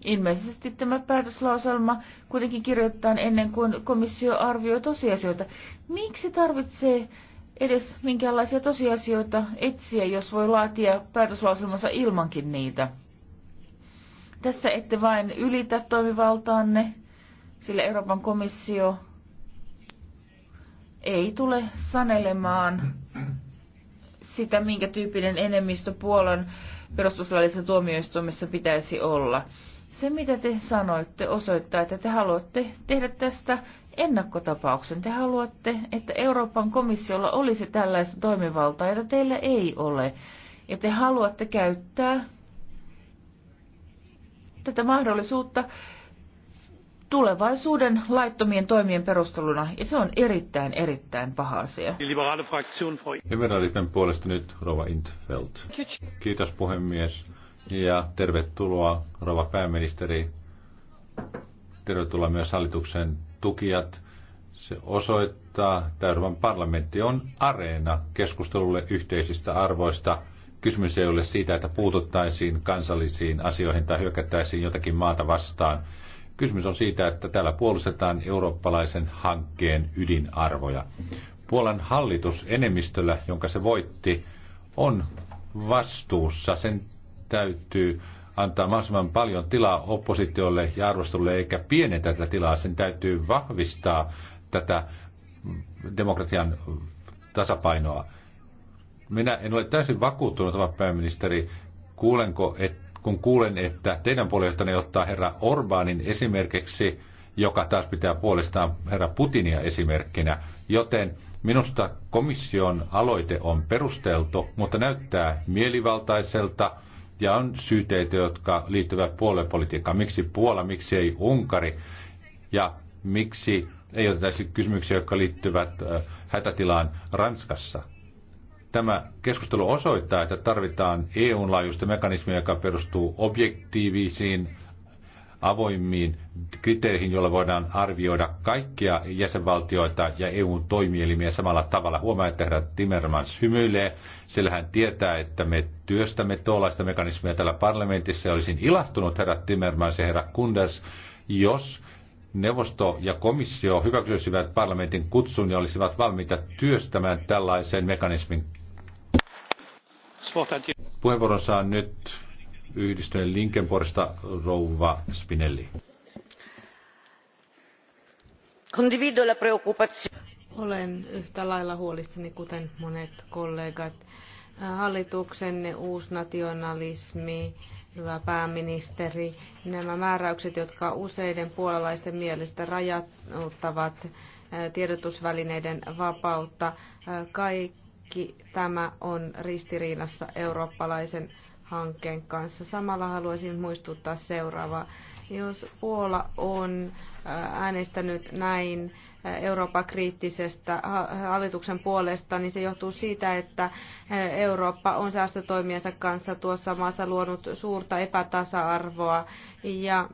Ilmeisesti tämä päätöslauselma kuitenkin kirjoittaa ennen kuin komissio arvioi tosiasioita. Miksi tarvitsee edes minkäänlaisia tosiasioita etsiä, jos voi laatia päätöslauselmansa ilmankin niitä. Tässä ette vain ylitä toimivaltaanne, sillä Euroopan komissio ei tule sanelemaan sitä, minkä tyyppinen enemmistö Puolan perustuslaillisessa tuomioistuimessa pitäisi olla. Se, mitä te sanoitte, osoittaa, että te haluatte tehdä tästä ennakkotapauksen. Te haluatte, että Euroopan komissiolla olisi tällaista toimivaltaa, jota teillä ei ole. Ja te haluatte käyttää tätä mahdollisuutta tulevaisuuden laittomien toimien perusteluna, ja se on erittäin, erittäin paha asia. Liberaalipen puolesta nyt Rova Intfeld. Kiitos puhemies ja tervetuloa rouva pääministeri. Tervetuloa myös hallituksen tukijat. Se osoittaa, että Euroopan parlamentti on areena keskustelulle yhteisistä arvoista. Kysymys ei ole siitä, että puututtaisiin kansallisiin asioihin tai hyökättäisiin jotakin maata vastaan. Kysymys on siitä, että täällä puolustetaan eurooppalaisen hankkeen ydinarvoja. Puolan hallitus enemmistöllä, jonka se voitti, on vastuussa sen täytyy antaa mahdollisimman paljon tilaa oppositiolle ja arvostelulle, eikä pienentää tätä tilaa. Sen täytyy vahvistaa tätä demokratian tasapainoa. Minä en ole täysin vakuuttunut, oma pääministeri, kuulenko, et, kun kuulen, että teidän puoluejohtajanne ottaa herra Orbanin esimerkiksi, joka taas pitää puolestaan herra Putinia esimerkkinä, joten Minusta komission aloite on perusteltu, mutta näyttää mielivaltaiselta ja on syyteitä, jotka liittyvät puoluepolitiikkaan. Miksi Puola, miksi ei Unkari ja miksi ei oteta kysymyksiä, jotka liittyvät hätätilaan Ranskassa. Tämä keskustelu osoittaa, että tarvitaan eu laajuista mekanismia, joka perustuu objektiivisiin avoimiin kriteereihin, joilla voidaan arvioida kaikkia jäsenvaltioita ja EUn toimielimiä samalla tavalla. Huomaa, että herra Timmermans hymyilee, sillä hän tietää, että me työstämme tuollaista mekanismia täällä parlamentissa. Olisin ilahtunut herra Timmermans ja herra Kunders, jos neuvosto ja komissio hyväksyisivät parlamentin kutsun ja olisivat valmiita työstämään tällaisen mekanismin. Puheenvuoron saa nyt yhdistyneen Linkenborgista rouva Spinelli. Olen yhtä lailla huolissani, kuten monet kollegat. uusi uusnationalismi, hyvä pääministeri, nämä määräykset, jotka useiden puolalaisten mielestä rajoittavat tiedotusvälineiden vapautta, kaikki tämä on ristiriidassa eurooppalaisen hankkeen kanssa. Samalla haluaisin muistuttaa seuraavaa. Jos Puola on äh, äänestänyt näin äh, Euroopan kriittisestä hallituksen puolesta, niin se johtuu siitä, että äh, Eurooppa on säästötoimiensa kanssa tuossa maassa luonut suurta epätasa-arvoa ja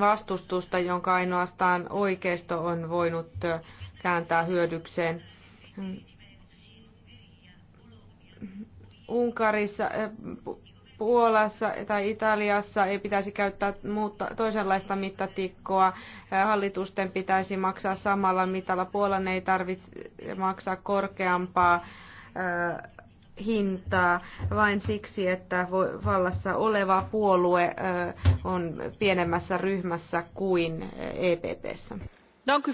vastustusta, jonka ainoastaan oikeisto on voinut kääntää hyödykseen Unkarissa, eh, Puolassa tai Italiassa ei pitäisi käyttää muuta, toisenlaista mittatikkoa. Eh, hallitusten pitäisi maksaa samalla mitalla. Puolan ei tarvitse maksaa korkeampaa eh, hintaa vain siksi, että vallassa oleva puolue on pienemmässä ryhmässä kuin EPPssä. E Dank u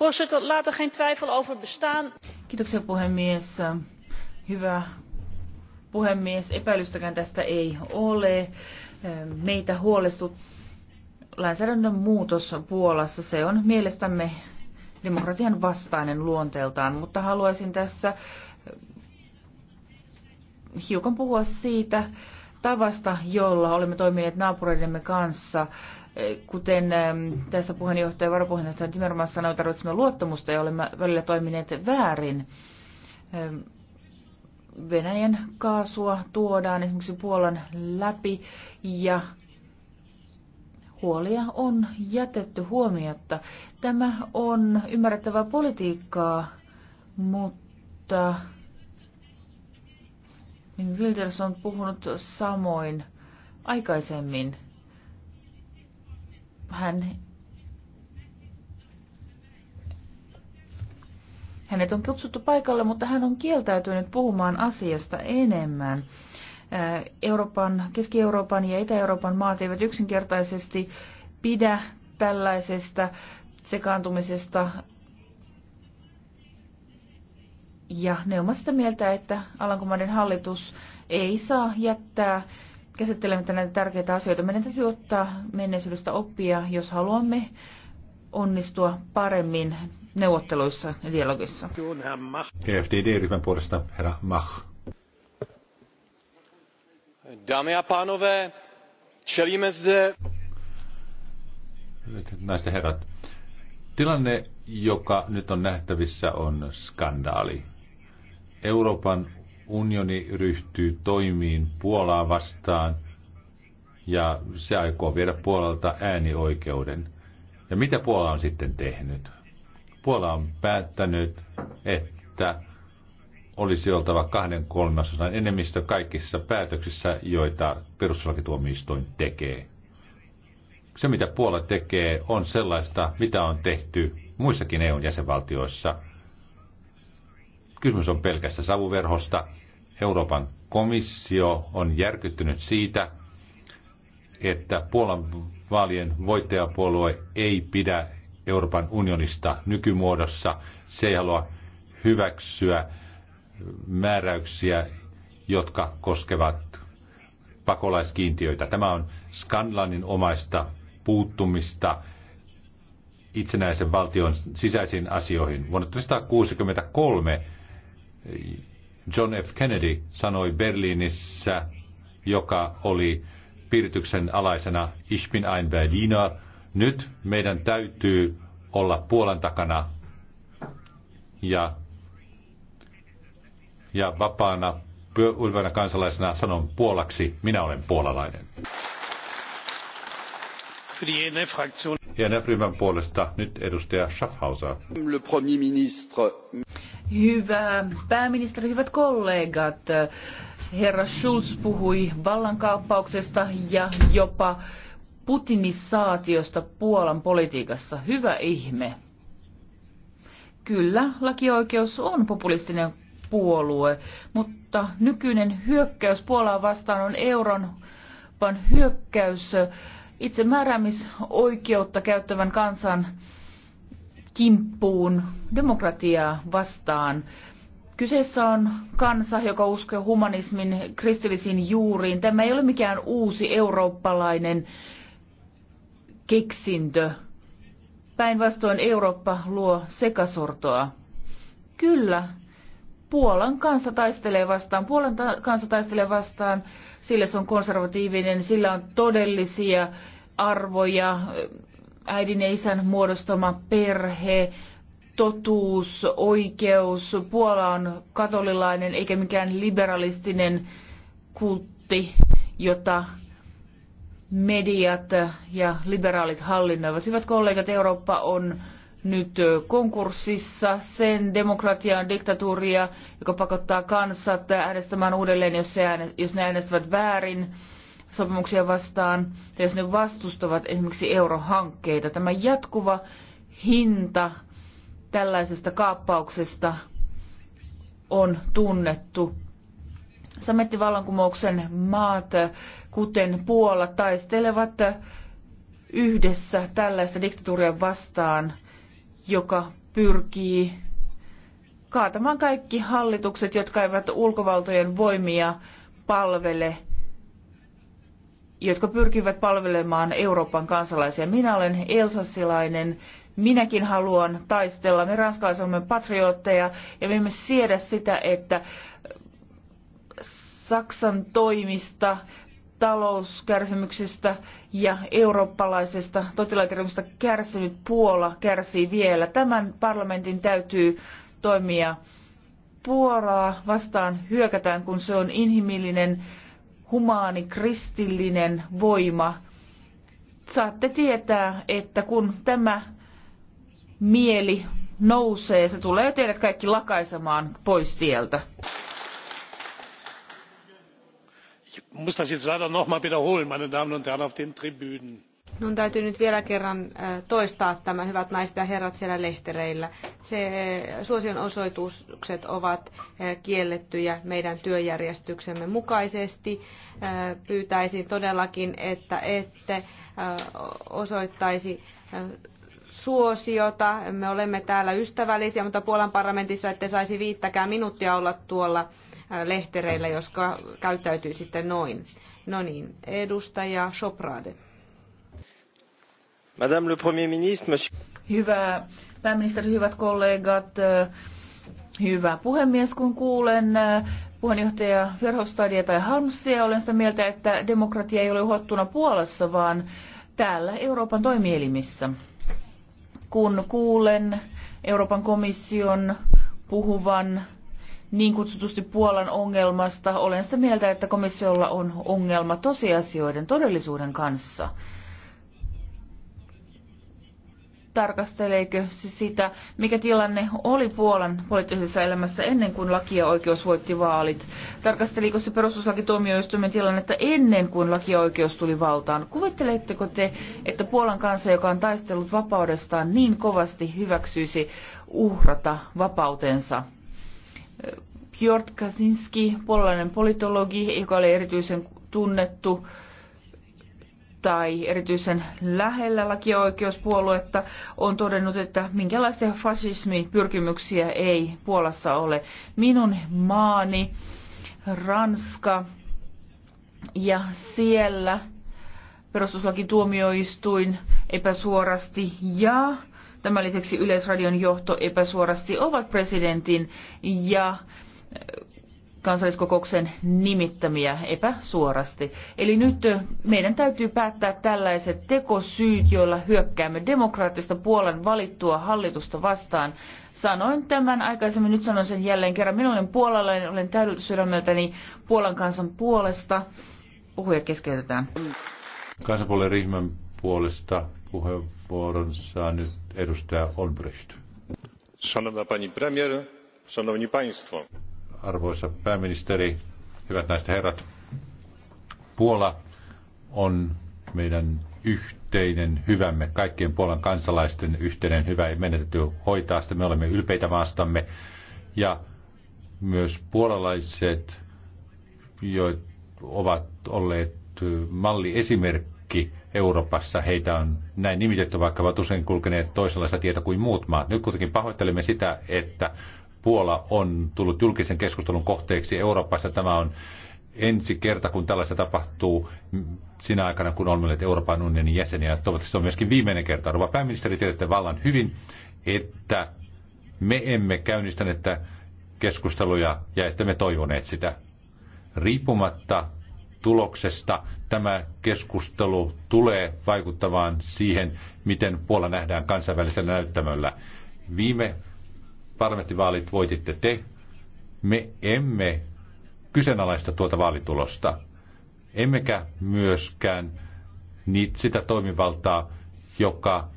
Voorzitter, laat er geen twijfel over bestaan. Kiitoksia puhemies. Hyvä puhemies. Epäilystäkään tästä ei ole. Ehm, meitä huolestut lainsäädännön muutos Puolassa. Se on mielestämme demokratian vastainen luonteeltaan, mutta haluaisin tässä ehm, hiukan puhua siitä tavasta, jolla olemme toimineet naapureidemme kanssa. Ehm, kuten tässä puheenjohtaja ja varapuheenjohtaja Timmermans sanoi, tarvitsemme luottamusta ja olemme välillä toimineet väärin. Venäjän kaasua tuodaan esimerkiksi Puolan läpi ja huolia on jätetty huomiotta. Tämä on ymmärrettävää politiikkaa, mutta Wilders on puhunut samoin aikaisemmin. Hän Hänet on kutsuttu paikalle, mutta hän on kieltäytynyt puhumaan asiasta enemmän. Äh, Euroopan, Keski-Euroopan ja Itä-Euroopan maat eivät yksinkertaisesti pidä tällaisesta sekaantumisesta. Ja ne ovat sitä mieltä, että Alankomaiden hallitus ei saa jättää käsittelemättä näitä tärkeitä asioita. Meidän täytyy ottaa menneisyydestä oppia, jos haluamme onnistua paremmin neuvotteluissa ja dialogissa. EFDD-ryhmän puolesta herra Mach. Dame a pánové, čelíme zde... Naiset herrat, tilanne, joka nyt on nähtävissä, on skandaali. Euroopan unioni ryhtyy toimiin Puolaa vastaan ja se aikoo viedä Puolalta äänioikeuden. Ja mitä Puola on sitten tehnyt? Puola on päättänyt, että olisi oltava kahden kolmasosan enemmistö kaikissa päätöksissä, joita perustuslakituomioistuin tekee. Se, mitä Puola tekee, on sellaista, mitä on tehty muissakin EUn jäsenvaltioissa. Kysymys on pelkästä savuverhosta. Euroopan komissio on järkyttynyt siitä, että Puolan vaalien voittajapuolue ei pidä Euroopan unionista nykymuodossa. Se ei halua hyväksyä määräyksiä, jotka koskevat pakolaiskiintiöitä. Tämä on Skandlinin omaista puuttumista itsenäisen valtion sisäisiin asioihin. Vuonna 1963 John F. Kennedy sanoi Berliinissä, joka oli piirityksen alaisena Ich bin ein Berliner – nyt meidän täytyy olla Puolan takana ja, ja vapaana ylpeänä kansalaisena sanon puolaksi, minä olen puolalainen. enf e e ryhmän puolesta nyt edustaja Schaffhauser. Le premier ministre. Hyvä pääministeri, hyvät kollegat. Herra Schulz puhui vallankaappauksesta ja jopa putinisaatiosta Puolan politiikassa. Hyvä ihme. Kyllä, lakioikeus on populistinen puolue, mutta nykyinen hyökkäys Puolaa vastaan on vaan hyökkäys itse määräämisoikeutta käyttävän kansan kimppuun demokratiaa vastaan. Kyseessä on kansa, joka uskoo humanismin kristillisiin juuriin. Tämä ei ole mikään uusi eurooppalainen keksintö. Päinvastoin Eurooppa luo sekasortoa. Kyllä, Puolan kanssa taistelee vastaan. Puolan ta- kanssa taistelee vastaan, sillä se on konservatiivinen, sillä on todellisia arvoja, äidin ja isän muodostama perhe, totuus, oikeus. Puola on katolilainen eikä mikään liberalistinen kultti, jota mediat ja liberaalit hallinnoivat. Hyvät kollegat, Eurooppa on nyt konkurssissa. Sen demokratia on diktatuuria, joka pakottaa kansat äänestämään uudelleen, jos, jos ne äänestävät väärin sopimuksia vastaan, ja jos ne vastustavat esimerkiksi eurohankkeita. Tämä jatkuva hinta tällaisesta kaappauksesta on tunnettu Samettivallankumouksen maat, kuten Puola, taistelevat yhdessä tällaista diktatuuria vastaan, joka pyrkii kaatamaan kaikki hallitukset, jotka eivät ulkovaltojen voimia palvele, jotka pyrkivät palvelemaan Euroopan kansalaisia. Minä olen elsassilainen, minäkin haluan taistella. Me ranskalaiset olemme patriootteja ja me emme siedä sitä, että Saksan toimista, talouskärsimyksistä ja eurooppalaisesta sotilaiterrorismista kärsinyt Puola kärsii vielä. Tämän parlamentin täytyy toimia Puolaa vastaan hyökätään, kun se on inhimillinen, humaani, kristillinen voima. Saatte tietää, että kun tämä mieli nousee, se tulee teidät kaikki lakaisemaan pois tieltä muss das jetzt leider noch einmal wiederholen meine damen und herren auf den tribünen. Minun täytyy nyt vielä kerran äh, toistaa tämä, hyvät naiset ja herrat siellä lehtereillä. Äh, suosionosoitukset ovat äh, kiellettyjä meidän työjärjestyksemme mukaisesti. Pyytäisin todellakin, että ette osoittaisi suosiota. Me olemme täällä ystävällisiä, mutta Puolan parlamentissa ette saisi viittäkään minuuttia olla tuolla lehtereillä, joska käyttäytyy sitten noin. No niin, edustaja Soprade. Madame le Premier ministre, monsieur... Hyvä pääministeri, hyvät kollegat, eh, hyvä puhemies, kun kuulen eh, puheenjohtaja Verhofstadia tai Harmsia, olen sitä mieltä, että demokratia ei ole uhottuna Puolassa, vaan täällä Euroopan toimielimissä. Kun kuulen Euroopan komission puhuvan niin kutsutusti Puolan ongelmasta. Olen sitä mieltä, että komissiolla on ongelma tosiasioiden todellisuuden kanssa. Tarkasteleeko se sitä, mikä tilanne oli Puolan poliittisessa elämässä ennen kuin laki ja oikeus voitti vaalit? Tarkasteliko se perustuslakituomioistuimen tilannetta ennen kuin laki ja oikeus tuli valtaan? Kuvitteletteko te, että Puolan kansa, joka on taistellut vapaudestaan niin kovasti, hyväksyisi uhrata vapautensa? Björn Kaczynski, puolalainen politologi, joka oli erityisen tunnettu tai erityisen lähellä lakioikeuspuoluetta, on todennut, että minkälaisia fasismin pyrkimyksiä ei Puolassa ole. Minun maani, Ranska ja siellä perustuslakituomioistuin epäsuorasti ja Tämän lisäksi Yleisradion johto epäsuorasti ovat presidentin ja äh, kansalliskokouksen nimittämiä epäsuorasti. Eli nyt äh, meidän täytyy päättää tällaiset tekosyyt, joilla hyökkäämme demokraattista Puolan valittua hallitusta vastaan. Sanoin tämän aikaisemmin, nyt sanon sen jälleen kerran. Minä olen puolalainen, olen täydeltä sydämeltäni Puolan kansan puolesta. Puhuja keskeytetään. Kansanpuolen ryhmän puolesta puheenvuoron saa nyt Szanowna pani premier, szanowni państwo. Arvoisa pääministeri, hyvät naiset herrat. Puola on meidän yhteinen hyvämme, kaikkien Puolan kansalaisten yhteinen hyvä ei menetetty hoitaa sitä. Me olemme ylpeitä maastamme ja myös puolalaiset jo ovat olleet malliesimerkki Euroopassa. Heitä on näin nimitetty, vaikka ovat usein kulkeneet toisenlaista tietä kuin muut maat. Nyt kuitenkin pahoittelemme sitä, että Puola on tullut julkisen keskustelun kohteeksi Euroopassa. Tämä on ensi kerta, kun tällaista tapahtuu sinä aikana, kun olemme olleet Euroopan unionin jäseniä. Toivottavasti se on myöskin viimeinen kerta. Rova pääministeri, tiedätte vallan hyvin, että me emme käynnistäneet keskusteluja ja että me toivoneet sitä. Riippumatta tuloksesta tämä keskustelu tulee vaikuttamaan siihen, miten Puola nähdään kansainvälisellä näyttämöllä. Viime parlamenttivaalit voititte te. Me emme kyseenalaista tuota vaalitulosta, emmekä myöskään niitä, sitä toimivaltaa, joka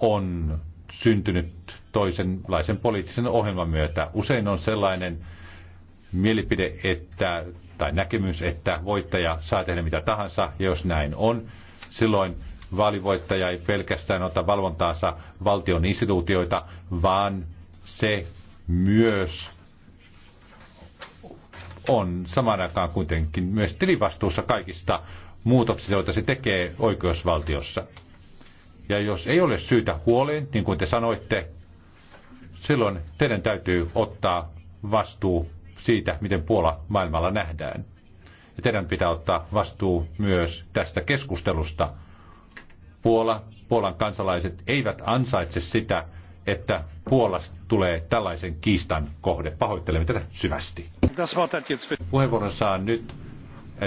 on syntynyt toisenlaisen poliittisen ohjelman myötä. Usein on sellainen mielipide, että tai näkemys, että voittaja saa tehdä mitä tahansa, ja jos näin on, silloin vaalivoittaja ei pelkästään ota valvontaansa valtion instituutioita, vaan se myös on samaan aikaan kuitenkin myös tilivastuussa kaikista muutoksista, joita se tekee oikeusvaltiossa. Ja jos ei ole syytä huoleen, niin kuin te sanoitte, silloin teidän täytyy ottaa vastuu siitä, miten Puola maailmalla nähdään. Ja teidän pitää ottaa vastuu myös tästä keskustelusta. Puola, Puolan kansalaiset eivät ansaitse sitä, että Puolasta tulee tällaisen kiistan kohde. Pahoittelemme tätä syvästi. Puheenvuoron saa nyt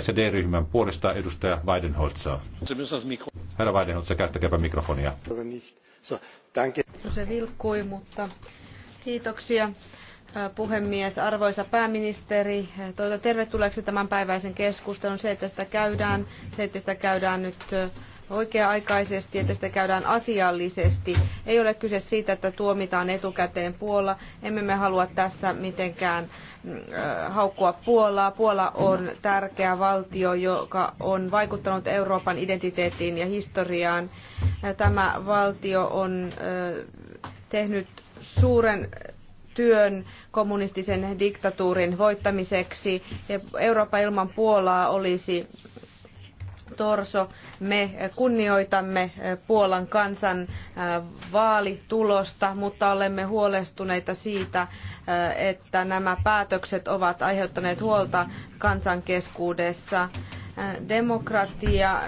SD-ryhmän puolesta edustaja Weidenholzer. Herra Weidenholzer, käyttäkääpä mikrofonia. Se vilkkui, mutta kiitoksia puhemies, arvoisa pääministeri, toivotan tervetulleeksi tämän päiväisen keskustelun. Se, että sitä käydään, se, että sitä käydään nyt oikea-aikaisesti, että sitä käydään asiallisesti. Ei ole kyse siitä, että tuomitaan etukäteen Puola. Emme me halua tässä mitenkään haukkua Puolaa. Puola on tärkeä valtio, joka on vaikuttanut Euroopan identiteettiin ja historiaan. Tämä valtio on tehnyt suuren työn kommunistisen diktatuurin voittamiseksi. Eurooppa ilman Puolaa olisi torso. Me kunnioitamme Puolan kansan äh, vaalitulosta, mutta olemme huolestuneita siitä, äh, että nämä päätökset ovat aiheuttaneet huolta kansan keskuudessa. Demokratia,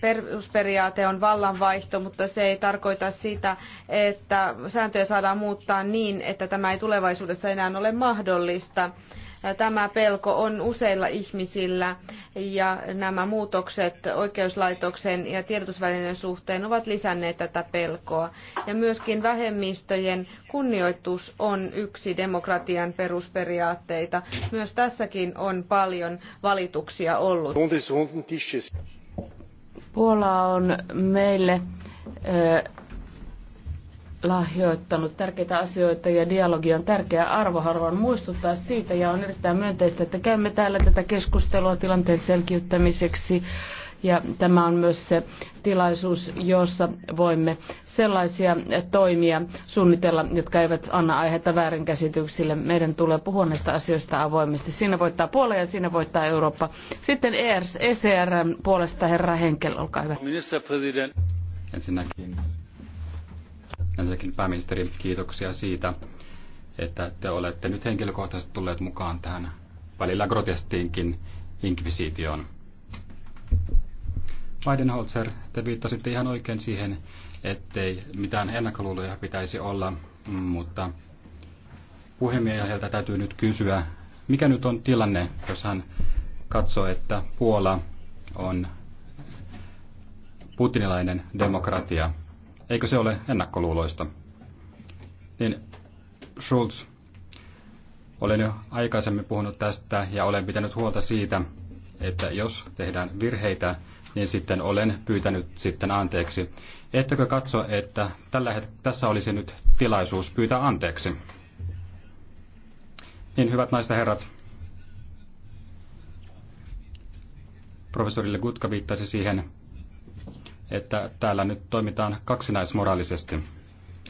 perusperiaate on vallanvaihto, mutta se ei tarkoita sitä, että sääntöjä saadaan muuttaa niin, että tämä ei tulevaisuudessa enää ole mahdollista. Tämä pelko on useilla ihmisillä ja nämä muutokset oikeuslaitoksen ja tiedotusvälineen suhteen ovat lisänneet tätä pelkoa. Ja myöskin vähemmistöjen kunnioitus on yksi demokratian perusperiaatteita. Myös tässäkin on paljon valituksia ollut. Puola on meille lahjoittanut tärkeitä asioita ja dialogi on tärkeä arvo. Haluan muistuttaa siitä ja on erittäin myönteistä, että käymme täällä tätä keskustelua tilanteen selkiyttämiseksi. Ja tämä on myös se tilaisuus, jossa voimme sellaisia toimia suunnitella, jotka eivät anna aihetta väärinkäsityksille. Meidän tulee puhua näistä asioista avoimesti. Siinä voittaa Puola ja siinä voittaa Eurooppa. Sitten ERS, ECR puolesta herra Henkel, olkaa hyvä. Ensinnäkin Ensinnäkin pääministeri, kiitoksia siitä, että te olette nyt henkilökohtaisesti tulleet mukaan tähän välillä grotestiinkin inkvisitioon. Weidenholzer, te viittasitte ihan oikein siihen, ettei mitään ennakkoluuloja pitäisi olla, mutta puhemieheltä täytyy nyt kysyä, mikä nyt on tilanne, jos hän katsoo, että Puola on putinilainen demokratia. Eikö se ole ennakkoluuloista? Niin Schultz olen jo aikaisemmin puhunut tästä ja olen pitänyt huolta siitä, että jos tehdään virheitä, niin sitten olen pyytänyt sitten anteeksi. Ettekö katso, että tällä het- tässä olisi nyt tilaisuus pyytää anteeksi? Niin, hyvät naiset ja herrat. Professorille Gutka viittasi siihen, että täällä nyt toimitaan kaksinaismoraalisesti.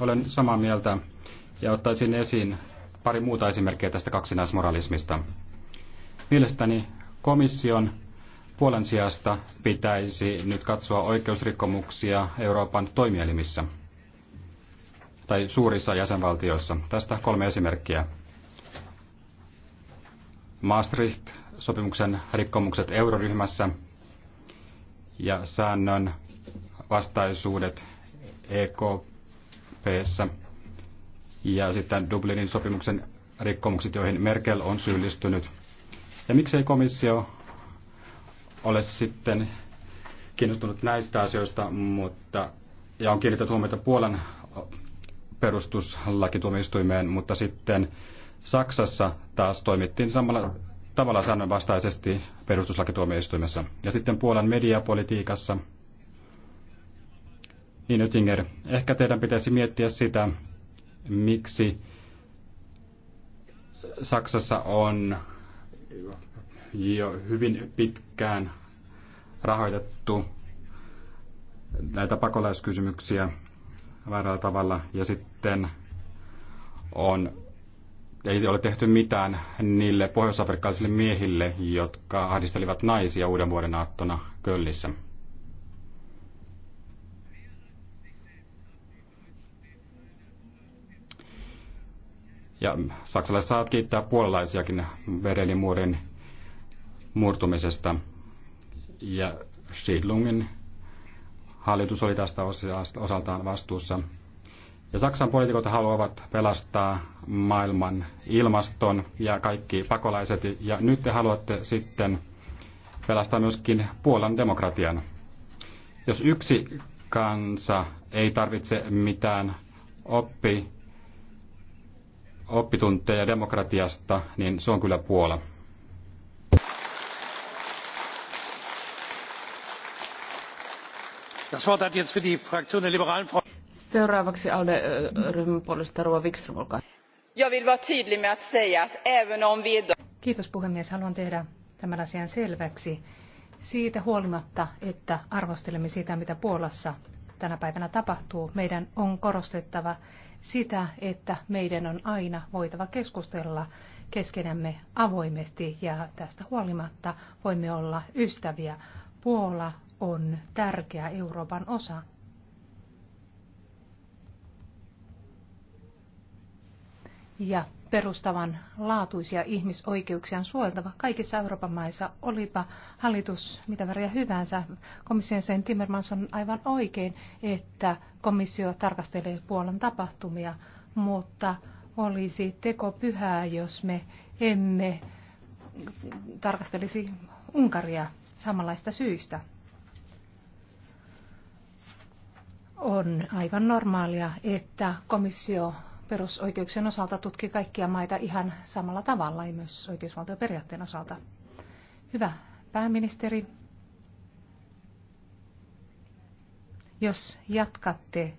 Olen samaa mieltä ja ottaisin esiin pari muuta esimerkkiä tästä kaksinaismoralismista. Mielestäni komission puolen sijasta pitäisi nyt katsoa oikeusrikkomuksia Euroopan toimielimissä tai suurissa jäsenvaltioissa. Tästä kolme esimerkkiä. Maastricht-sopimuksen rikkomukset euroryhmässä ja säännön vastaisuudet EKPssä ja sitten Dublinin sopimuksen rikkomukset, joihin Merkel on syyllistynyt. Ja miksei komissio ole sitten kiinnostunut näistä asioista, mutta, ja on kiinnitetty huomiota Puolan perustuslakituomioistuimeen, mutta sitten Saksassa taas toimittiin samalla tavalla säännönvastaisesti perustuslakituomioistuimessa. Ja sitten Puolan mediapolitiikassa – niin Ytinger, ehkä teidän pitäisi miettiä sitä, miksi Saksassa on jo hyvin pitkään rahoitettu näitä pakolaiskysymyksiä väärällä tavalla ja sitten on, ei ole tehty mitään niille pohjoisafrikkalaisille miehille, jotka ahdistelivat naisia uuden vuoden aattona Köllissä. Ja saksalaiset saavat kiittää puolalaisiakin Berliinin murtumisesta. Ja Schiedlungin hallitus oli tästä osaltaan vastuussa. Ja Saksan poliitikot haluavat pelastaa maailman ilmaston ja kaikki pakolaiset. Ja nyt te haluatte sitten pelastaa myöskin Puolan demokratian. Jos yksi kansa ei tarvitse mitään oppi oppitunteja demokratiasta, niin se on kyllä Puola. Seuraavaksi Alde ryhmän puolesta Ruo Wikström, olkaa. Jag vill vara tydlig med att säga att även om vi Kiitos puhemies. Haluan tehdä tämän asian selväksi. Siitä huolimatta, että arvostelemme sitä, mitä Puolassa tänä päivänä tapahtuu, meidän on korostettava sitä, että meidän on aina voitava keskustella keskenämme avoimesti ja tästä huolimatta voimme olla ystäviä. Puola on tärkeä Euroopan osa. ja perustavan laatuisia ihmisoikeuksia on suojeltava kaikissa Euroopan maissa, olipa hallitus mitä väriä hyvänsä. Komission sen Timmermans on aivan oikein, että komissio tarkastelee Puolan tapahtumia, mutta olisi teko pyhää, jos me emme tarkastelisi Unkaria samanlaista syistä. On aivan normaalia, että komissio perusoikeuksien osalta tutki kaikkia maita ihan samalla tavalla, ei myös oikeusvaltioperiaatteen osalta. Hyvä pääministeri, jos jatkatte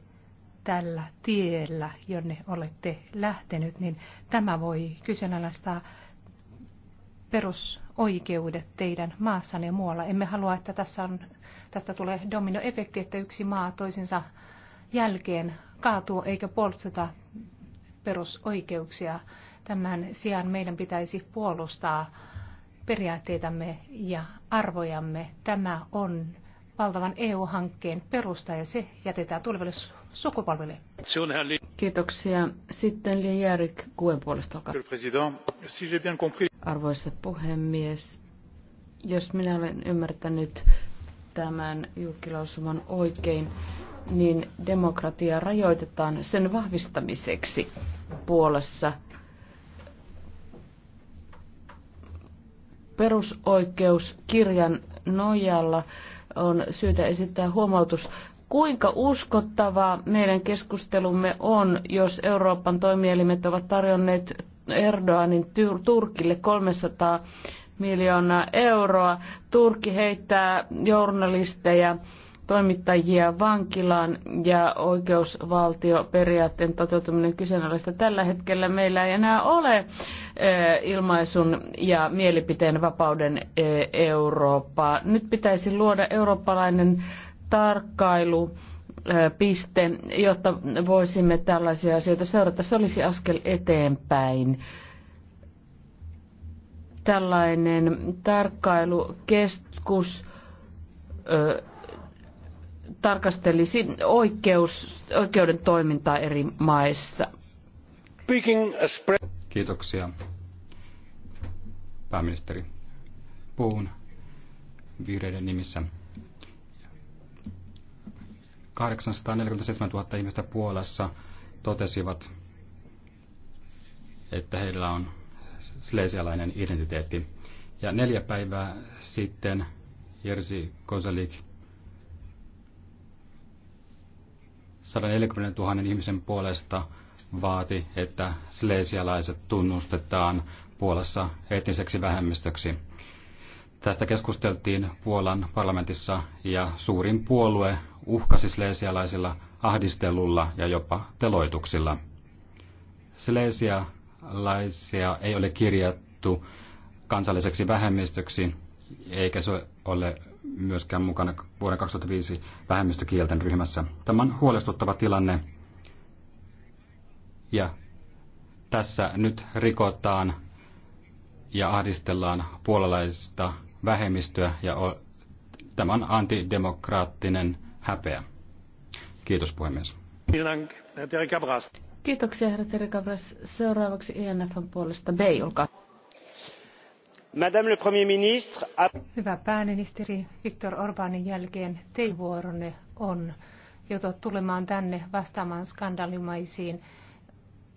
tällä tiellä, jonne olette lähtenyt, niin tämä voi kyseenalaistaa perusoikeudet teidän maassanne ja muualla. Emme halua, että tässä on, tästä tulee dominoefekti, että yksi maa toisensa jälkeen kaatuu eikä polsteta perusoikeuksia. Tämän sijaan meidän pitäisi puolustaa periaatteitamme ja arvojamme. Tämä on valtavan EU-hankkeen perusta ja se jätetään tuleville sukupolville. Kiitoksia. Sitten Järik Kuen puolesta Arvoisa puhemies, jos minä olen ymmärtänyt tämän julkilausuman oikein, niin demokratia rajoitetaan sen vahvistamiseksi Puolassa. Perusoikeuskirjan nojalla on syytä esittää huomautus kuinka uskottavaa meidän keskustelumme on, jos Euroopan toimielimet ovat tarjonneet Erdoganin Turkille 300 miljoonaa euroa. Turkki heittää journalisteja toimittajia vankilaan ja oikeusvaltioperiaatteen toteutuminen kyseenalaista. Tällä hetkellä meillä ei enää ole eh, ilmaisun ja mielipiteen vapauden eh, Eurooppaa. Nyt pitäisi luoda eurooppalainen tarkkailu eh, piste, jotta voisimme tällaisia asioita seurata. Se olisi askel eteenpäin tällainen tarkkailukeskus tarkastelisi oikeus, oikeuden toimintaa eri maissa. Kiitoksia, pääministeri. Puhun vihreiden nimissä. 847 000 ihmistä Puolassa totesivat, että heillä on slesialainen identiteetti. Ja neljä päivää sitten Jerzy Koselik 140 000 ihmisen puolesta vaati, että slesialaiset tunnustetaan Puolassa etniseksi vähemmistöksi. Tästä keskusteltiin Puolan parlamentissa ja suurin puolue uhkasi slesialaisilla ahdistelulla ja jopa teloituksilla. Slesialaisia ei ole kirjattu kansalliseksi vähemmistöksi, eikä se ole myöskään mukana vuoden 2005 vähemmistökielten ryhmässä. Tämä on huolestuttava tilanne ja tässä nyt rikotaan ja ahdistellaan puolalaista vähemmistöä ja tämä on antidemokraattinen häpeä. Kiitos puhemies. Kiitoksia herra Terikabras. Seuraavaksi INFn e puolesta B, olkaa Madame ministre, Hyvä pääministeri Viktor Orbanin jälkeen teidän vuoronne on joutua tulemaan tänne vastaamaan skandalimaisiin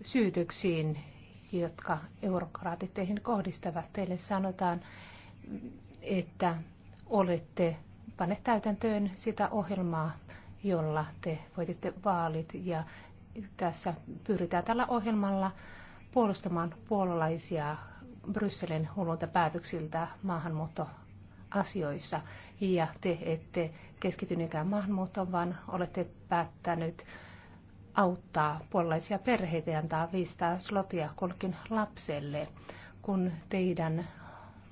syytöksiin, jotka eurokraatit teihin kohdistavat. Teille sanotaan, että olette panneet täytäntöön sitä ohjelmaa, jolla te voititte vaalit. Ja tässä pyritään tällä ohjelmalla puolustamaan puolalaisia Brysselin hullulta päätöksiltä maahanmuuttoasioissa. Ja te ette keskitynikään maahanmuuttoon, vaan olette päättänyt auttaa puolalaisia perheitä ja antaa 500 slotia kulkin lapselle, kun teidän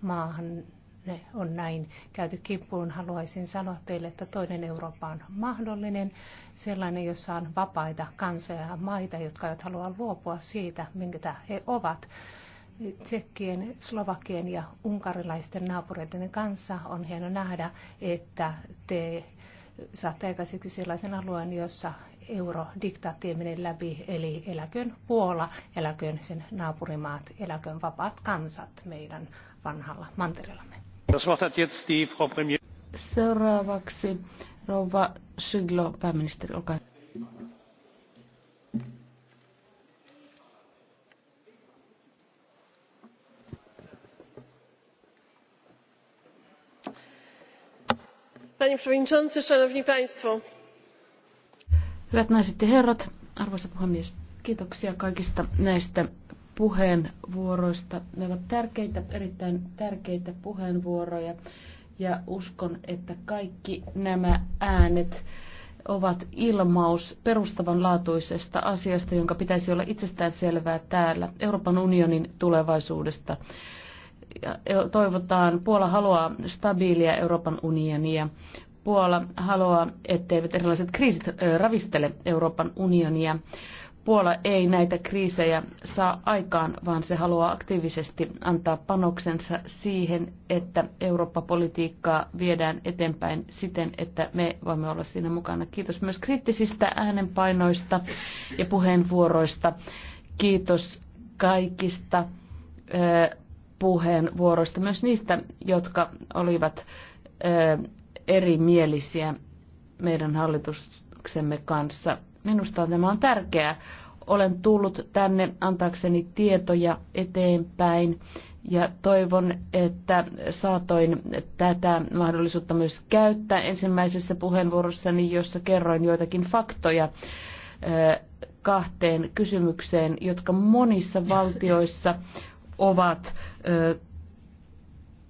maahan ne on näin käyty kimppuun, haluaisin sanoa teille, että toinen Eurooppa on mahdollinen, sellainen, jossa on vapaita kansoja ja maita, jotka eivät halua luopua siitä, minkä he ovat tsekkien, slovakien ja unkarilaisten naapureiden kanssa. On hieno nähdä, että te saatte aikaiseksi sellaisen alueen, jossa eurodiktaatti menee läpi, eli eläköön Puola, eläköön sen naapurimaat, eläköön vapaat kansat meidän vanhalla mantereellamme. Seuraavaksi rouva Syglo, pääministeri, olkaa hyvä. panie przewodniczący! szanowni państwo! hyvät naiset ja herrat arvoisa puhemies kiitoksia kaikista näistä puheenvuoroista. Ne ovat tärkeitä, erittäin tärkeitä puheenvuoroja ja uskon, että kaikki nämä äänet ovat ilmaus perustavanlaatuisesta asiasta, jonka pitäisi olla itsestään selvää täällä Euroopan unionin tulevaisuudesta toivotaan. Puola haluaa stabiilia Euroopan unionia. Puola haluaa, etteivät erilaiset kriisit ravistele Euroopan unionia. Puola ei näitä kriisejä saa aikaan, vaan se haluaa aktiivisesti antaa panoksensa siihen, että Eurooppa-politiikkaa viedään eteenpäin siten, että me voimme olla siinä mukana. Kiitos myös kriittisistä äänenpainoista ja puheenvuoroista. Kiitos kaikista puheenvuoroista, myös niistä, jotka olivat erimielisiä meidän hallituksemme kanssa. Minusta tämä on tärkeää. Olen tullut tänne antaakseni tietoja eteenpäin ja toivon, että saatoin tätä mahdollisuutta myös käyttää ensimmäisessä puheenvuorossani, jossa kerroin joitakin faktoja kahteen kysymykseen, jotka monissa valtioissa ovat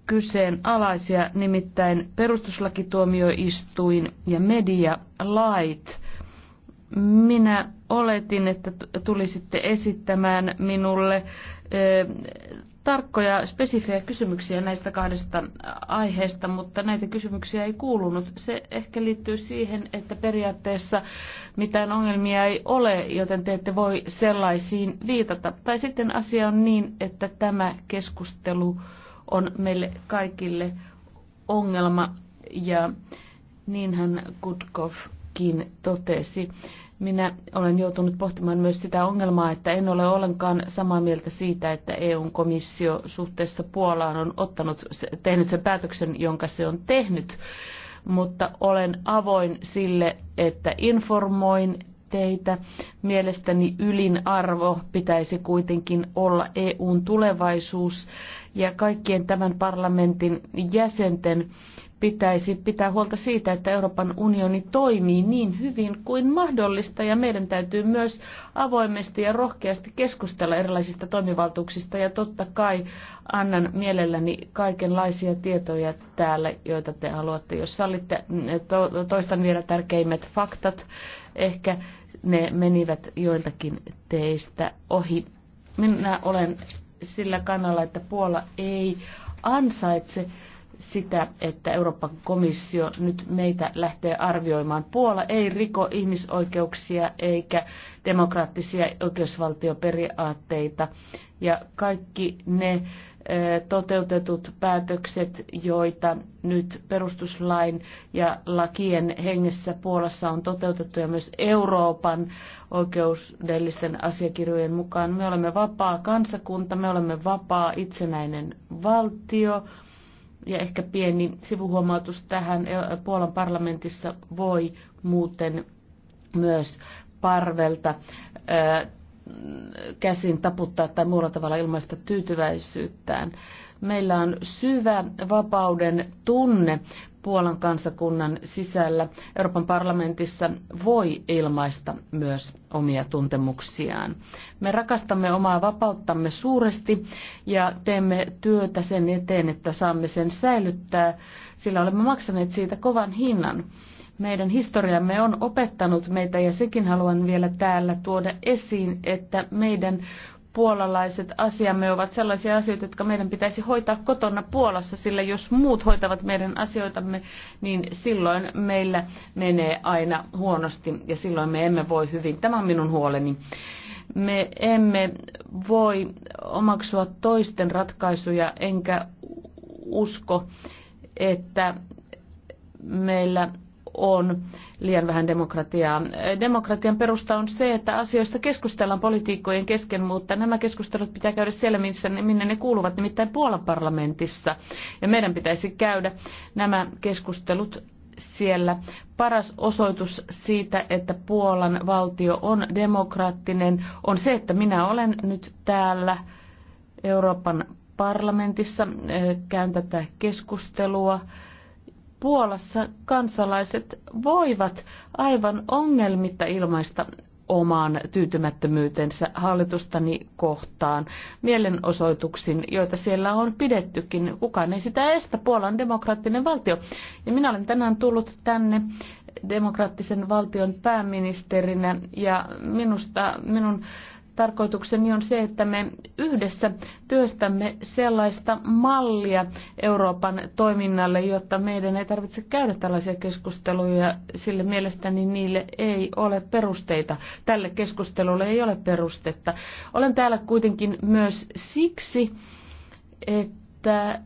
kyseenalaisia, nimittäin perustuslakituomioistuin ja medialait. Minä oletin, että tulisitte esittämään minulle tarkkoja, spesifejä kysymyksiä näistä kahdesta aiheesta, mutta näitä kysymyksiä ei kuulunut. Se ehkä liittyy siihen, että periaatteessa mitään ongelmia ei ole, joten te ette voi sellaisiin viitata. Tai sitten asia on niin, että tämä keskustelu on meille kaikille ongelma, ja niinhän Kutkovkin totesi. Minä olen joutunut pohtimaan myös sitä ongelmaa, että en ole ollenkaan samaa mieltä siitä, että EUn komissio suhteessa Puolaan on ottanut, tehnyt sen päätöksen, jonka se on tehnyt. Mutta olen avoin sille, että informoin teitä. Mielestäni ylin arvo pitäisi kuitenkin olla EUn tulevaisuus ja kaikkien tämän parlamentin jäsenten pitäisi pitää huolta siitä, että Euroopan unioni toimii niin hyvin kuin mahdollista ja meidän täytyy myös avoimesti ja rohkeasti keskustella erilaisista toimivaltuuksista ja totta kai annan mielelläni kaikenlaisia tietoja täällä, joita te haluatte. Jos sallitte, toistan vielä tärkeimmät faktat. Ehkä ne menivät joiltakin teistä ohi. Minä olen sillä kannalla, että Puola ei ansaitse sitä, että Euroopan komissio nyt meitä lähtee arvioimaan. Puola ei riko ihmisoikeuksia eikä demokraattisia oikeusvaltioperiaatteita. Ja kaikki ne eh, toteutetut päätökset, joita nyt perustuslain ja lakien hengessä Puolassa on toteutettu ja myös Euroopan oikeudellisten asiakirjojen mukaan. Me olemme vapaa kansakunta, me olemme vapaa itsenäinen valtio ja ehkä pieni sivuhuomautus tähän, e, Puolan parlamentissa voi muuten myös parvelta e, käsin taputtaa tai muulla tavalla ilmaista tyytyväisyyttään. Meillä on syvä vapauden tunne Puolan kansakunnan sisällä. Euroopan parlamentissa voi ilmaista myös omia tuntemuksiaan. Me rakastamme omaa vapauttamme suuresti ja teemme työtä sen eteen, että saamme sen säilyttää, sillä olemme maksaneet siitä kovan hinnan. Meidän historiamme on opettanut meitä ja sekin haluan vielä täällä tuoda esiin, että meidän puolalaiset asiamme ovat sellaisia asioita, jotka meidän pitäisi hoitaa kotona Puolassa, sillä jos muut hoitavat meidän asioitamme, niin silloin meillä menee aina huonosti ja silloin me emme voi hyvin. Tämä on minun huoleni. Me emme voi omaksua toisten ratkaisuja, enkä usko, että meillä on liian vähän demokratiaa. Demokratian perusta on se, että asioista keskustellaan politiikkojen kesken, mutta nämä keskustelut pitää käydä siellä, missä, minne ne kuuluvat, nimittäin Puolan parlamentissa. Ja meidän pitäisi käydä nämä keskustelut siellä paras osoitus siitä, että Puolan valtio on demokraattinen, on se, että minä olen nyt täällä Euroopan parlamentissa, eh, käyn tätä keskustelua Puolassa kansalaiset voivat aivan ongelmitta ilmaista omaan tyytymättömyytensä hallitustani kohtaan mielenosoituksin, joita siellä on pidettykin. Kukaan ei sitä estä. Puolan demokraattinen valtio. Ja minä olen tänään tullut tänne demokraattisen valtion pääministerinä ja minusta minun Tarkoitukseni on se, että me yhdessä työstämme sellaista mallia Euroopan toiminnalle, jotta meidän ei tarvitse käydä tällaisia keskusteluja, sillä mielestäni niille ei ole perusteita. Tälle keskustelulle ei ole perustetta. Olen täällä kuitenkin myös siksi, että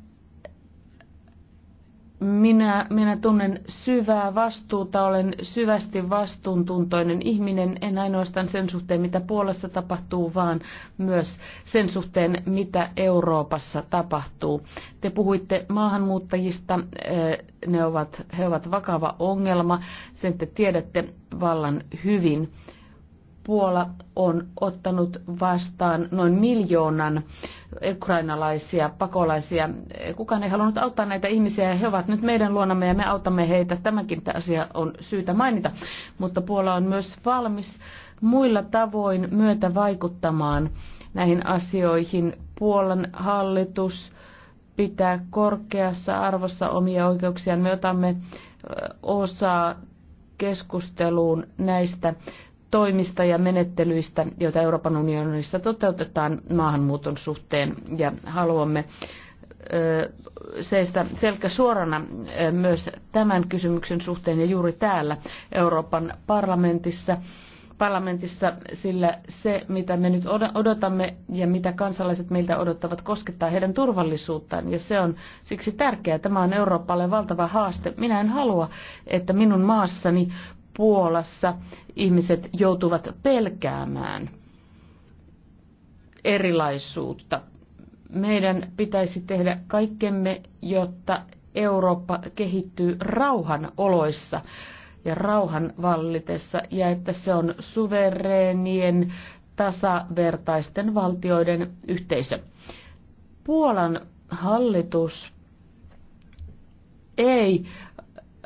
minä, minä tunnen syvää vastuuta, olen syvästi vastuuntuntoinen ihminen, en ainoastaan sen suhteen, mitä Puolassa tapahtuu, vaan myös sen suhteen, mitä Euroopassa tapahtuu. Te puhuitte maahanmuuttajista, eh, ne ovat, he ovat vakava ongelma, sen te tiedätte vallan hyvin. Puola on ottanut vastaan noin miljoonan ukrainalaisia pakolaisia. Kukaan ei halunnut auttaa näitä ihmisiä ja he ovat nyt meidän luonamme ja me autamme heitä. Tämäkin asia on syytä mainita, mutta Puola on myös valmis muilla tavoin myötä vaikuttamaan näihin asioihin. Puolan hallitus pitää korkeassa arvossa omia oikeuksiaan. Me otamme osaa keskusteluun näistä toimista ja menettelyistä, joita Euroopan unionissa toteutetaan maahanmuuton suhteen ja haluamme seistä selkä suorana myös tämän kysymyksen suhteen ja juuri täällä Euroopan parlamentissa parlamentissa, sillä se, mitä me nyt odotamme ja mitä kansalaiset meiltä odottavat, koskettaa heidän turvallisuuttaan. Ja se on siksi tärkeää. Tämä on Euroopalle valtava haaste. Minä en halua, että minun maassani Puolassa ihmiset joutuvat pelkäämään erilaisuutta. Meidän pitäisi tehdä kaikkemme, jotta Eurooppa kehittyy rauhan oloissa ja rauhan vallitessa ja että se on suvereenien tasavertaisten valtioiden yhteisö. Puolan hallitus ei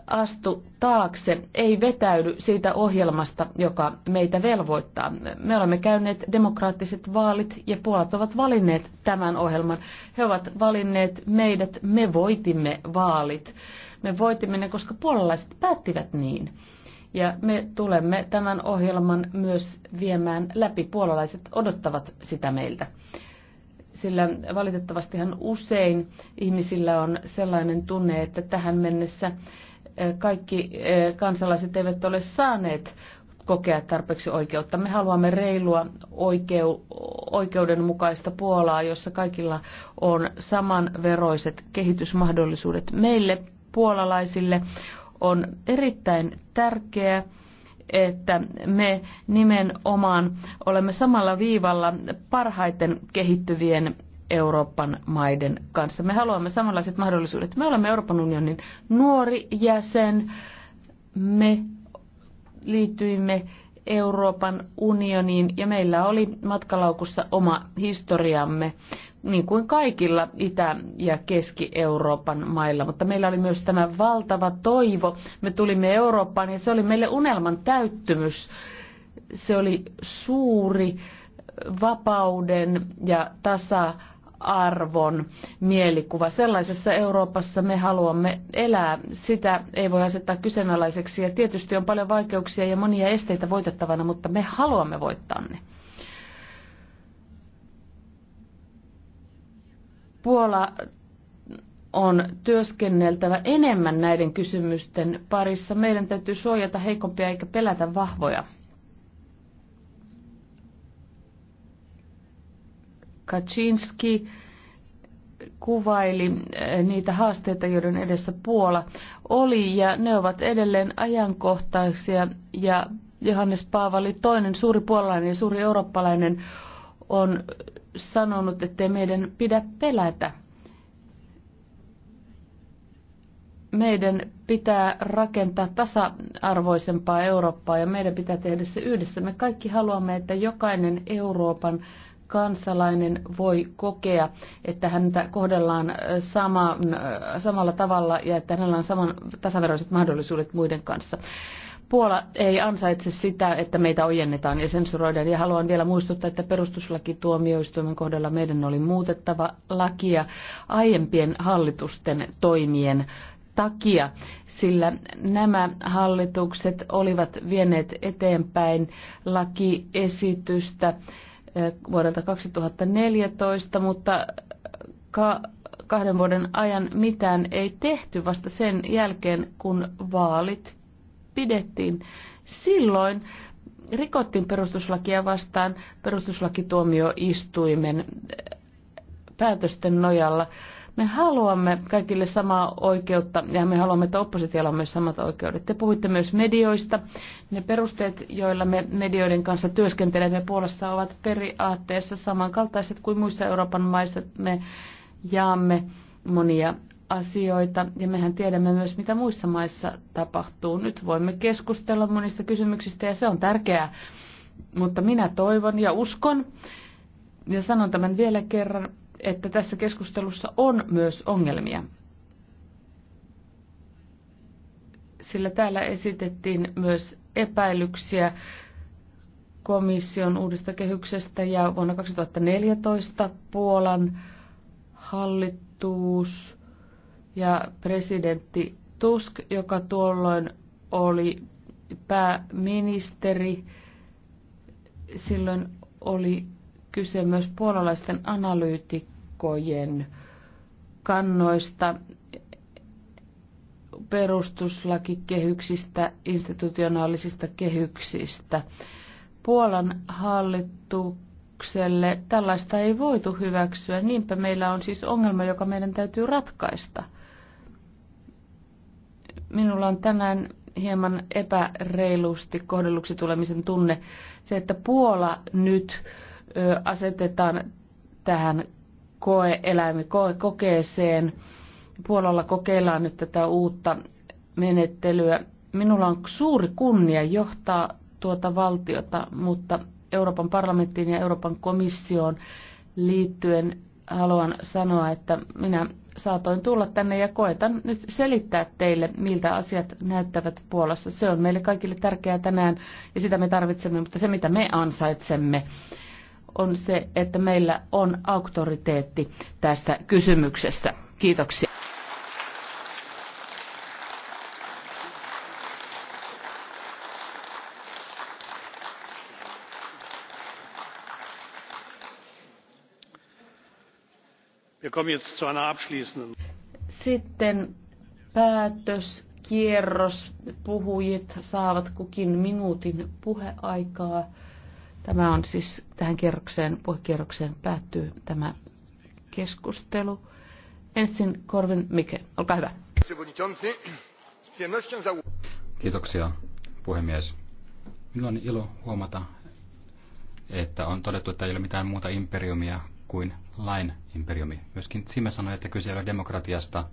astu taakse, ei vetäydy siitä ohjelmasta, joka meitä velvoittaa. Me olemme käyneet demokraattiset vaalit ja puolet ovat valinneet tämän ohjelman. He ovat valinneet meidät, me voitimme vaalit. Me voitimme ne, koska puolalaiset päättivät niin. Ja me tulemme tämän ohjelman myös viemään läpi. Puolalaiset odottavat sitä meiltä sillä valitettavastihan usein ihmisillä on sellainen tunne, että tähän mennessä kaikki e, kansalaiset eivät ole saaneet kokea tarpeeksi oikeutta. Me haluamme reilua oikeu, oikeudenmukaista Puolaa, jossa kaikilla on samanveroiset kehitysmahdollisuudet. Meille puolalaisille on erittäin tärkeää, että me nimenomaan olemme samalla viivalla parhaiten kehittyvien Euroopan maiden kanssa. Me haluamme samanlaiset mahdollisuudet. Me olemme Euroopan unionin nuori jäsen. Me liityimme Euroopan unioniin ja meillä oli matkalaukussa oma historiamme, niin kuin kaikilla Itä- ja Keski-Euroopan mailla. Mutta meillä oli myös tämä valtava toivo. Me tulimme Eurooppaan ja se oli meille unelman täyttymys. Se oli suuri vapauden ja tasa arvon mielikuva. Sellaisessa Euroopassa me haluamme elää. Sitä ei voi asettaa kyseenalaiseksi ja tietysti on paljon vaikeuksia ja monia esteitä voitettavana, mutta me haluamme voittaa ne. Puola on työskenneltävä enemmän näiden kysymysten parissa. Meidän täytyy suojata heikompia eikä pelätä vahvoja. Kaczynski kuvaili eh, niitä haasteita, joiden edessä Puola oli, ja ne ovat edelleen ajankohtaisia, ja Johannes Paavali toinen suuri puolalainen ja suuri eurooppalainen on sanonut, että meidän pidä pelätä. Meidän pitää rakentaa tasa-arvoisempaa Eurooppaa ja meidän pitää tehdä se yhdessä. Me kaikki haluamme, että jokainen Euroopan kansalainen voi kokea, että häntä kohdellaan sama, samalla tavalla ja että hänellä on saman tasaveroiset mahdollisuudet muiden kanssa. Puola ei ansaitse sitä, että meitä ojennetaan ja sensuroidaan. Ja haluan vielä muistuttaa, että perustuslakituomioistuimen kohdalla meidän oli muutettava lakia aiempien hallitusten toimien takia, sillä nämä hallitukset olivat vieneet eteenpäin lakiesitystä, Eh, vuodelta 2014, mutta eh, ka- kahden vuoden ajan mitään ei tehty vasta sen jälkeen, kun vaalit pidettiin. Silloin rikottiin perustuslakia vastaan perustuslakituomioistuimen eh, päätösten nojalla. Me haluamme kaikille samaa oikeutta ja me haluamme, että oppositiolla on myös samat oikeudet. Te puhuitte myös medioista. Ne perusteet, joilla me medioiden kanssa työskentelemme Puolassa, ovat periaatteessa samankaltaiset kuin muissa Euroopan maissa. Me jaamme monia asioita ja mehän tiedämme myös, mitä muissa maissa tapahtuu. Nyt voimme keskustella monista kysymyksistä ja se on tärkeää. Mutta minä toivon ja uskon, ja sanon tämän vielä kerran, että tässä keskustelussa on myös ongelmia. Sillä täällä esitettiin myös epäilyksiä komission uudesta kehyksestä ja vuonna 2014 Puolan hallitus ja presidentti Tusk, joka tuolloin oli pääministeri, silloin oli kyse myös puolalaisten analyytikkojen kannoista, perustuslakikehyksistä, institutionaalisista kehyksistä. Puolan hallitukselle tällaista ei voitu hyväksyä, niinpä meillä on siis ongelma, joka meidän täytyy ratkaista. Minulla on tänään hieman epäreilusti kohdelluksi tulemisen tunne se, että Puola nyt asetetaan tähän koeeläimi kokeeseen. Puolalla kokeillaan nyt tätä uutta menettelyä. Minulla on suuri kunnia johtaa tuota valtiota, mutta Euroopan parlamenttiin ja Euroopan komissioon liittyen haluan sanoa, että minä saatoin tulla tänne ja koetan nyt selittää teille, miltä asiat näyttävät Puolassa. Se on meille kaikille tärkeää tänään ja sitä me tarvitsemme, mutta se mitä me ansaitsemme on se, että meillä on auktoriteetti tässä kysymyksessä. Kiitoksia. Sitten päätöskierros. Puhujit saavat kukin minuutin puheaikaa. Tämä on siis tähän kierrokseen, puhekierrokseen päättyy tämä keskustelu. Ensin Korvin Mike, olkaa hyvä. Kiitoksia, puhemies. Minulla on ilo huomata, että on todettu, että ei ole mitään muuta imperiumia kuin lain imperiumi. Myöskin Sime sanoi, että kyse ei ole demokratiasta,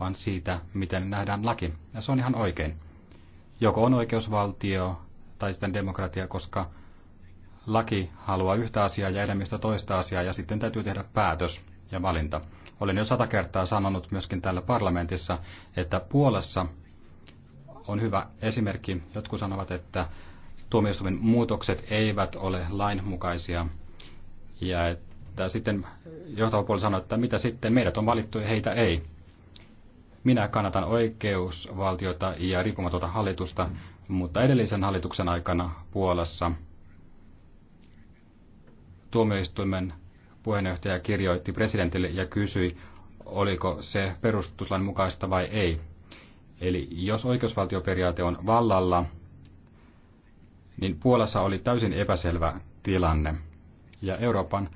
vaan siitä, miten nähdään laki. Ja se on ihan oikein. Joko on oikeusvaltio tai sitten demokratia, koska laki haluaa yhtä asiaa ja enemmistö toista asiaa ja sitten täytyy tehdä päätös ja valinta. Olen jo sata kertaa sanonut myöskin täällä parlamentissa, että Puolassa on hyvä esimerkki. Jotkut sanovat, että tuomioistuimen muutokset eivät ole lainmukaisia ja että sitten johtava puoli sanoi, että mitä sitten, meidät on valittu ja heitä ei. Minä kannatan oikeusvaltiota ja riippumatonta hallitusta, mutta edellisen hallituksen aikana Puolassa – tuomioistuimen puheenjohtaja kirjoitti presidentille ja kysyi, oliko se perustuslain mukaista vai ei. Eli jos oikeusvaltioperiaate on vallalla, niin Puolassa oli täysin epäselvä tilanne. Ja Euroopan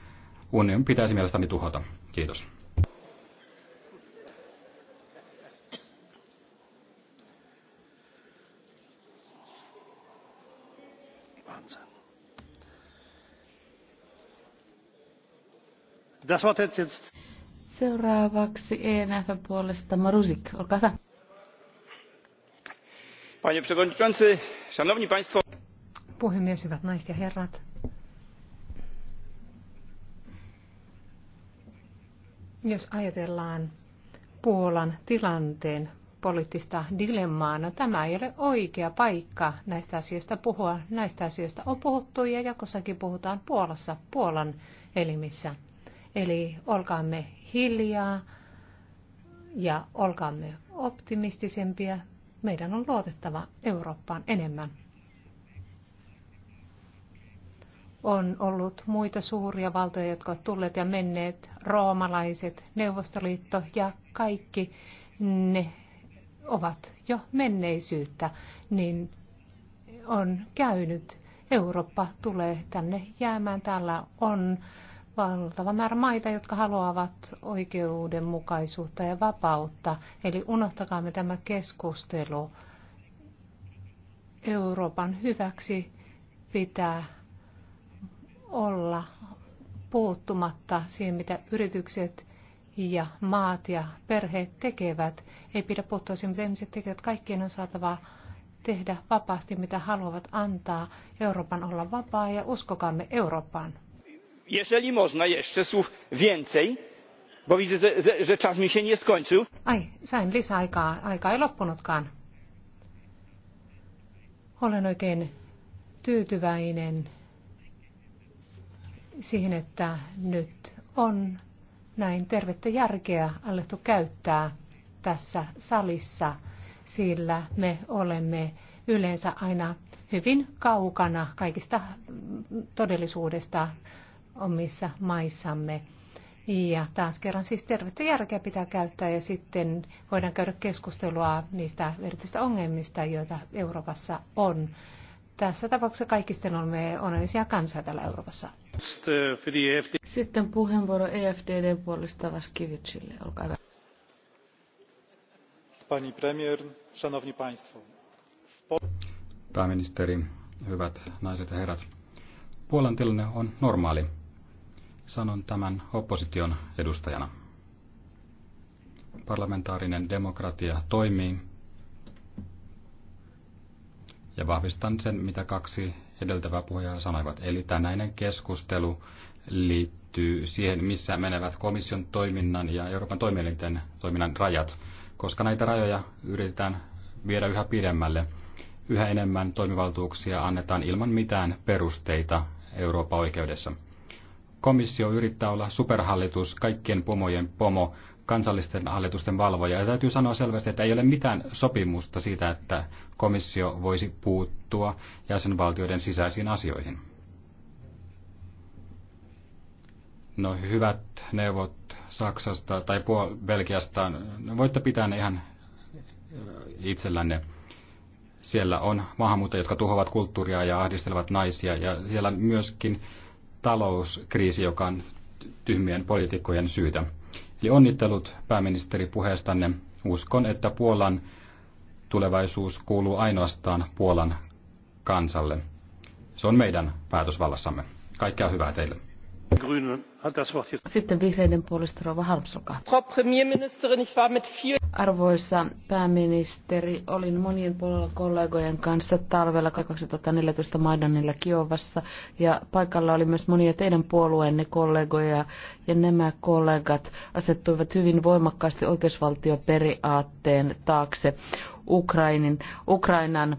unionin pitäisi mielestäni tuhota. Kiitos. Seuraavaksi ENFn puolesta Marusik, olkaa hyvä. Panie przewodniczący, szanowni państwo. Puhemies, hyvät naiset ja herrat. Jos ajatellaan Puolan tilanteen poliittista dilemmaa. No, tämä ei ole oikea paikka näistä asioista puhua. Näistä asioista on puhuttu ja jatkossakin puhutaan Puolassa, Puolan elimissä Eli olkaamme hiljaa ja olkaamme optimistisempia. Meidän on luotettava Eurooppaan enemmän. On ollut muita suuria valtoja, jotka ovat tulleet ja menneet, roomalaiset, Neuvostoliitto ja kaikki ne ovat jo menneisyyttä, niin on käynyt. Eurooppa tulee tänne jäämään. Täällä on valtava määrä maita, jotka haluavat oikeudenmukaisuutta ja vapautta. Eli unohtakaamme tämä keskustelu Euroopan hyväksi pitää olla puuttumatta siihen, mitä yritykset ja maat ja perheet tekevät. Ei pidä puuttua siihen, mitä ihmiset tekevät. Kaikkien on saatava tehdä vapaasti, mitä haluavat antaa Euroopan olla vapaa ja uskokaamme Eurooppaan jeżeli można jeszcze słów więcej bo widzę że czas mi się nie skończył. ai sain lisäaikaa aika ei loppunutkaan. olen oikein tyytyväinen siihen että nyt on näin tervettä järkeä alettu käyttää tässä salissa sillä me olemme yleensä aina hyvin kaukana kaikista todellisuudesta omissa maissamme. Ja taas kerran siis tervettä järkeä pitää käyttää ja sitten voidaan käydä keskustelua niistä erityistä ongelmista, joita Euroopassa on. Tässä tapauksessa kaikki sitten olemme onnellisia kansoja täällä Euroopassa. Sitten puheenvuoro EFDD puolesta Vaskivitsille. Olkaa hyvä. Pani premier, szanowni państwo. Pääministeri, hyvät naiset ja herrat. Puolan tilanne on normaali. Sanon tämän opposition edustajana. Parlamentaarinen demokratia toimii ja vahvistan sen, mitä kaksi edeltävää puhujaa sanoivat. Eli tänäinen keskustelu liittyy siihen, missä menevät komission toiminnan ja Euroopan toimielinten toiminnan rajat, koska näitä rajoja yritetään viedä yhä pidemmälle. Yhä enemmän toimivaltuuksia annetaan ilman mitään perusteita Euroopan oikeudessa komissio yrittää olla superhallitus, kaikkien pomojen pomo, kansallisten hallitusten valvoja. Ja täytyy sanoa selvästi, että ei ole mitään sopimusta siitä, että komissio voisi puuttua jäsenvaltioiden sisäisiin asioihin. No hyvät neuvot Saksasta tai Belgiasta, Belgiasta, no, voitte pitää ne ihan äh, itsellänne. Siellä on maahanmuuttajia, jotka tuhoavat kulttuuria ja ahdistelevat naisia ja siellä myöskin talouskriisi, joka on tyhmien poliitikkojen syytä. Eli onnittelut pääministeri puheestanne. Uskon, että Puolan tulevaisuus kuuluu ainoastaan Puolan kansalle. Se on meidän päätösvallassamme. Kaikkea hyvää teille. Sitten vihreiden puolesta Rova Harms, Arvoisa pääministeri, olin monien puolella kollegojen kanssa talvella 2014 Maidanilla Kiovassa ja paikalla oli myös monia teidän puolueenne kollegoja ja nämä kollegat asettuivat hyvin voimakkaasti oikeusvaltioperiaatteen taakse Ukrainin, Ukrainan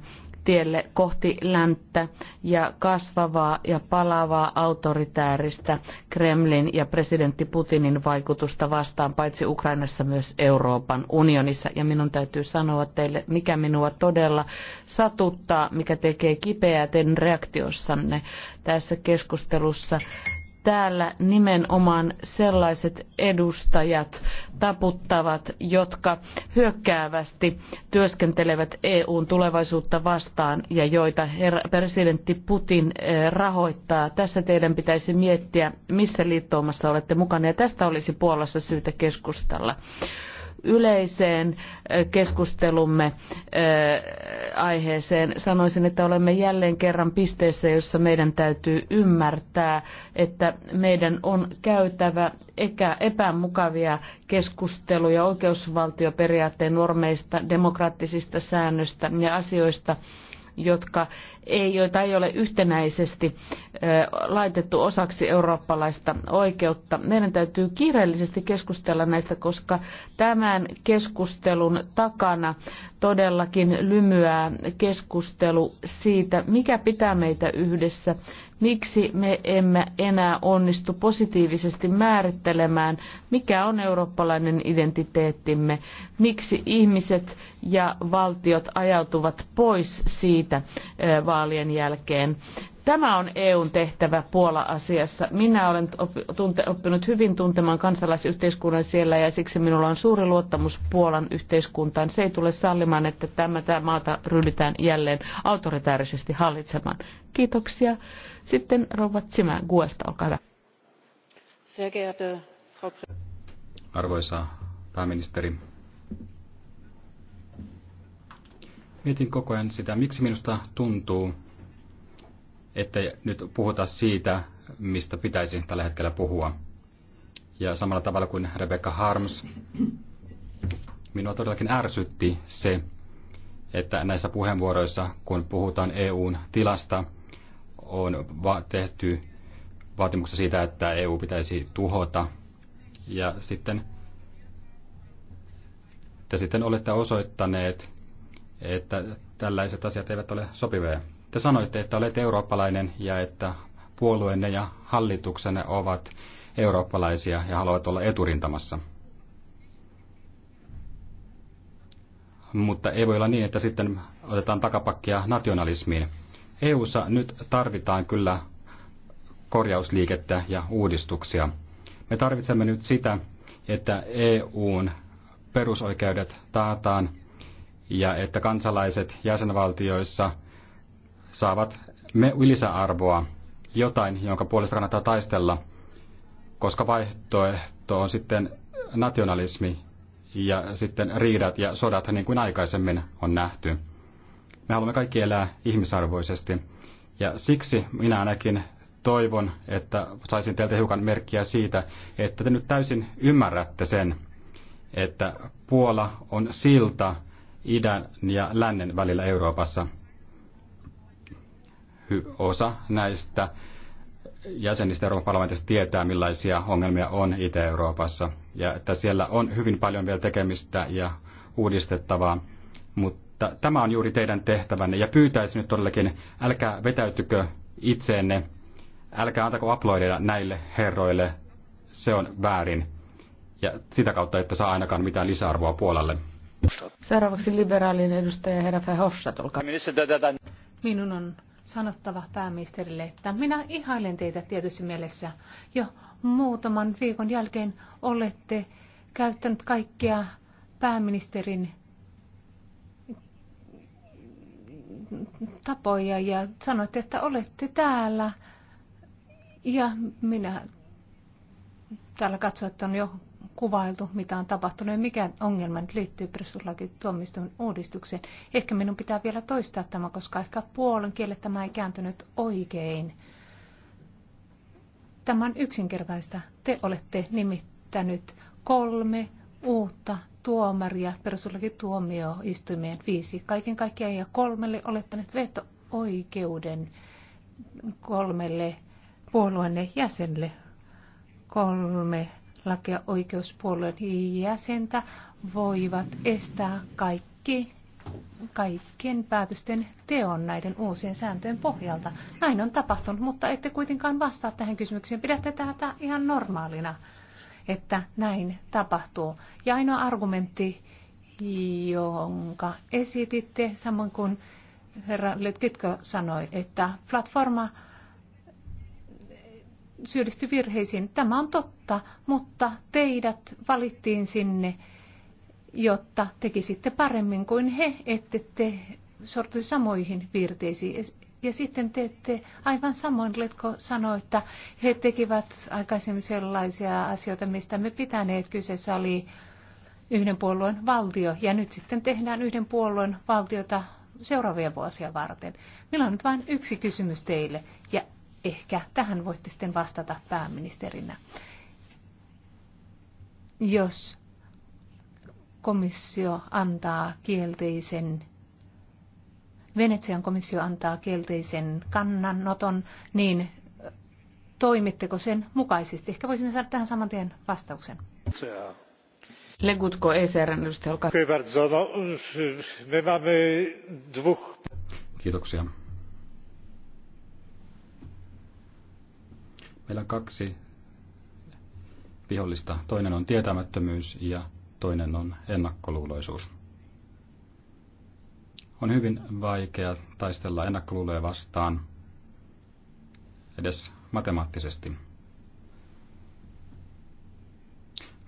tielle kohti länttä ja kasvavaa ja palavaa autoritääristä Kremlin ja presidentti Putinin vaikutusta vastaan paitsi Ukrainassa myös Euroopan unionissa. Ja minun täytyy sanoa teille, mikä minua todella satuttaa, mikä tekee kipeää teidän reaktiossanne tässä keskustelussa täällä nimenomaan sellaiset edustajat taputtavat, jotka hyökkäävästi työskentelevät EUn tulevaisuutta vastaan ja joita herra presidentti Putin eh, rahoittaa. Tässä teidän pitäisi miettiä, missä liittoumassa olette mukana ja tästä olisi Puolassa syytä keskustella yleiseen keskustelumme aiheeseen, sanoisin, että olemme jälleen kerran pisteessä, jossa meidän täytyy ymmärtää, että meidän on käytävä epämukavia keskusteluja oikeusvaltioperiaatteen normeista, demokraattisista säännöistä ja asioista, jotka ei, joita ei ole yhtenäisesti laitettu osaksi eurooppalaista oikeutta. Meidän täytyy kiireellisesti keskustella näistä, koska tämän keskustelun takana todellakin lymyää keskustelu siitä, mikä pitää meitä yhdessä, miksi me emme enää onnistu positiivisesti määrittelemään, mikä on eurooppalainen identiteettimme, miksi ihmiset ja valtiot ajautuvat pois siitä eh, vaalien jälkeen. Tämä on EUn tehtävä Puola-asiassa. Minä olen oppinut hyvin tuntemaan kansalaisyhteiskunnan siellä ja siksi minulla on suuri luottamus Puolan yhteiskuntaan. Se ei tule sallimaan, että tämä, tämä maata ryhdytään jälleen autoritäärisesti hallitsemaan. Kiitoksia. Sitten rouva Tsimä Guesta, olkaa hyvä. Arvoisa pääministeri, mietin koko ajan sitä, miksi minusta tuntuu, että nyt puhuta siitä, mistä pitäisi tällä hetkellä puhua. Ja samalla tavalla kuin Rebecca Harms, minua todellakin ärsytti se, että näissä puheenvuoroissa, kun puhutaan EUn tilasta, on va- tehty vaatimuksia siitä, että EU pitäisi tuhota. Ja sitten te sitten olette osoittaneet, että tällaiset asiat eivät ole sopivia. Te sanoitte, että olet eurooppalainen ja että puolueenne ja hallituksenne ovat eurooppalaisia ja haluavat olla eturintamassa. Mutta ei voi olla niin, että sitten otetaan takapakkia nationalismiin. EU:ssa nyt tarvitaan kyllä korjausliikettä ja uudistuksia. Me tarvitsemme nyt sitä, että EUn perusoikeudet taataan ja että kansalaiset jäsenvaltioissa – saavat me lisäarvoa, jotain, jonka puolesta kannattaa taistella, koska vaihtoehto on sitten nationalismi ja sitten riidat ja sodat, niin kuin aikaisemmin on nähty. Me haluamme kaikki elää ihmisarvoisesti. Ja siksi minä ainakin toivon, että saisin teiltä hiukan merkkiä siitä, että te nyt täysin ymmärrätte sen, että Puola on silta idän ja lännen välillä Euroopassa osa näistä jäsenistä Euroopan parlamentista tietää, millaisia ongelmia on Itä-Euroopassa. Ja että siellä on hyvin paljon vielä tekemistä ja uudistettavaa. Mutta tämä on juuri teidän tehtävänne. Ja pyytäisin nyt todellakin, älkää vetäytykö itseenne, älkää antako aploideja näille herroille. Se on väärin. Ja sitä kautta että saa ainakaan mitään lisäarvoa puolelle. Seuraavaksi liberaalinen edustaja herra Verhofstadt, olkaa. Minun on sanottava pääministerille, että minä ihailen teitä tietysti mielessä. Jo muutaman viikon jälkeen olette käyttänyt kaikkia pääministerin tapoja ja sanoitte, että olette täällä. Ja minä täällä katsoin, että on jo kuvailtu, mitä on tapahtunut ja mikä ongelma nyt liittyy perustuslakituomioistuimen uudistukseen. Ehkä minun pitää vielä toistaa tämä, koska ehkä puolen kielellä tämä ei kääntynyt oikein. Tämä on yksinkertaista. Te olette nimittänyt kolme uutta tuomaria perustuslakituomioistuimeen viisi. Kaiken kaikkiaan ja kolmelle olettaneet veto-oikeuden kolmelle puolueenne jäsenelle kolme laki- ja oikeuspuolueen jäsentä voivat estää kaikki kaikkien päätösten teon näiden uusien sääntöjen pohjalta. Näin on tapahtunut, mutta ette kuitenkaan vastaa tähän kysymykseen. Pidätte tätä ihan normaalina, että näin tapahtuu. Ja ainoa argumentti, jonka esititte, samoin kuin herra Letkytkö sanoi, että platforma syyllisty virheisiin. Tämä on totta, mutta teidät valittiin sinne, jotta tekisitte paremmin kuin he, ette te sortuisi samoihin virteisiin. Ja sitten te ette aivan samoin, Letko sanoi, että he tekivät aikaisemmin sellaisia asioita, mistä me pitäneet. Kyseessä oli yhden puolueen valtio, ja nyt sitten tehdään yhden puolueen valtiota seuraavia vuosia varten. Meillä on nyt vain yksi kysymys teille, ja Ehkä tähän voitte sitten vastata pääministerinä. Jos komissio antaa kielteisen Venetsian komissio antaa kielteisen kannanoton, niin toimitteko sen mukaisesti? Ehkä voisimme saada tähän saman tien vastauksen. Legutko ECRn edustaja, olkaa no, Kiitoksia. Meillä on kaksi vihollista. Toinen on tietämättömyys ja toinen on ennakkoluuloisuus. On hyvin vaikea taistella ennakkoluuloja vastaan edes matemaattisesti.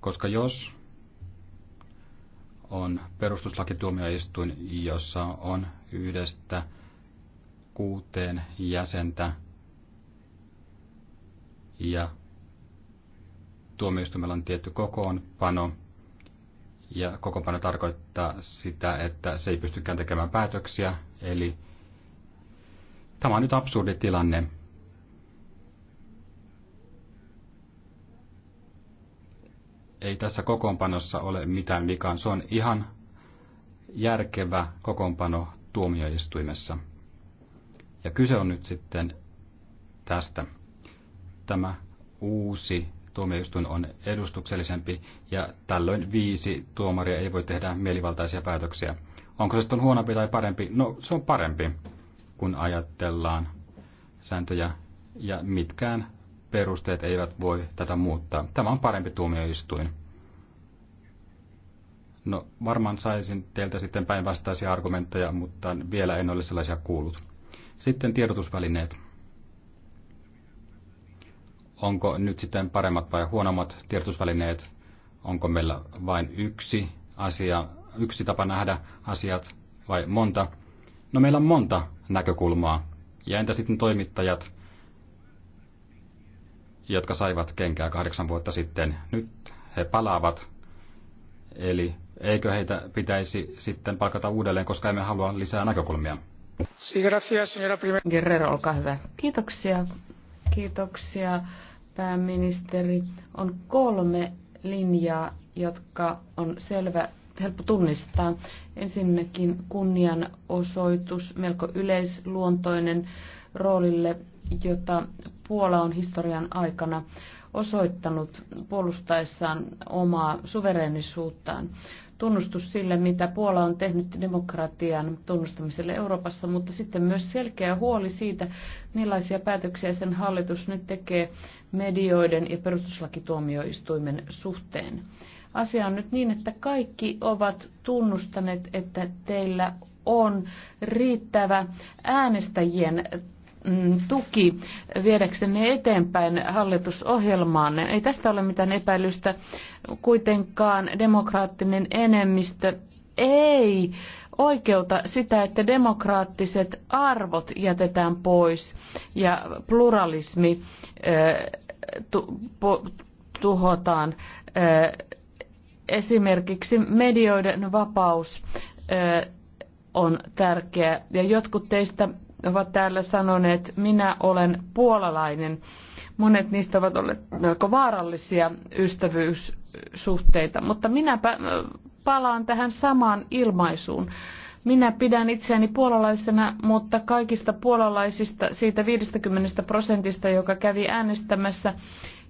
Koska jos on perustuslakituomioistuin, jossa on yhdestä kuuteen jäsentä, ja tuomioistuimella on tietty kokoonpano. Ja kokoonpano tarkoittaa sitä, että se ei pystykään tekemään päätöksiä. Eli tämä on nyt absurdi tilanne. Ei tässä kokoonpanossa ole mitään vikaa. Se on ihan järkevä kokoonpano tuomioistuimessa. Ja kyse on nyt sitten tästä tämä uusi tuomioistuin on edustuksellisempi ja tällöin viisi tuomaria ei voi tehdä mielivaltaisia päätöksiä. Onko se sitten huonompi tai parempi? No se on parempi, kun ajatellaan sääntöjä ja mitkään perusteet eivät voi tätä muuttaa. Tämä on parempi tuomioistuin. No varmaan saisin teiltä sitten päinvastaisia argumentteja, mutta vielä en ole sellaisia kuullut. Sitten tiedotusvälineet onko nyt sitten paremmat vai huonommat tiedotusvälineet, onko meillä vain yksi asia, yksi tapa nähdä asiat vai monta. No meillä on monta näkökulmaa. Ja entä sitten toimittajat, jotka saivat kenkää kahdeksan vuotta sitten? Nyt he palaavat. Eli eikö heitä pitäisi sitten palkata uudelleen, koska emme halua lisää näkökulmia? Guerrero, olkaa hyvä. Kiitoksia. Kiitoksia pääministeri, on kolme linjaa, jotka on selvä, helppo tunnistaa. Ensinnäkin kunnianosoitus, melko yleisluontoinen roolille, jota Puola on historian aikana osoittanut puolustaessaan omaa suvereenisuuttaan tunnustus sille, mitä Puola on tehnyt demokratian tunnustamiselle Euroopassa, mutta sitten myös selkeä huoli siitä, millaisia päätöksiä sen hallitus nyt tekee medioiden ja perustuslakituomioistuimen suhteen. Asia on nyt niin, että kaikki ovat tunnustaneet, että teillä on riittävä äänestäjien Mm, tuki viedäksenne eteenpäin hallitusohjelmaan Ei tästä ole mitään epäilystä. Kuitenkaan demokraattinen enemmistö ei oikeuta sitä, että demokraattiset arvot jätetään pois ja pluralismi tuhotaan. Esimerkiksi medioiden vapaus on tärkeä ja jotkut teistä ovat täällä sanoneet, minä olen puolalainen. Monet niistä ovat olleet melko vaarallisia ystävyyssuhteita, mutta minä palaan tähän samaan ilmaisuun. Minä pidän itseäni puolalaisena, mutta kaikista puolalaisista, siitä 50 prosentista, joka kävi äänestämässä,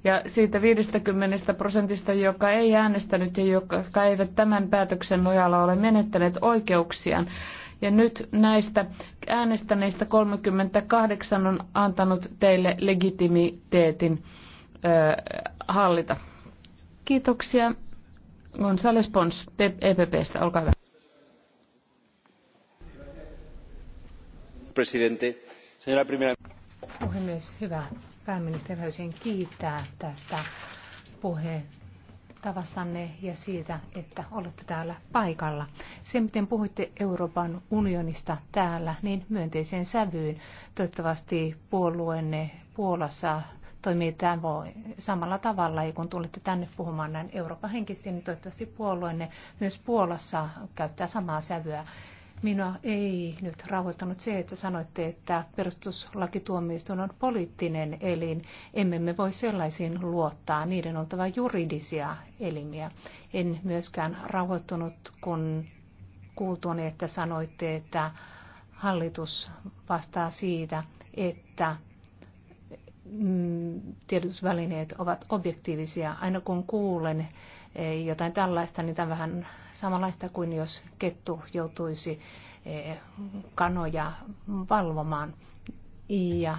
ja siitä 50 prosentista, joka ei äänestänyt ja jotka eivät tämän päätöksen nojalla ole menettäneet oikeuksiaan, ja nyt näistä äänestäneistä 38 on antanut teille legitimiteetin ö, hallita. Kiitoksia. Gonzales Pons EPPstä, olkaa hyvä. Presidente, Puhemies, hyvä pääministeri, haluaisin kiittää tästä puhe tavastanne ja siitä, että olette täällä paikalla. Se, miten puhuitte Euroopan unionista täällä, niin myönteiseen sävyyn. Toivottavasti puolueenne Puolassa toimii tämän voi samalla tavalla. Ja kun tulette tänne puhumaan näin Euroopan henkisesti, niin toivottavasti puolueenne myös Puolassa käyttää samaa sävyä. Minua ei nyt rauhoittanut se, että sanoitte, että perustuslakituomioistuin on poliittinen elin. Emme me voi sellaisiin luottaa. Niiden on oltava juridisia elimiä. En myöskään rauhoittunut, kun kuultuani, että sanoitte, että hallitus vastaa siitä, että mm, tiedotusvälineet ovat objektiivisia. Aina kun kuulen jotain tällaista, niin tämä vähän samanlaista kuin jos kettu joutuisi e, kanoja valvomaan. Ja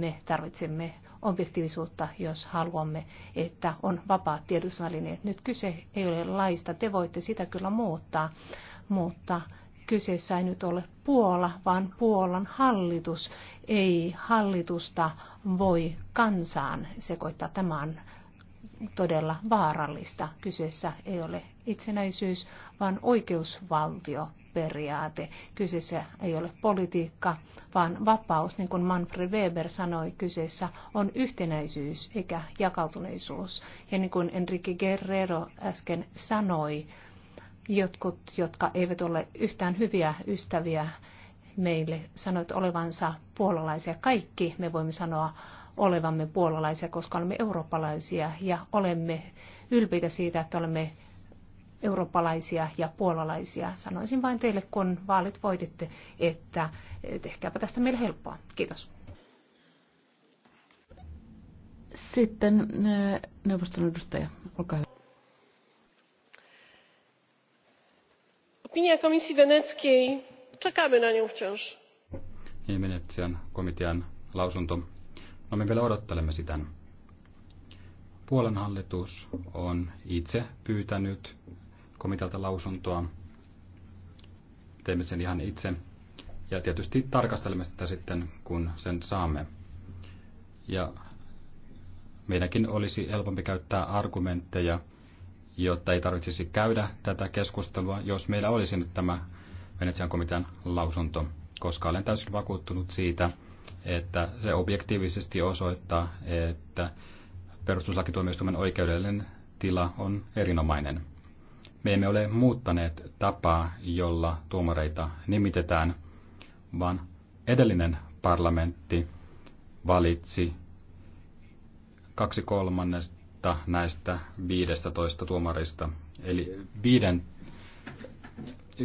me tarvitsemme objektiivisuutta, jos haluamme, että on vapaat tiedusvälineet. Nyt kyse ei ole laista, te voitte sitä kyllä muuttaa, mutta kyseessä ei nyt ole Puola, vaan Puolan hallitus. Ei hallitusta voi kansaan sekoittaa. Tämä on todella vaarallista. Kyseessä ei ole itsenäisyys, vaan oikeusvaltioperiaate. Kyseessä ei ole politiikka, vaan vapaus. Niin kuin Manfred Weber sanoi, kyseessä on yhtenäisyys eikä jakautuneisuus. Ja niin kuin Enrique Guerrero äsken sanoi, jotkut, jotka eivät ole yhtään hyviä ystäviä meille, sanoit olevansa puolalaisia. Kaikki me voimme sanoa olevamme puolalaisia, koska olemme eurooppalaisia ja olemme ylpeitä siitä, että olemme eurooppalaisia ja puolalaisia. Sanoisin vain teille, kun vaalit voititte, että tehkääpä tästä meille helppoa. Kiitos. Sitten eh, neuvoston edustaja, olkaa hyvä. Opinia komisji weneckiej, czekamy na nią wciąż. Niin, komitean lausunto No me vielä odottelemme sitä. Puolan hallitus on itse pyytänyt komitealta lausuntoa. Teemme sen ihan itse. Ja tietysti tarkastelemme sitä sitten, kun sen saamme. Ja meidänkin olisi helpompi käyttää argumentteja, jotta ei tarvitsisi käydä tätä keskustelua, jos meillä olisi nyt tämä Venetsian komitean lausunto, koska olen täysin vakuuttunut siitä, että se objektiivisesti osoittaa, että perustuslakituomioistuimen oikeudellinen tila on erinomainen. Me emme ole muuttaneet tapaa, jolla tuomareita nimitetään, vaan edellinen parlamentti valitsi kaksi kolmannesta näistä 15 tuomarista. Eli viiden,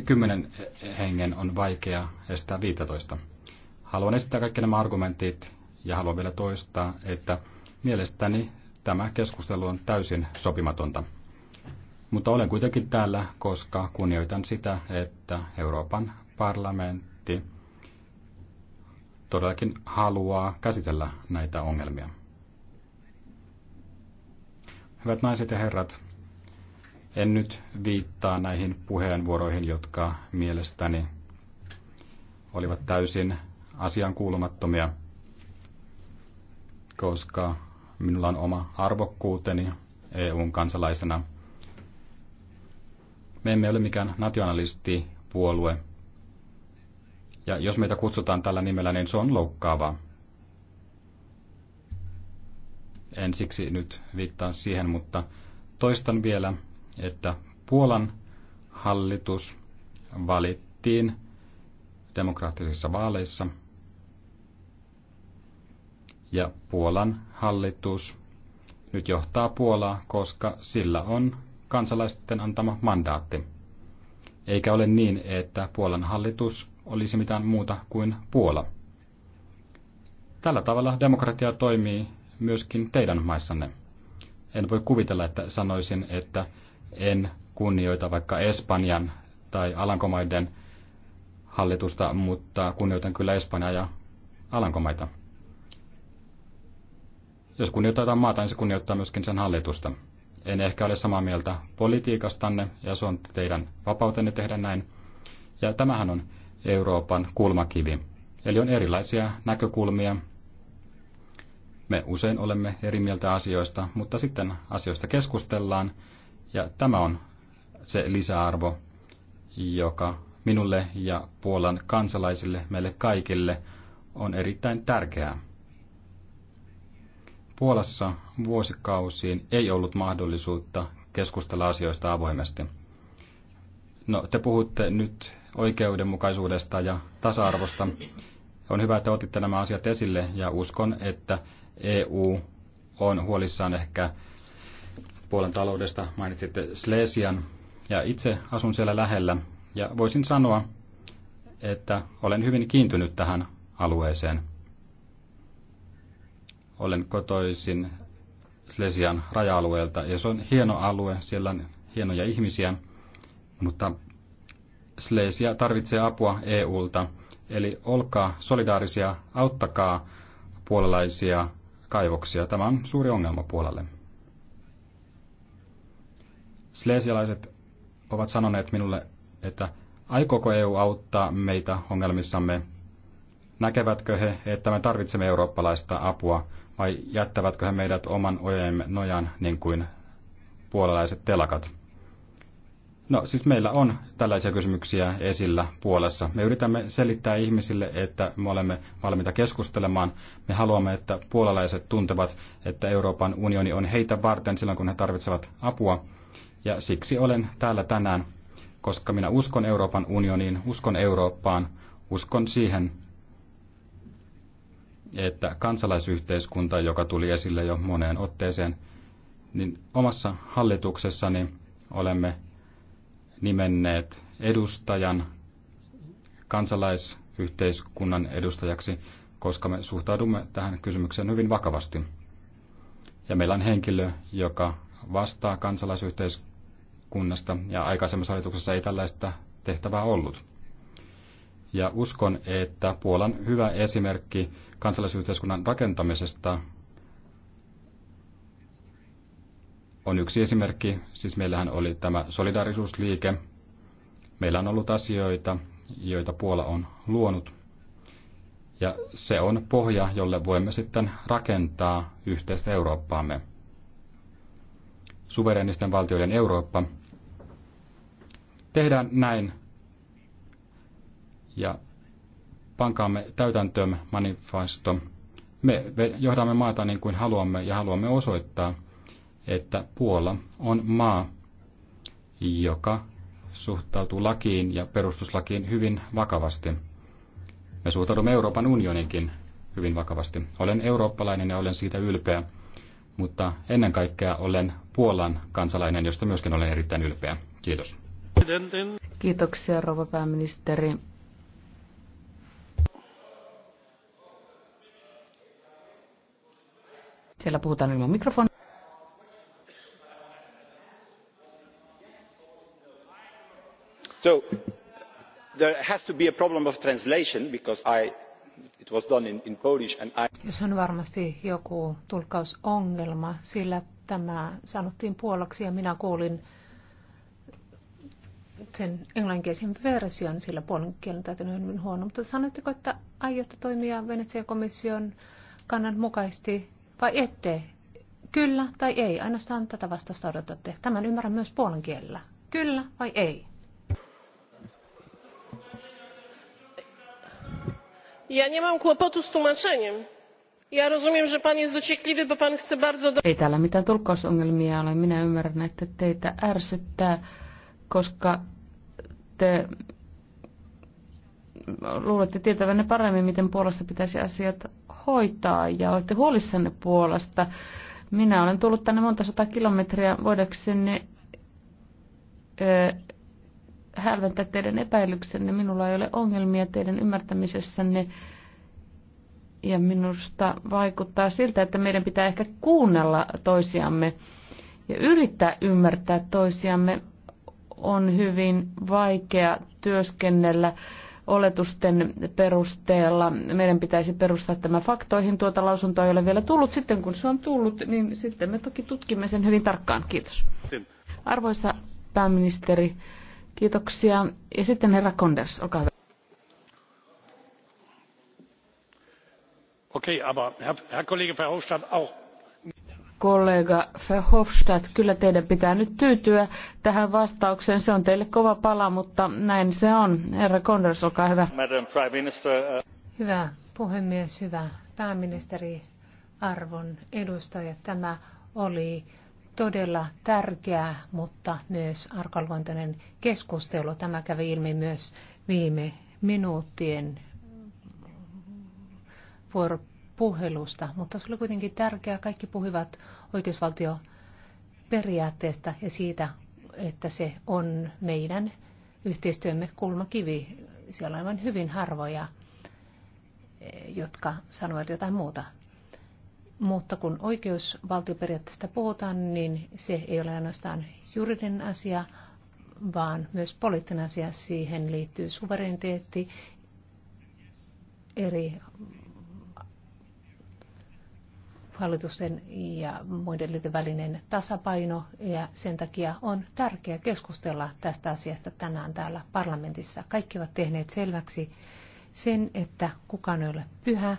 kymmenen hengen on vaikea estää 15. Haluan esittää kaikki nämä argumentit ja haluan vielä toistaa, että mielestäni tämä keskustelu on täysin sopimatonta. Mutta olen kuitenkin täällä, koska kunnioitan sitä, että Euroopan parlamentti todellakin haluaa käsitellä näitä ongelmia. Hyvät naiset ja herrat, en nyt viittaa näihin puheenvuoroihin, jotka mielestäni olivat täysin asian kuulumattomia, koska minulla on oma arvokkuuteni EUn kansalaisena. Me emme ole mikään nationalistipuolue. Ja jos meitä kutsutaan tällä nimellä, niin se on loukkaavaa. En siksi nyt viittaa siihen, mutta toistan vielä, että Puolan hallitus valittiin demokraattisissa vaaleissa – ja Puolan hallitus nyt johtaa Puolaa, koska sillä on kansalaisten antama mandaatti. Eikä ole niin, että Puolan hallitus olisi mitään muuta kuin Puola. Tällä tavalla demokratia toimii myöskin teidän maissanne. En voi kuvitella, että sanoisin, että en kunnioita vaikka Espanjan tai Alankomaiden hallitusta, mutta kunnioitan kyllä Espanjaa ja Alankomaita. Jos kunnioitetaan maata, niin se kunnioittaa myöskin sen hallitusta. En ehkä ole samaa mieltä politiikastanne, ja se on teidän vapautenne tehdä näin. Ja tämähän on Euroopan kulmakivi. Eli on erilaisia näkökulmia. Me usein olemme eri mieltä asioista, mutta sitten asioista keskustellaan. Ja tämä on se lisäarvo, joka minulle ja Puolan kansalaisille, meille kaikille, on erittäin tärkeää. Puolassa vuosikausiin ei ollut mahdollisuutta keskustella asioista avoimesti. No, te puhutte nyt oikeudenmukaisuudesta ja tasa-arvosta. On hyvä, että otitte nämä asiat esille ja uskon, että EU on huolissaan ehkä Puolan taloudesta. Mainitsitte Slesian ja itse asun siellä lähellä ja voisin sanoa, että olen hyvin kiintynyt tähän alueeseen. Olen kotoisin Slesian raja-alueelta ja se on hieno alue, siellä on hienoja ihmisiä, mutta Slesia tarvitsee apua EUlta. Eli olkaa solidaarisia, auttakaa puolalaisia kaivoksia. Tämä on suuri ongelma puolelle. Slesialaiset ovat sanoneet minulle, että aikooko EU auttaa meitä ongelmissamme? Näkevätkö he, että me tarvitsemme eurooppalaista apua? vai jättävätkö he meidät oman ojemme nojan niin kuin puolalaiset telakat? No siis meillä on tällaisia kysymyksiä esillä puolessa. Me yritämme selittää ihmisille, että me olemme valmiita keskustelemaan. Me haluamme, että puolalaiset tuntevat, että Euroopan unioni on heitä varten silloin, kun he tarvitsevat apua. Ja siksi olen täällä tänään, koska minä uskon Euroopan unioniin, uskon Eurooppaan, uskon siihen, että kansalaisyhteiskunta, joka tuli esille jo moneen otteeseen, niin omassa hallituksessani olemme nimenneet edustajan kansalaisyhteiskunnan edustajaksi, koska me suhtaudumme tähän kysymykseen hyvin vakavasti. Ja meillä on henkilö, joka vastaa kansalaisyhteiskunnasta, ja aikaisemmassa hallituksessa ei tällaista tehtävää ollut. Ja uskon, että Puolan hyvä esimerkki kansalaisyhteiskunnan rakentamisesta on yksi esimerkki. Siis meillähän oli tämä solidarisuusliike. Meillä on ollut asioita, joita Puola on luonut. Ja se on pohja, jolle voimme sitten rakentaa yhteistä Eurooppaamme. Suverenisten valtioiden Eurooppa. Tehdään näin ja pankaamme täytäntöön manifesto. Me johdamme maata niin kuin haluamme ja haluamme osoittaa, että Puola on maa, joka suhtautuu lakiin ja perustuslakiin hyvin vakavasti. Me suhtaudumme Euroopan unioninkin hyvin vakavasti. Olen eurooppalainen ja olen siitä ylpeä, mutta ennen kaikkea olen Puolan kansalainen, josta myöskin olen erittäin ylpeä. Kiitos. Kiitoksia, rouva pääministeri. Siellä puhutaan ilman mikrofonia. So, there has to be a problem of translation because I it was done in, in Polish and I... Se on varmasti joku tulkkausongelma, sillä tämä sanottiin puolaksi ja minä kuulin sen englanninkielisen version, sillä puolen kielen täytyy olla hyvin huono. Mutta sanoitteko, että aiotte toimia Venetsian komission kannan mukaisesti vai ette? Kyllä tai ei? Ainoastaan tätä vastausta odotatte. Tämän ymmärrän myös puolan kielellä. Kyllä vai ei? Ja nie mam kłopotu z tłumaczeniem. Ja rozumiem, że pan jest dociekliwy, bo pan chce bardzo... Do... Ei täällä mitään tulkkausongelmia ole. Minä ymmärrän, että teitä ärsyttää, koska te luulette tietävänne paremmin, miten Puolassa pitäisi asiat hoitaa ja olette huolissanne Puolasta. Minä olen tullut tänne monta sata kilometriä Voidaanko ö, hälventää teidän epäilyksenne. Minulla ei ole ongelmia teidän ymmärtämisessänne. Ja minusta vaikuttaa siltä, että meidän pitää ehkä kuunnella toisiamme ja yrittää ymmärtää toisiamme. On hyvin vaikea työskennellä oletusten perusteella. Meidän pitäisi perustaa tämä faktoihin. Tuota lausuntoa ei ole vielä tullut. Sitten kun se on tullut, niin sitten me toki tutkimme sen hyvin tarkkaan. Kiitos. Arvoisa pääministeri, kiitoksia. Ja sitten herra Konders, olkaa hyvä. Okei, okay, aber Herr, Herr Kollege Verhofstadt auch kollega Verhofstadt, kyllä teidän pitää nyt tyytyä tähän vastaukseen. Se on teille kova pala, mutta näin se on. Herra Konders, olkaa hyvä. Uh, hyvä puhemies, hyvä pääministeri, arvon edustajat. Tämä oli todella tärkeä, mutta myös arkaluontainen keskustelu. Tämä kävi ilmi myös viime minuuttien vuoropuhelussa Puhelusta, mutta se oli kuitenkin tärkeää. Kaikki puhuivat oikeusvaltioperiaatteesta ja siitä, että se on meidän yhteistyömme kulmakivi. Siellä on hyvin harvoja, eh, jotka sanovat jotain muuta. Mutta kun oikeusvaltioperiaatteesta puhutaan, niin se ei ole ainoastaan juridinen asia, vaan myös poliittinen asia. Siihen liittyy suvereniteetti, eri hallitusten ja muiden liiton välinen tasapaino ja sen takia on tärkeää keskustella tästä asiasta tänään täällä parlamentissa. Kaikki ovat tehneet selväksi sen, että kukaan ei ole pyhä,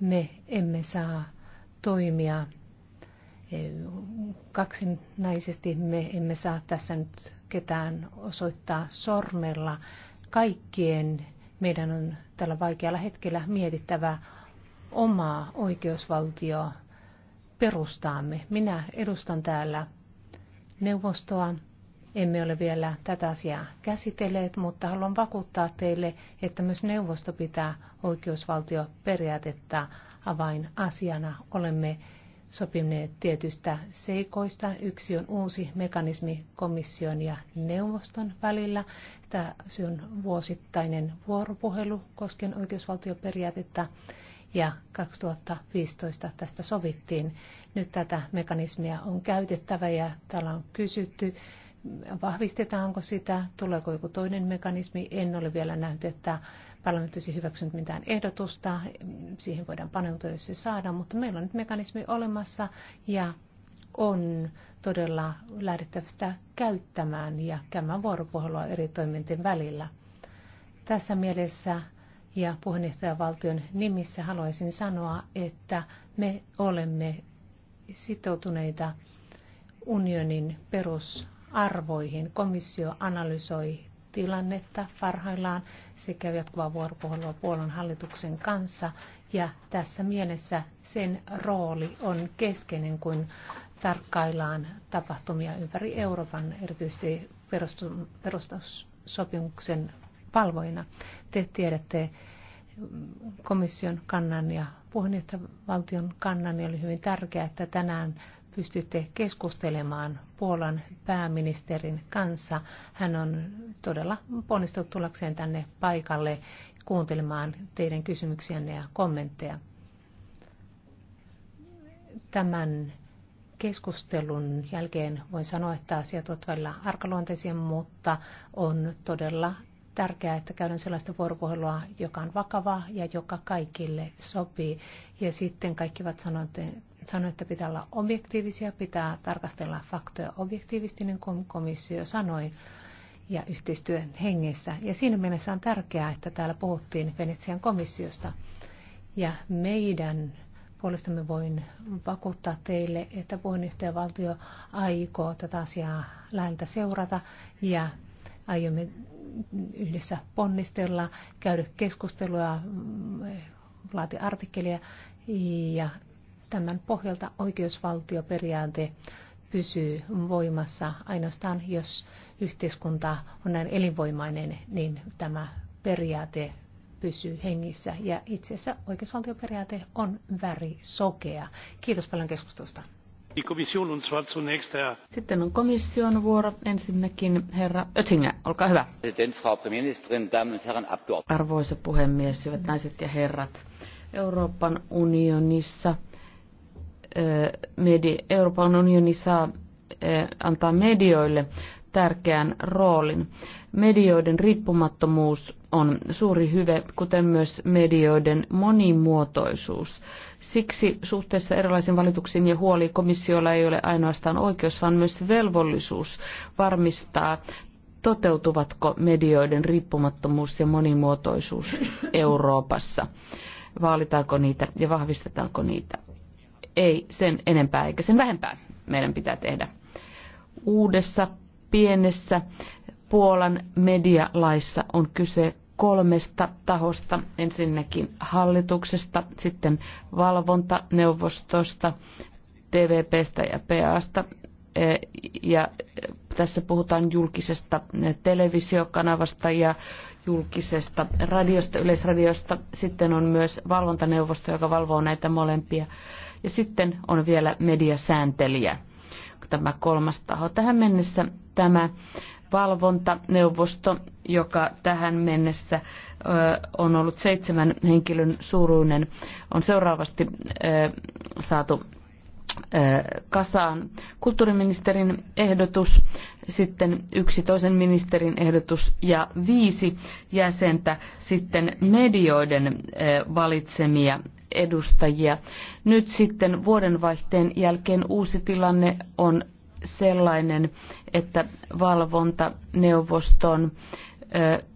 me emme saa toimia e, kaksinaisesti, me emme saa tässä nyt ketään osoittaa sormella. Kaikkien meidän on tällä vaikealla hetkellä mietittävä omaa oikeusvaltio perustaamme. Minä edustan täällä neuvostoa. Emme ole vielä tätä asiaa käsitelleet, mutta haluan vakuuttaa teille, että myös neuvosto pitää oikeusvaltioperiaatetta avainasiana. Olemme sopineet tietystä seikoista. Yksi on uusi mekanismi komission ja neuvoston välillä. Tämä on vuosittainen vuoropuhelu koskien oikeusvaltioperiaatetta ja 2015 tästä sovittiin. Nyt tätä mekanismia on käytettävä ja täällä on kysytty, vahvistetaanko sitä, tuleeko joku toinen mekanismi. En ole vielä nähnyt, että parlamentti olisi hyväksynyt mitään ehdotusta. Siihen voidaan paneutua, jos se saadaan, mutta meillä on nyt mekanismi olemassa ja on todella lähdettävä sitä käyttämään ja käymään vuoropuhelua eri toimintien välillä. Tässä mielessä ja puheenjohtajavaltion nimissä haluaisin sanoa, että me olemme sitoutuneita unionin perusarvoihin. Komissio analysoi tilannetta parhaillaan sekä jatkuvaa vuoropuhelua Puolan hallituksen kanssa. Ja tässä mielessä sen rooli on keskeinen, kun tarkkaillaan tapahtumia ympäri Euroopan, erityisesti perustus, perustussopimuksen valvojina. Te tiedätte komission kannan ja puheenjohtajavaltion kannan, niin oli hyvin tärkeää, että tänään pystytte keskustelemaan Puolan pääministerin kanssa. Hän on todella ponnistunut tullakseen tänne paikalle kuuntelemaan teidän kysymyksiänne ja kommentteja. Tämän keskustelun jälkeen voin sanoa, että asiat ovat välillä arkaluonteisia, mutta on todella tärkeää, että käydään sellaista vuoropuhelua, joka on vakava ja joka kaikille sopii. Ja sitten kaikki ovat sanoneet, että pitää olla objektiivisia, pitää tarkastella faktoja objektiivisesti, niin kuin komissio sanoi, ja yhteistyön hengessä. Ja siinä mielessä on tärkeää, että täällä puhuttiin Venetsian komissiosta. Ja meidän puolestamme voin vakuuttaa teille, että puheenjohtajavaltio aikoo tätä asiaa läheltä seurata ja Aiomme yhdessä ponnistella, käydä keskustelua, mm, laatia artikkelia ja tämän pohjalta oikeusvaltioperiaate pysyy voimassa ainoastaan, jos yhteiskunta on näin elinvoimainen, niin tämä periaate pysyy hengissä. Ja itse asiassa oikeusvaltioperiaate on värisokea. Kiitos paljon keskustelusta. Sitten on komission vuoro. Ensinnäkin herra Oettinger, olkaa hyvä. Arvoisa puhemies, hyvät naiset ja herrat. Euroopan unionissa, eh, Euroopan unioni saa eh, antaa medioille tärkeän roolin. Medioiden riippumattomuus on suuri hyve, kuten myös medioiden monimuotoisuus. Siksi suhteessa erilaisiin valituksiin ja huoliin komissiolla ei ole ainoastaan oikeus, vaan myös velvollisuus varmistaa toteutuvatko medioiden riippumattomuus ja monimuotoisuus Euroopassa? Vaalitaanko niitä ja vahvistetaanko niitä? Ei sen enempää eikä sen vähempää meidän pitää tehdä. Uudessa pienessä Puolan medialaissa on kyse kolmesta tahosta. Ensinnäkin hallituksesta, sitten valvontaneuvostosta, TVPstä ja PAsta. E, ja tässä puhutaan julkisesta televisiokanavasta ja julkisesta radiosta, yleisradiosta. Sitten on myös valvontaneuvosto, joka valvoo näitä molempia. Ja sitten on vielä mediasääntelijä tämä kolmas taho. Tähän mennessä tämä valvontaneuvosto, joka tähän mennessä on ollut seitsemän henkilön suuruinen, on seuraavasti saatu kasaan kulttuuriministerin ehdotus, sitten yksi toisen ministerin ehdotus ja viisi jäsentä sitten medioiden valitsemia edustajia. Nyt sitten vuodenvaihteen jälkeen uusi tilanne on sellainen, että valvontaneuvoston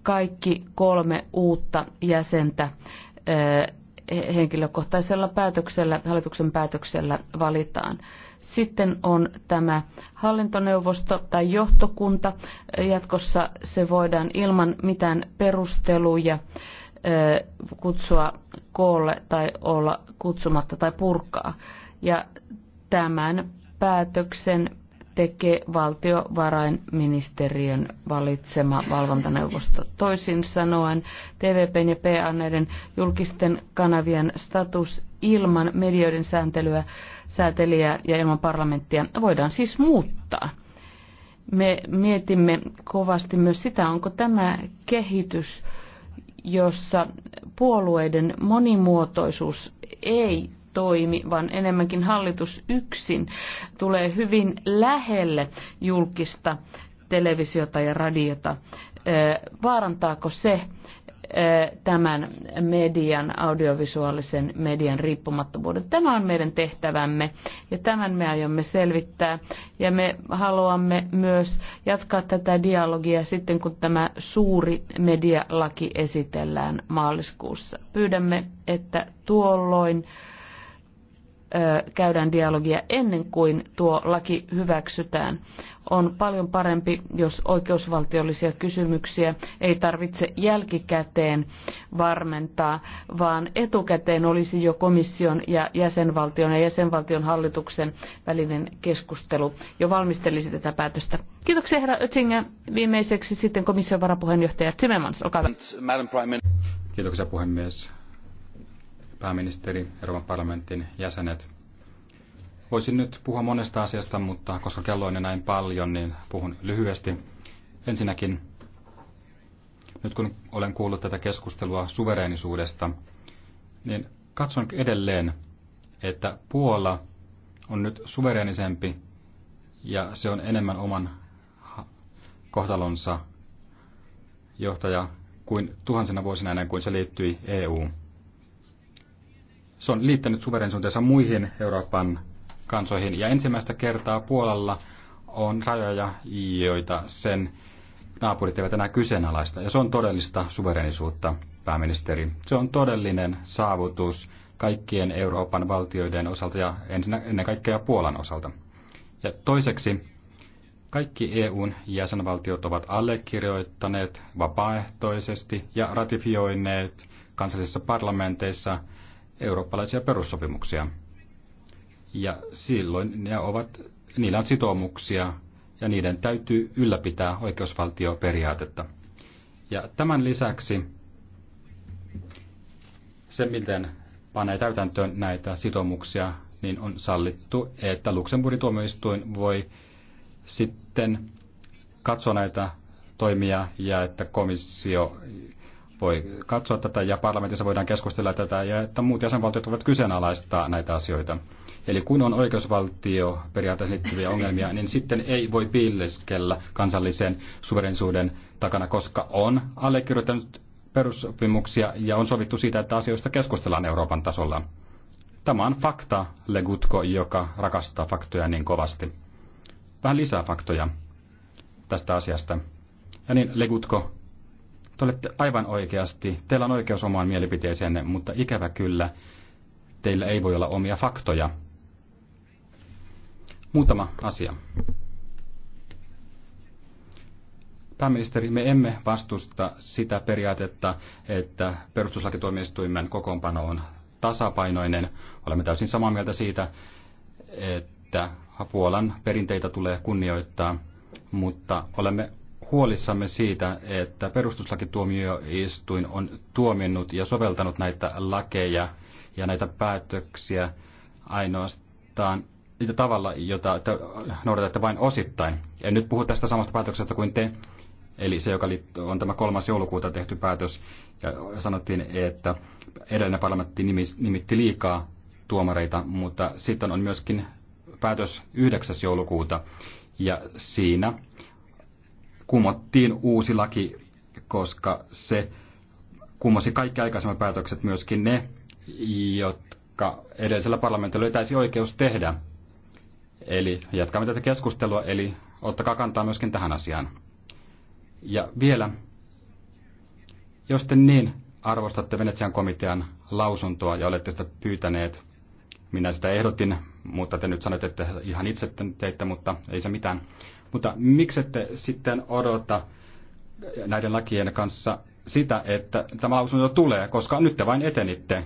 kaikki kolme uutta jäsentä henkilökohtaisella päätöksellä, hallituksen päätöksellä valitaan. Sitten on tämä hallintoneuvosto tai johtokunta. Jatkossa se voidaan ilman mitään perusteluja äh, kutsua koolle tai olla kutsumatta tai purkaa. Ja tämän päätöksen tekee valtiovarainministeriön valitsema valvontaneuvosto. Toisin sanoen TVPn ja PA-näiden julkisten kanavien status ilman medioiden sääntelyä, säätelijää ja ilman parlamenttia voidaan siis muuttaa. Me mietimme kovasti myös sitä, onko tämä kehitys jossa puolueiden monimuotoisuus ei toimi, vaan enemmänkin hallitus yksin tulee hyvin lähelle julkista televisiota ja radiota. Vaarantaako se Eh, tämän median, audiovisuaalisen median riippumattomuuden. Tämä on meidän tehtävämme ja tämän me aiomme selvittää ja me haluamme myös jatkaa tätä dialogia sitten, kun tämä suuri medialaki esitellään maaliskuussa. Pyydämme, että tuolloin käydään dialogia ennen kuin tuo laki hyväksytään. On paljon parempi, jos oikeusvaltiollisia kysymyksiä ei tarvitse jälkikäteen varmentaa, vaan etukäteen olisi jo komission ja jäsenvaltion ja jäsenvaltion hallituksen välinen keskustelu jo valmistelisi tätä päätöstä. Kiitoksia herra Oettinger. Viimeiseksi sitten komission varapuheenjohtaja Timmermans, olkaa hyvä. Kiitoksia puhemies pääministeri, Euroopan parlamentin jäsenet. Voisin nyt puhua monesta asiasta, mutta koska kello on näin paljon, niin puhun lyhyesti. Ensinnäkin, nyt kun olen kuullut tätä keskustelua suvereenisuudesta, niin katson edelleen, että Puola on nyt suvereenisempi ja se on enemmän oman kohtalonsa johtaja kuin tuhansina vuosina ennen kuin se liittyi EU:hun. Se on liittänyt suverensuuteensa muihin Euroopan kansoihin ja ensimmäistä kertaa Puolalla on rajoja, joita sen naapurit eivät enää kyseenalaista. Ja se on todellista suverenisuutta, pääministeri. Se on todellinen saavutus kaikkien Euroopan valtioiden osalta ja ennen kaikkea Puolan osalta. Ja toiseksi, kaikki EUn jäsenvaltiot ovat allekirjoittaneet vapaaehtoisesti ja ratifioineet kansallisissa parlamenteissa – eurooppalaisia perussopimuksia. Ja silloin ne ovat, niillä on sitoumuksia ja niiden täytyy ylläpitää oikeusvaltioperiaatetta. Ja tämän lisäksi se, miten panee täytäntöön näitä sitoumuksia, niin on sallittu, että Luxemburgin tuomioistuin voi sitten katsoa näitä toimia ja että komissio voi katsoa tätä ja parlamentissa voidaan keskustella tätä ja että muut jäsenvaltiot voivat kyseenalaistaa näitä asioita. Eli kun on oikeusvaltio periaatteessa liittyviä ongelmia, niin sitten ei voi piileskellä kansallisen suverensuuden takana, koska on allekirjoittanut perussopimuksia ja on sovittu siitä, että asioista keskustellaan Euroopan tasolla. Tämä on fakta, Legutko, joka rakastaa faktoja niin kovasti. Vähän lisää faktoja tästä asiasta. Ja niin, Legutko, te olette aivan oikeasti, teillä on oikeus omaan mielipiteeseenne, mutta ikävä kyllä, teillä ei voi olla omia faktoja. Muutama asia. Pääministeri, me emme vastusta sitä periaatetta, että perustuslakituomioistuimen kokoonpano on tasapainoinen. Olemme täysin samaa mieltä siitä, että Puolan perinteitä tulee kunnioittaa, mutta olemme huolissamme siitä, että perustuslakituomioistuin on tuominnut ja soveltanut näitä lakeja ja näitä päätöksiä ainoastaan tavalla, jota te noudatatte vain osittain. En nyt puhu tästä samasta päätöksestä kuin te, eli se, joka on tämä kolmas joulukuuta tehty päätös, ja sanottiin, että edellinen parlamentti nimitti liikaa tuomareita, mutta sitten on myöskin päätös 9. joulukuuta, ja siinä kumottiin uusi laki, koska se kumosi kaikki aikaisemmat päätökset, myöskin ne, jotka edellisellä parlamentilla löytäisi oikeus tehdä. Eli jatkamme tätä keskustelua, eli ottakaa kantaa myöskin tähän asiaan. Ja vielä, jos te niin arvostatte Venetsian komitean lausuntoa ja olette sitä pyytäneet, minä sitä ehdotin, mutta te nyt sanoitte, että ihan itse teitte, mutta ei se mitään. Mutta miksette sitten odota näiden lakien kanssa sitä, että tämä lausunto tulee, koska nyt te vain etenitte.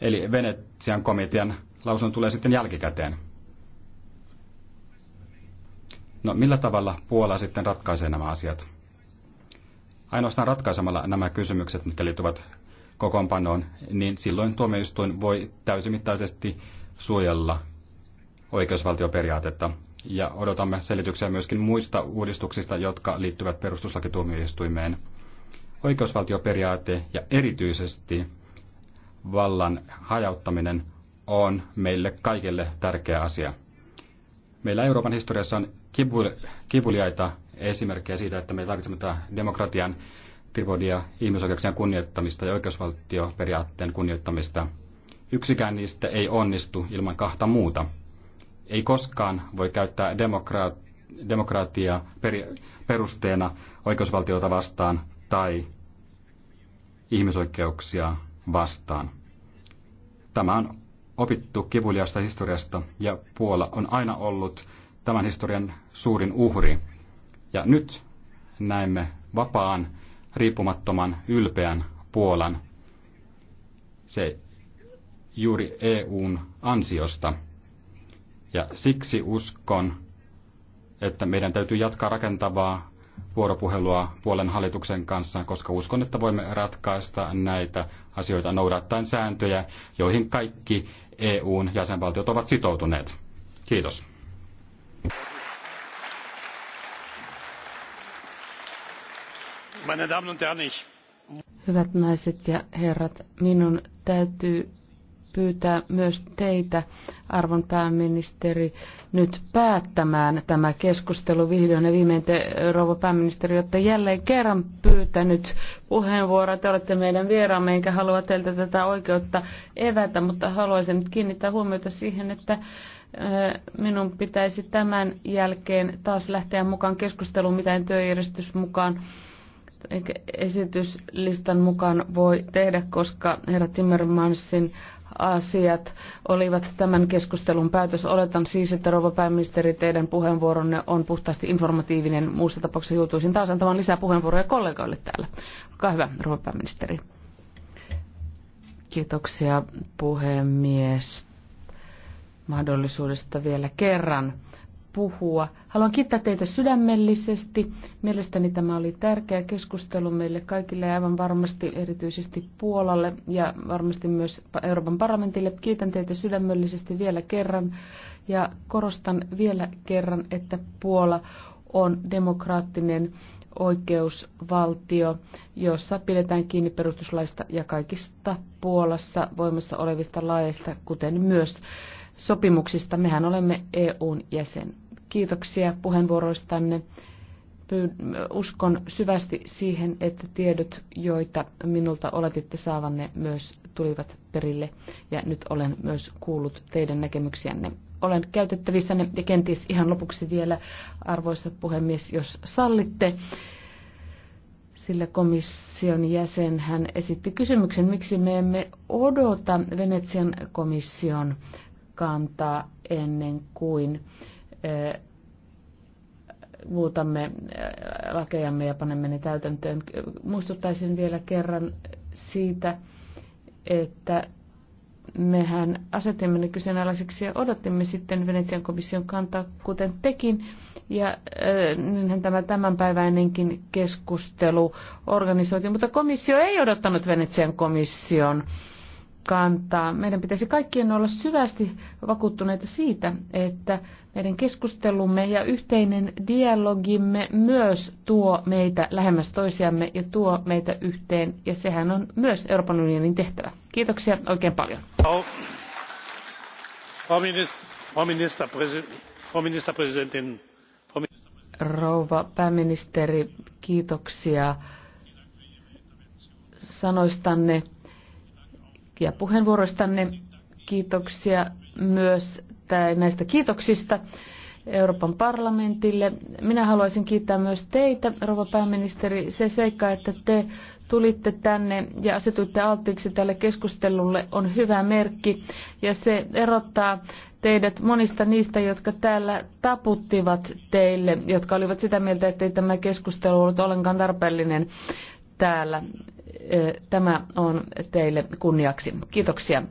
Eli Venetsian komitean lausunto tulee sitten jälkikäteen. No millä tavalla Puola sitten ratkaisee nämä asiat? Ainoastaan ratkaisemalla nämä kysymykset, mitkä liittyvät kokoonpanoon, niin silloin tuomioistuin voi täysimittaisesti suojella oikeusvaltioperiaatetta ja odotamme selityksiä myöskin muista uudistuksista, jotka liittyvät perustuslakituomioistuimeen. Oikeusvaltioperiaate ja erityisesti vallan hajauttaminen on meille kaikille tärkeä asia. Meillä Euroopan historiassa on kivuliaita esimerkkejä siitä, että me tarvitsemme demokratian, tribodia, ihmisoikeuksien kunnioittamista ja oikeusvaltioperiaatteen kunnioittamista. Yksikään niistä ei onnistu ilman kahta muuta – ei koskaan voi käyttää demokraat, demokraattia perusteena oikeusvaltiota vastaan tai ihmisoikeuksia vastaan. Tämä on opittu kivuliasta historiasta ja Puola on aina ollut tämän historian suurin uhri. Ja nyt näemme vapaan, riippumattoman, ylpeän Puolan. Se juuri EUn ansiosta – ja siksi uskon, että meidän täytyy jatkaa rakentavaa vuoropuhelua puolen hallituksen kanssa, koska uskon, että voimme ratkaista näitä asioita noudattaen sääntöjä, joihin kaikki EUn jäsenvaltiot ovat sitoutuneet. Kiitos. Hyvät naiset ja herrat, minun täytyy pyytää myös teitä, arvon pääministeri, nyt päättämään tämä keskustelu vihdoin ja viimein te, rouva pääministeri, olette jälleen kerran pyytänyt puheenvuoroa. Te olette meidän vieraamme, enkä halua teiltä tätä oikeutta evätä, mutta haluaisin nyt kiinnittää huomiota siihen, että minun pitäisi tämän jälkeen taas lähteä mukaan keskusteluun, mitä en työjärjestys mukaan esityslistan mukaan voi tehdä, koska herra Timmermansin asiat olivat tämän keskustelun päätös. Oletan siis, että rouva pääministeri, teidän puheenvuoronne on puhtaasti informatiivinen. Muussa tapauksessa joutuisin taas antamaan lisää puheenvuoroja kollegoille täällä. Olkaa hyvä, rouva pääministeri. Kiitoksia puhemies mahdollisuudesta vielä kerran puhua. Haluan kiittää teitä sydämellisesti. Mielestäni tämä oli tärkeä keskustelu meille kaikille ja aivan varmasti erityisesti Puolalle ja varmasti myös Euroopan parlamentille. Kiitän teitä sydämellisesti vielä kerran ja korostan vielä kerran, että Puola on demokraattinen oikeusvaltio, jossa pidetään kiinni perustuslaista ja kaikista Puolassa voimassa olevista laeista, kuten myös sopimuksista. Mehän olemme EUn jäsen. Kiitoksia puheenvuoroistanne. Uskon syvästi siihen, että tiedot, joita minulta oletitte saavanne, myös tulivat perille. Ja nyt olen myös kuullut teidän näkemyksiänne. Olen käytettävissänne ja kenties ihan lopuksi vielä, arvoisa puhemies, jos sallitte sillä komission jäsen hän esitti kysymyksen, miksi me emme odota Venetsian komission kantaa ennen kuin muutamme lakejamme ja panemme ne täytäntöön. Muistuttaisin vielä kerran siitä, että mehän asetimme ne kyseenalaiseksi ja odottimme sitten Venetsian komission kantaa, kuten tekin. Ja äh, tämä tämänpäiväinenkin keskustelu organisoitiin, mutta komissio ei odottanut Venetsian komission äh, kantaa. Meidän pitäisi kaikkien olla syvästi vakuuttuneita siitä, että meidän keskustelumme ja yhteinen dialogimme myös tuo meitä lähemmäs toisiamme ja tuo meitä yhteen. Ja sehän on myös Euroopan unionin tehtävä. Kiitoksia oikein paljon. Rouva pääministeri, kiitoksia sanoistanne ja puheenvuoroistanne. Kiitoksia myös näistä kiitoksista Euroopan parlamentille. Minä haluaisin kiittää myös teitä, rouva pääministeri, se seikka, että te tulitte tänne ja asetuitte alttiiksi tälle keskustelulle on hyvä merkki ja se erottaa teidät monista niistä, jotka täällä taputtivat teille, jotka olivat sitä mieltä, että tämä keskustelu ollut ollenkaan tarpeellinen täällä. Tämä on teille kunniaksi. Kiitoksia.